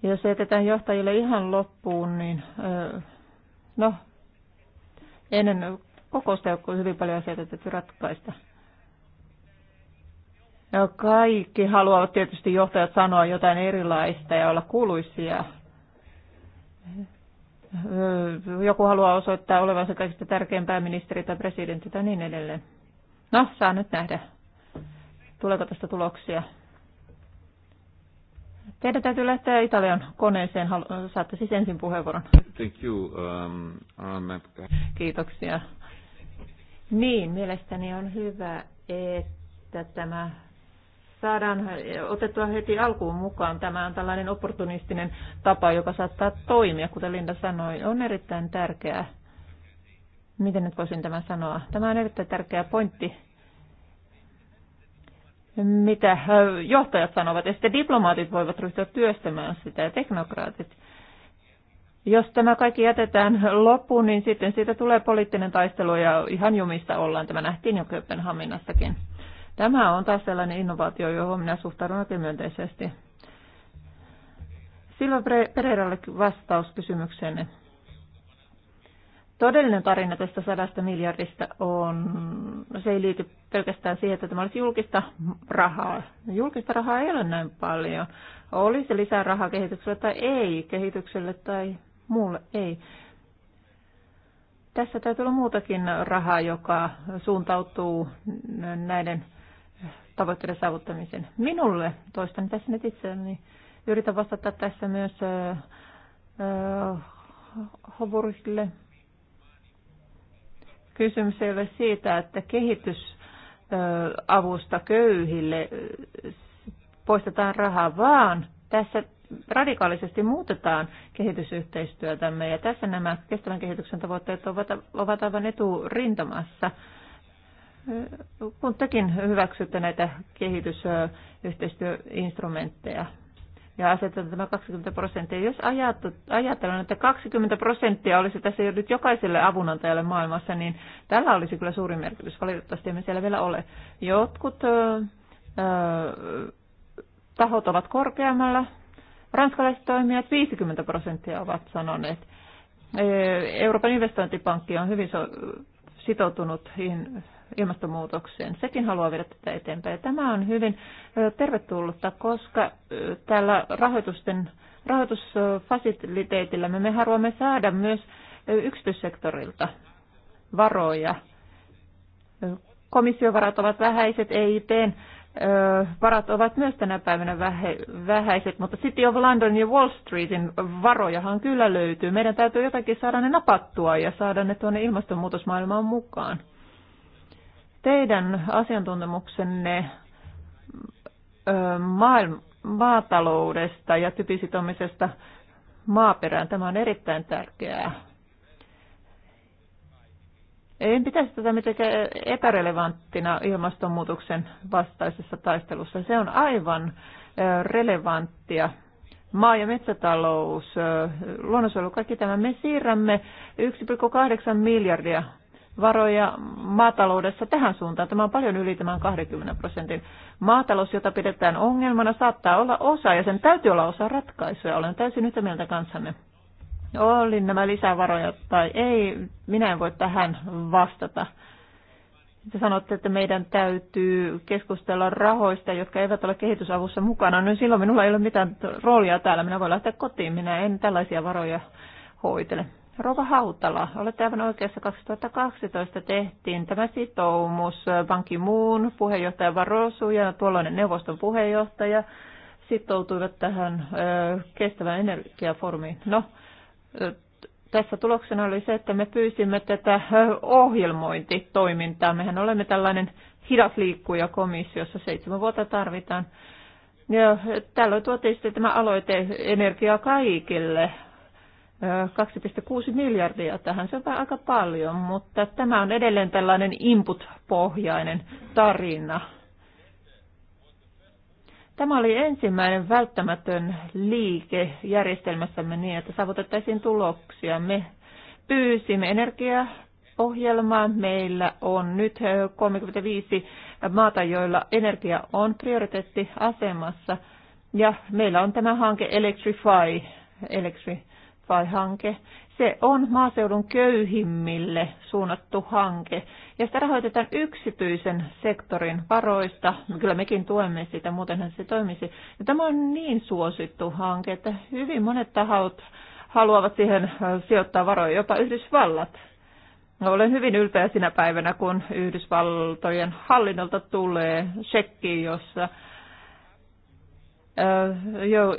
Jos jätetään johtajille ihan loppuun, niin no, ennen kokousta on hyvin paljon asioita täytyy ratkaista. Ja no, kaikki haluavat tietysti johtajat sanoa jotain erilaista ja olla kuuluisia. Joku haluaa osoittaa olevansa kaikista tärkein pääministeri tai presidentti tai niin edelleen. No, saa nyt nähdä, tuleeko tästä tuloksia. Teidän täytyy lähteä Italian koneeseen. Saatte siis ensin puheenvuoron. Thank you. Um, Kiitoksia. Niin, mielestäni on hyvä, että tämä saadaan otettua heti alkuun mukaan. Tämä on tällainen opportunistinen tapa, joka saattaa toimia, kuten Linda sanoi. On erittäin tärkeää. Miten nyt voisin tämän sanoa? Tämä on erittäin tärkeä pointti mitä johtajat sanovat, ja sitten diplomaatit voivat ryhtyä työstämään sitä ja teknokraatit. Jos tämä kaikki jätetään loppuun, niin sitten siitä tulee poliittinen taistelu ja ihan jumissa ollaan. Tämä nähtiin jo Kööpenhaminassakin. Tämä on taas sellainen innovaatio, johon minä suhtaudun oikein myönteisesti. Silloin Pereiralle vastaus kysymykseenne. Todellinen tarina tästä sadasta miljardista on, se ei liity pelkästään siihen, että tämä olisi julkista rahaa. Julkista rahaa ei ole näin paljon. Oli se lisää rahaa kehitykselle tai ei, kehitykselle tai muulle ei. Tässä täytyy olla muutakin rahaa, joka suuntautuu näiden tavoitteiden saavuttamiseen. Minulle, toistan tässä nyt itseäni, niin yritän vastata tässä myös äh, äh, Kysymys ei ole siitä, että kehitysavusta köyhille poistetaan rahaa, vaan tässä radikaalisesti muutetaan kehitysyhteistyötämme ja tässä nämä kestävän kehityksen tavoitteet ovat, ovat aivan eturintamassa. Kun tekin hyväksytte näitä kehitysyhteistyöinstrumentteja, ja asetetaan tämä 20 prosenttia. Jos ajatellaan, että 20 prosenttia olisi tässä jo nyt jokaiselle avunantajalle maailmassa, niin tällä olisi kyllä suuri merkitys. Valitettavasti emme siellä vielä ole. Jotkut ö, ö, tahot ovat korkeammalla. Ranskalaiset toimijat 50 prosenttia ovat sanoneet. Euroopan investointipankki on hyvin sitoutunut ilmastonmuutokseen. Sekin haluaa viedä tätä eteenpäin. Tämä on hyvin tervetullutta, koska tällä rahoitusten, rahoitusfasiliteetillä me haluamme saada myös yksityissektorilta varoja. Komissiovarat ovat vähäiset, EIPn varat ovat myös tänä päivänä vähäiset, mutta City of London ja Wall Streetin varojahan kyllä löytyy. Meidän täytyy jotakin saada ne napattua ja saada ne tuonne ilmastonmuutosmaailmaan mukaan. Teidän asiantuntemuksenne maailma, maataloudesta ja typisitomisesta maaperään. Tämä on erittäin tärkeää. En pitäisi tätä mitenkään epärelevanttina ilmastonmuutoksen vastaisessa taistelussa. Se on aivan relevanttia. Maa- ja metsätalous, luonnonsuojelu, kaikki tämä. Me siirrämme 1,8 miljardia varoja maataloudessa tähän suuntaan. Tämä on paljon yli tämän 20 prosentin. Maatalous, jota pidetään ongelmana, saattaa olla osa ja sen täytyy olla osa ratkaisuja. Olen täysin yhtä mieltä kanssanne. Olin nämä lisävaroja tai ei, minä en voi tähän vastata. Te sanotte, että meidän täytyy keskustella rahoista, jotka eivät ole kehitysavussa mukana. No silloin minulla ei ole mitään roolia täällä. Minä voin lähteä kotiin. Minä en tällaisia varoja hoitele. Rova Hautala, olette aivan oikeassa. 2012 tehtiin tämä sitoumus banki muun puheenjohtaja Varosu ja tuolloinen neuvoston puheenjohtaja sitoutuivat tähän kestävän energiafoorumiin. No, tässä tuloksena oli se, että me pyysimme tätä ohjelmointitoimintaa. Mehän olemme tällainen hidas liikkuja komissiossa, seitsemän vuotta tarvitaan. Ja tällöin tuotiin sitten tämä aloite energiaa kaikille 2,6 miljardia tähän. Se on aika paljon, mutta tämä on edelleen tällainen input-pohjainen tarina. Tämä oli ensimmäinen välttämätön liike järjestelmässämme niin, että saavutettaisiin tuloksia. Me pyysimme energiaohjelmaa. Meillä on nyt 35 maata, joilla energia on prioriteettiasemassa. Ja meillä on tämä hanke Electrify, Electrify Wi-Fi-hanke. Se on maaseudun köyhimmille suunnattu hanke ja sitä rahoitetaan yksityisen sektorin varoista. Kyllä mekin tuemme sitä, muutenhan se toimisi. Ja tämä on niin suosittu hanke, että hyvin monet tahot haluavat siihen äh, sijoittaa varoja, jopa Yhdysvallat. No, olen hyvin ylpeä sinä päivänä, kun Yhdysvaltojen hallinnolta tulee shekki, jossa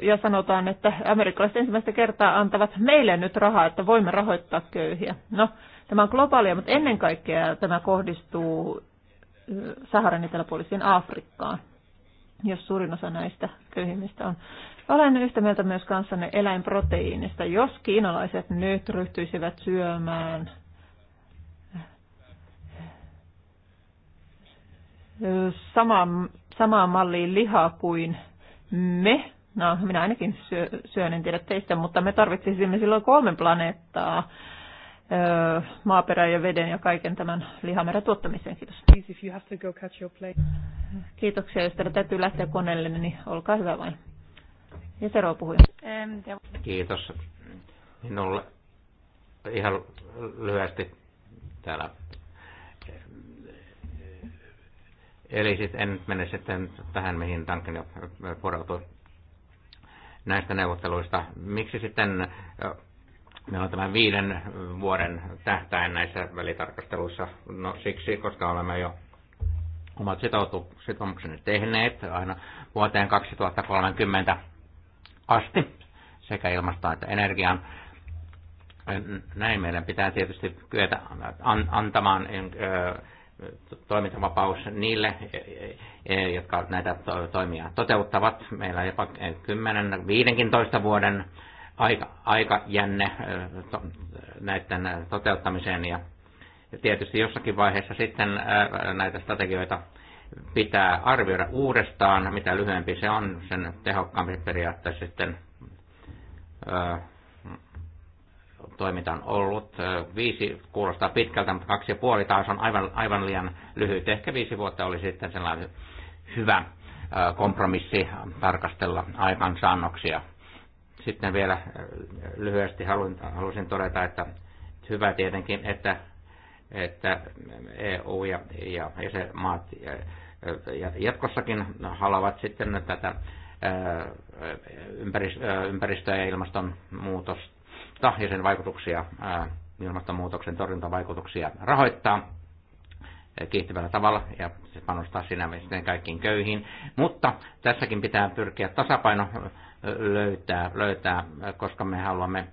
ja sanotaan, että amerikkalaiset ensimmäistä kertaa antavat meille nyt rahaa, että voimme rahoittaa köyhiä. No, tämä on globaalia, mutta ennen kaikkea tämä kohdistuu Saharan eteläpuolisiin Afrikkaan, jos suurin osa näistä köyhimmistä on. Olen yhtä mieltä myös kanssanne eläinproteiinista. Jos kiinalaiset nyt ryhtyisivät syömään samaan, samaan malliin lihaa kuin me, no minä ainakin syö, syön, en tiedä teistä, mutta me tarvitsisimme silloin kolme planeettaa maaperän ja veden ja kaiken tämän lihamerän tuottamiseen. Kiitos. Please, if you have to go catch your plane. Kiitoksia, jos teillä täytyy lähteä koneelle, niin olkaa hyvä vain. Ja Tero puhui. Kiitos. Minulle ihan lyhyesti täällä Eli siis en mene sitten tähän, mihin Tankin jo pureutui näistä neuvotteluista. Miksi sitten meillä on tämä viiden vuoden tähtäin näissä välitarkasteluissa? No siksi, koska olemme jo omat sitoumuksenne tehneet aina vuoteen 2030 asti sekä ilmastoon että energian. Näin meidän pitää tietysti kyetä antamaan toimintavapaus niille, e, e, jotka näitä toimia toteuttavat. Meillä on jopa 10-15 vuoden aika, aikajänne e, näiden toteuttamiseen ja tietysti jossakin vaiheessa sitten näitä strategioita pitää arvioida uudestaan. Mitä lyhyempi se on, sen tehokkaampi periaatteessa sitten toiminta on ollut. Viisi kuulostaa pitkältä, mutta kaksi ja puoli taas on aivan, aivan liian lyhyt. Ehkä viisi vuotta oli sitten sellainen hyvä kompromissi tarkastella aikansaannoksia. Sitten vielä lyhyesti halusin todeta, että hyvä tietenkin, että, että EU ja, ja jäsenmaat jatkossakin haluavat sitten tätä ympäristö- ja ilmastonmuutosta ja sen vaikutuksia, ilmastonmuutoksen torjuntavaikutuksia rahoittaa kiihtyvällä tavalla ja siis panostaa sinä sitten kaikkiin köyhiin. Mutta tässäkin pitää pyrkiä tasapaino löytää, löytää koska me haluamme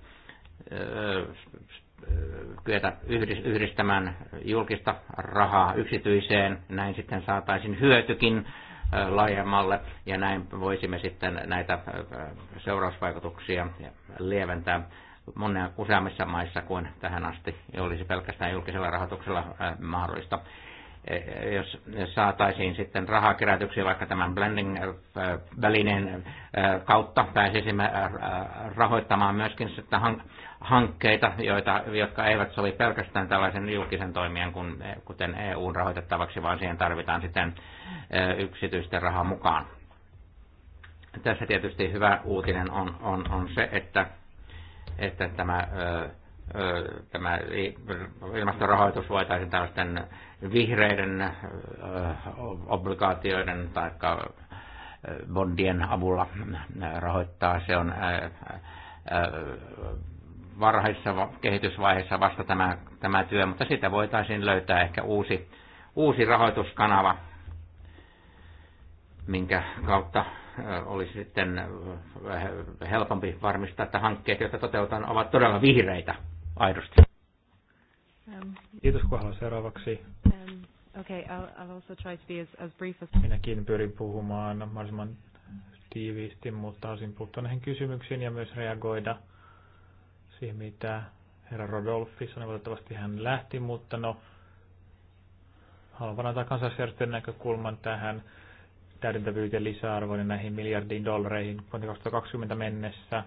kyetä yhdistämään julkista rahaa yksityiseen, näin sitten saataisiin hyötykin laajemmalle ja näin voisimme sitten näitä seurausvaikutuksia lieventää monia, useammissa maissa kuin tähän asti olisi pelkästään julkisella rahoituksella äh, mahdollista. E, e, jos saataisiin sitten rahaa vaikka tämän blending-välineen äh, äh, kautta, pääsisimme rahoittamaan myöskin sitten hankkeita, joita, jotka eivät sovi pelkästään tällaisen julkisen toimijan kuin, e, kuten EUn rahoitettavaksi, vaan siihen tarvitaan sitten yksityisten rahaa mukaan. Tässä tietysti hyvä uutinen on, on, on se, että että tämä, tämä ilmastorahoitus voitaisiin tällaisten vihreiden obligaatioiden tai bondien avulla rahoittaa. Se on varhaisessa kehitysvaiheessa vasta tämä, tämä työ, mutta sitä voitaisiin löytää ehkä uusi, uusi rahoituskanava, minkä kautta olisi sitten helpompi varmistaa, että hankkeet, joita toteutetaan, ovat todella vihreitä aidosti. Um, Kiitos, kun haluan seuraavaksi. Um, okay, I'll, I'll also try to be as, as brief as... Minäkin pyrin puhumaan mahdollisimman tiiviisti, mutta haluaisin puuttua näihin kysymyksiin ja myös reagoida siihen, mitä herra Rodolfi sanoi. Valitettavasti hän lähti, mutta no, haluan antaa kansallisjärjestöjen näkökulman tähän täydentävyyteen lisäarvoa niin näihin miljardiin dollareihin vuonna 2020 mennessä.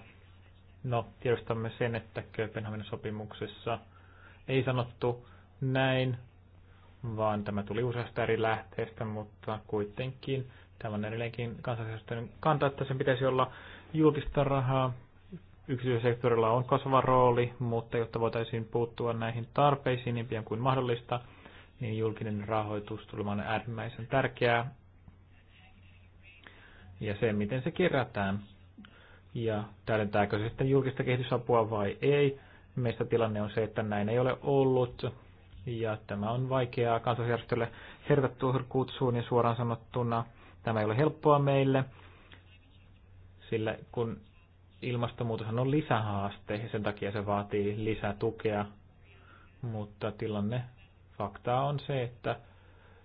No, tiedostamme sen, että Kööpenhaminan sopimuksessa ei sanottu näin, vaan tämä tuli useasta eri lähteestä, mutta kuitenkin tämä on edelleenkin kansallisen kanta, että sen pitäisi olla julkista rahaa. Yksityissektorilla on kasvava rooli, mutta jotta voitaisiin puuttua näihin tarpeisiin niin pian kuin mahdollista, niin julkinen rahoitus tulee äärimmäisen tärkeää ja se, miten se kerätään. Ja täydentääkö se sitten julkista kehitysapua vai ei. Meistä tilanne on se, että näin ei ole ollut. Ja tämä on vaikeaa kansallisjärjestölle herätä kutsuun ja suoraan sanottuna tämä ei ole helppoa meille, sillä kun ilmastonmuutoshan on lisähaaste ja sen takia se vaatii lisätukea, mutta tilanne faktaa on se, että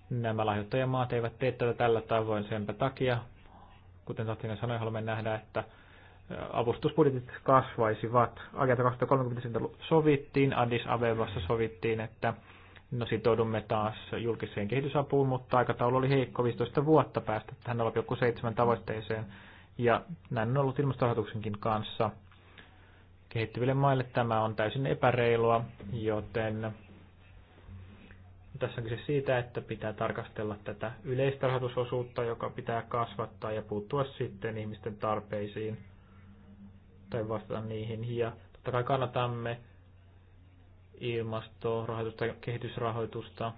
nämä lahjoittajamaat eivät tee tätä tällä tavoin senpä takia Kuten Tatsinen sanoi, haluamme nähdä, että avustusbudjetit kasvaisivat. Agenda 2030 sovittiin, Addis Abebassa sovittiin, että no sitoudumme taas julkiseen kehitysapuun, mutta aikataulu oli heikko 15 vuotta päästä tähän 0,7 tavoitteeseen. Ja näin on ollut ilmastorahoituksenkin kanssa. Kehittyville maille tämä on täysin epäreilua, joten tässä on kyse siitä, että pitää tarkastella tätä yleistä rahoitusosuutta, joka pitää kasvattaa ja puuttua sitten ihmisten tarpeisiin tai vastata niihin. Ja totta kai kannatamme ilmastorahoitusta ja kehitysrahoitusta.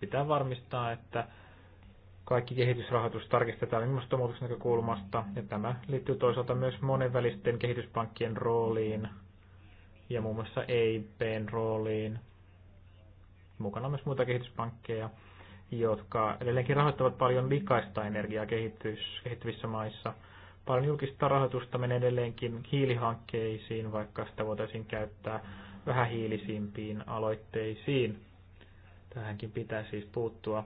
Pitää varmistaa, että kaikki kehitysrahoitus tarkistetaan ilmastonmuutoksen näkökulmasta, ja tämä liittyy toisaalta myös monenvälisten kehityspankkien rooliin ja muun muassa EIPn rooliin mukana on myös muita kehityspankkeja, jotka edelleenkin rahoittavat paljon likaista energiaa kehitys, kehittyvissä maissa. Paljon julkista rahoitusta menee edelleenkin hiilihankkeisiin, vaikka sitä voitaisiin käyttää vähähiilisimpiin aloitteisiin. Tähänkin pitää siis puuttua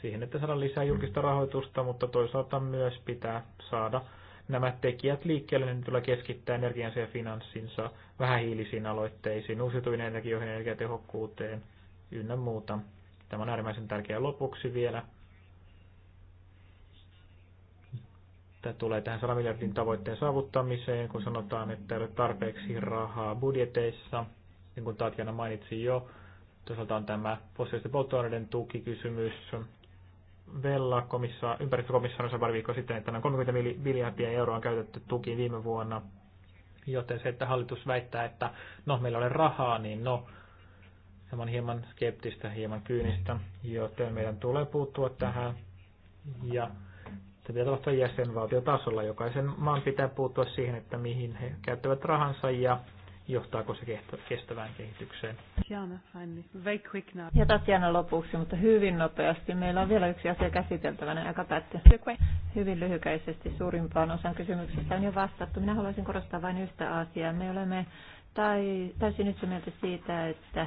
siihen, että saadaan lisää julkista rahoitusta, mutta toisaalta myös pitää saada nämä tekijät liikkeelle, niin tulee keskittää energiansa ja finanssinsa vähähiilisiin aloitteisiin, uusiutuviin energioihin, energiatehokkuuteen, ynnä muuta. Tämä on äärimmäisen tärkeä lopuksi vielä. Tämä tulee tähän 100 miljardin tavoitteen saavuttamiseen, kun sanotaan, että ei ole tarpeeksi rahaa budjeteissa. Niin kuin Tatjana mainitsi jo, toisaalta on tämä fossiilisten polttoaineiden tukikysymys. Vella, komissa, ympäristökomissaari pari viikkoa sitten, että noin 30 miljardia euroa on käytetty tukiin viime vuonna. Joten se, että hallitus väittää, että no meillä ei ole rahaa, niin no Tämä on hieman skeptistä, hieman kyynistä, joten meidän tulee puuttua tähän ja se pitää tapahtua jäsenvaltiotasolla. Jokaisen maan pitää puuttua siihen, että mihin he käyttävät rahansa ja johtaako se kestävään kehitykseen. very quick now. Ja Tatjana lopuksi, mutta hyvin nopeasti. Meillä on vielä yksi asia käsiteltävänä, joka päättyy hyvin lyhykäisesti. Suurimpaan osan kysymyksistä on jo vastattu. Minä haluaisin korostaa vain yhtä asiaa. Me olemme tai, täysin yhtä mieltä siitä, että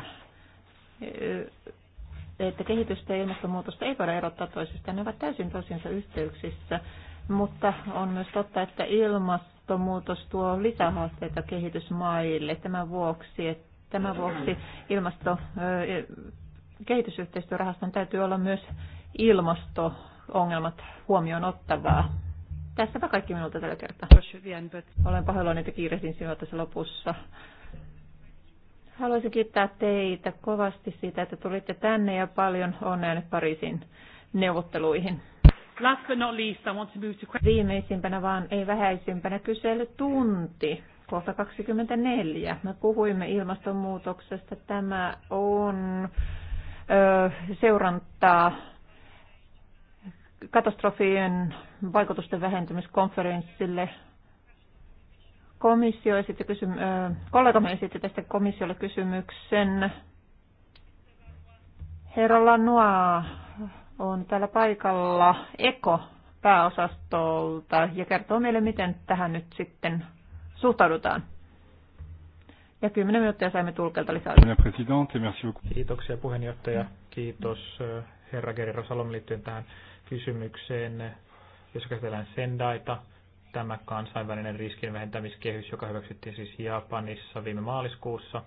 että kehitystä ja ilmastonmuutosta ei voida erottaa toisistaan. Ne ovat täysin toisiinsa yhteyksissä, mutta on myös totta, että ilmastonmuutos tuo lisähaasteita kehitysmaille tämän vuoksi, että tämän vuoksi ilmasto, kehitysyhteistyörahaston täytyy olla myös ilmasto-ongelmat huomioon ottavaa. Tässäpä kaikki minulta tällä kertaa. Olen pahoillani, että kiirehdin sinua tässä lopussa. Haluaisin kiittää teitä kovasti siitä, että tulitte tänne ja paljon onnea nyt Pariisin neuvotteluihin. Last but not least, I want to move to... Viimeisimpänä vaan ei vähäisimpänä kyselytunti, kohta 24. Me puhuimme ilmastonmuutoksesta. Tämä on ö, seurantaa katastrofien vaikutusten vähentämiskonferenssille Komissio esitti kysym- kollegamme esitti tästä komissiolle kysymyksen. Herra Lanoa on täällä paikalla Eko pääosastolta ja kertoo meille, miten tähän nyt sitten suhtaudutaan. Ja kymmenen minuuttia saimme tulkelta lisää. Kiitoksia puheenjohtaja. Kiitos herra Gerero Salom liittyen tähän kysymykseen, jos käsitellään Sendaita tämä kansainvälinen riskin vähentämiskehys, joka hyväksyttiin siis Japanissa viime maaliskuussa.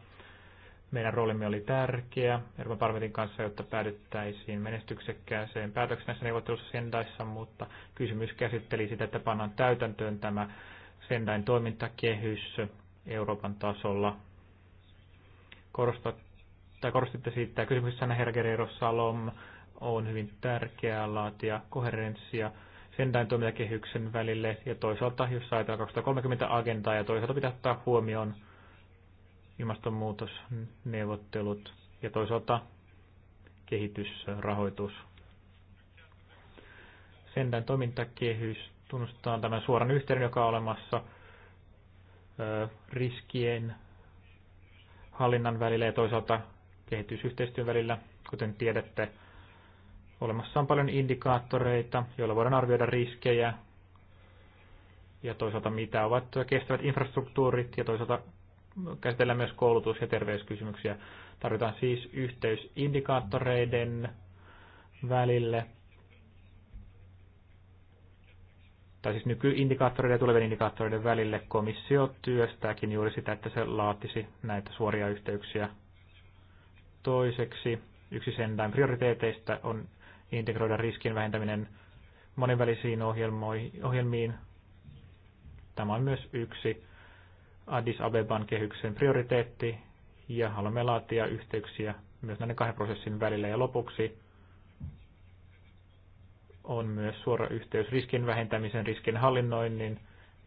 Meidän roolimme oli tärkeä Euroopan parlamentin kanssa, jotta päädyttäisiin menestyksekkääseen päätöksen näissä neuvottelussa Sendaissa, mutta kysymys käsitteli sitä, että pannaan täytäntöön tämä Sendain toimintakehys Euroopan tasolla. Korostat, tai korostitte siitä, että kysymyksessä herra Guerrero Salom on hyvin tärkeää laatia koherenssia Sendain toimintakehyksen välille ja toisaalta, jos ajatellaan 2030 agendaa ja toisaalta pitää ottaa huomioon ilmastonmuutosneuvottelut ja toisaalta kehitysrahoitus. Sendain toimintakehys tunnustaa tämän suoran yhteyden, joka on olemassa riskien hallinnan välillä ja toisaalta kehitysyhteistyön välillä. Kuten tiedätte, Olemassa on paljon indikaattoreita, joilla voidaan arvioida riskejä ja toisaalta mitä ovat kestävät infrastruktuurit ja toisaalta käsitellään myös koulutus- ja terveyskysymyksiä. Tarvitaan siis yhteys indikaattoreiden välille, tai siis nykyindikaattoreiden ja tulevien indikaattoreiden välille komissio työstääkin juuri sitä, että se laatisi näitä suoria yhteyksiä. Toiseksi yksi sen prioriteeteista on integroida riskien vähentäminen monenvälisiin ohjelmiin. Tämä on myös yksi Addis Abeban kehyksen prioriteetti ja haluamme laatia yhteyksiä myös näiden kahden prosessin välillä. Ja lopuksi on myös suora yhteys riskin vähentämisen, riskin hallinnoinnin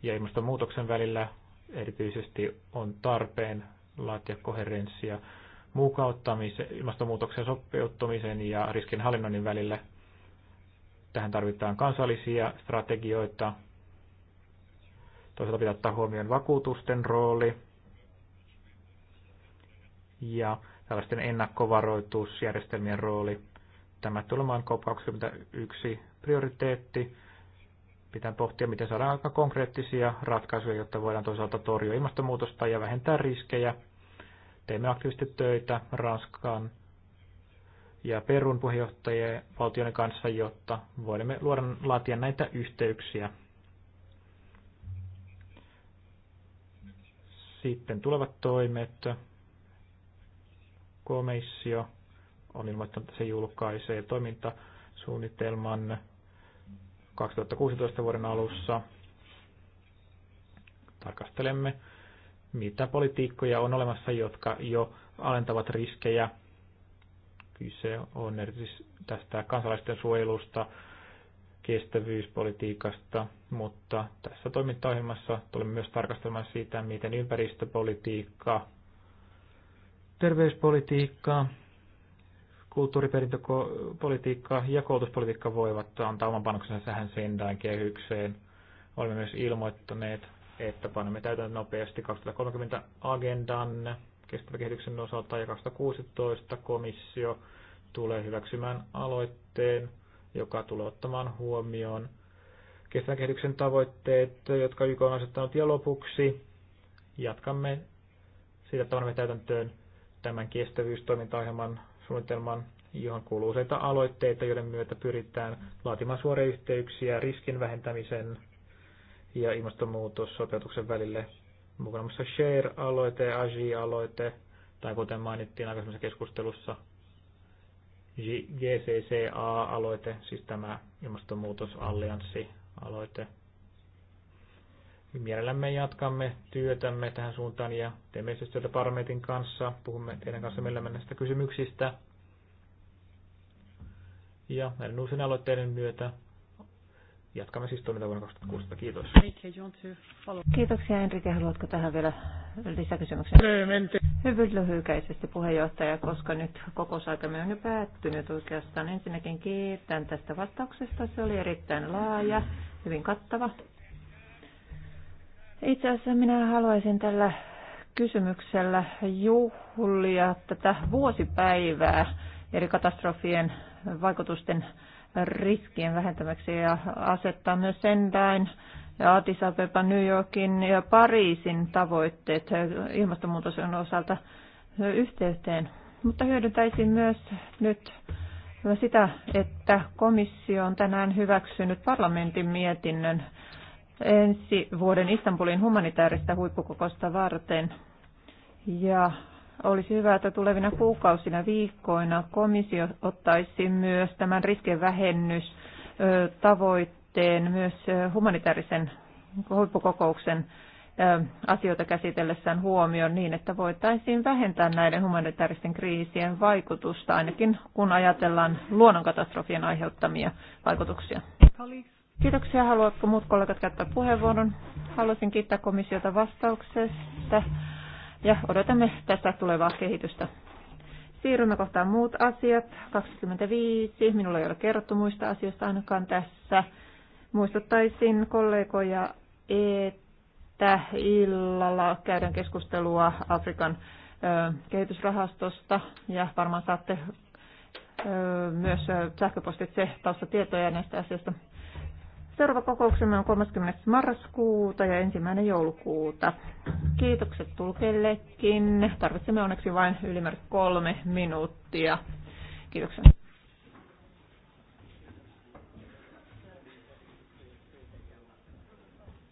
ja ilmastonmuutoksen välillä. Erityisesti on tarpeen laatia koherenssia mukauttamiseen, ilmastonmuutoksen sopeuttamisen ja riskinhallinnoinnin välillä. Tähän tarvitaan kansallisia strategioita. Toisaalta pitää ottaa huomioon vakuutusten rooli ja tällaisten ennakkovaroitusjärjestelmien rooli. Tämä tulemaan COP21 prioriteetti. Pitää pohtia, miten saadaan aika konkreettisia ratkaisuja, jotta voidaan toisaalta torjua ilmastonmuutosta ja vähentää riskejä Teemme aktiivisesti töitä Ranskan ja Perun puheenjohtajien valtioiden kanssa, jotta voimme luoda, laatia näitä yhteyksiä. Sitten tulevat toimet. Komissio on ilmoittanut, että se julkaisee toimintasuunnitelman 2016 vuoden alussa. Tarkastelemme mitä politiikkoja on olemassa, jotka jo alentavat riskejä. Kyse on erityisesti tästä kansalaisten suojelusta, kestävyyspolitiikasta, mutta tässä toimintaohjelmassa tulemme myös tarkastelemaan siitä, miten ympäristöpolitiikka, terveyspolitiikka, kulttuuriperintöpolitiikka ja koulutuspolitiikka voivat antaa oman panoksensa tähän Sendain kehykseen. Olemme myös ilmoittaneet että panemme täytäntöön nopeasti 2030 agendan kestävän kehityksen osalta ja 2016 komissio tulee hyväksymään aloitteen, joka tulee ottamaan huomioon kestävän kehityksen tavoitteet, jotka YK on asettanut ja lopuksi jatkamme siitä että panemme täytäntöön tämän kestävyystoimintaohjelman suunnitelman, johon kuuluu useita aloitteita, joiden myötä pyritään laatimaan suoria yhteyksiä riskin vähentämisen ja sopeutuksen välille. Mukana muassa Share-aloite, AGI-aloite, tai kuten mainittiin aikaisemmassa keskustelussa, GCCA-aloite, siis tämä ilmastonmuutosallianssi-aloite. Mielellämme jatkamme työtämme tähän suuntaan ja teemme yhteistyötä Parametin kanssa. Puhumme teidän kanssa mielellämme näistä kysymyksistä. Ja näiden uusien aloitteiden myötä Jatkamme siis toimintaa vuonna 2016. Kiitos. Kiitoksia Enrique. Haluatko tähän vielä lisäkysymyksen? Hyvin lyhykäisesti puheenjohtaja, koska nyt kokousaikamme on jo päättynyt oikeastaan. Ensinnäkin kiitän tästä vastauksesta. Se oli erittäin laaja, hyvin kattava. Itse asiassa minä haluaisin tällä kysymyksellä juhlia tätä vuosipäivää eri katastrofien vaikutusten riskien vähentäväksi ja asettaa myös Sendain ja Addis Abeba, New Yorkin ja Pariisin tavoitteet ilmastonmuutoksen osalta yhteyteen. Mutta hyödyntäisin myös nyt sitä, että komissio on tänään hyväksynyt parlamentin mietinnön ensi vuoden Istanbulin humanitaarista huippukokosta varten. Ja olisi hyvä, että tulevina kuukausina, viikkoina komissio ottaisi myös tämän riskien vähennys tavoitteen myös humanitaarisen huippukokouksen asioita käsitellessään huomioon niin, että voitaisiin vähentää näiden humanitaaristen kriisien vaikutusta, ainakin kun ajatellaan luonnonkatastrofien aiheuttamia vaikutuksia. Kiitoksia. Haluatko muut kollegat käyttää puheenvuoron? Haluaisin kiittää komissiota vastauksesta ja odotamme tästä tulevaa kehitystä. Siirrymme kohtaan muut asiat. 25. Minulla ei ole kerrottu muista asioista ainakaan tässä. Muistuttaisin kollegoja, että illalla käydään keskustelua Afrikan kehitysrahastosta ja varmaan saatte myös sähköpostitse taustatietoja näistä asioista. Seuraava kokouksemme on 30. marraskuuta ja ensimmäinen joulukuuta. Kiitokset tulkellekin. Tarvitsemme onneksi vain ylimääräistä kolme minuuttia. Kiitoksia.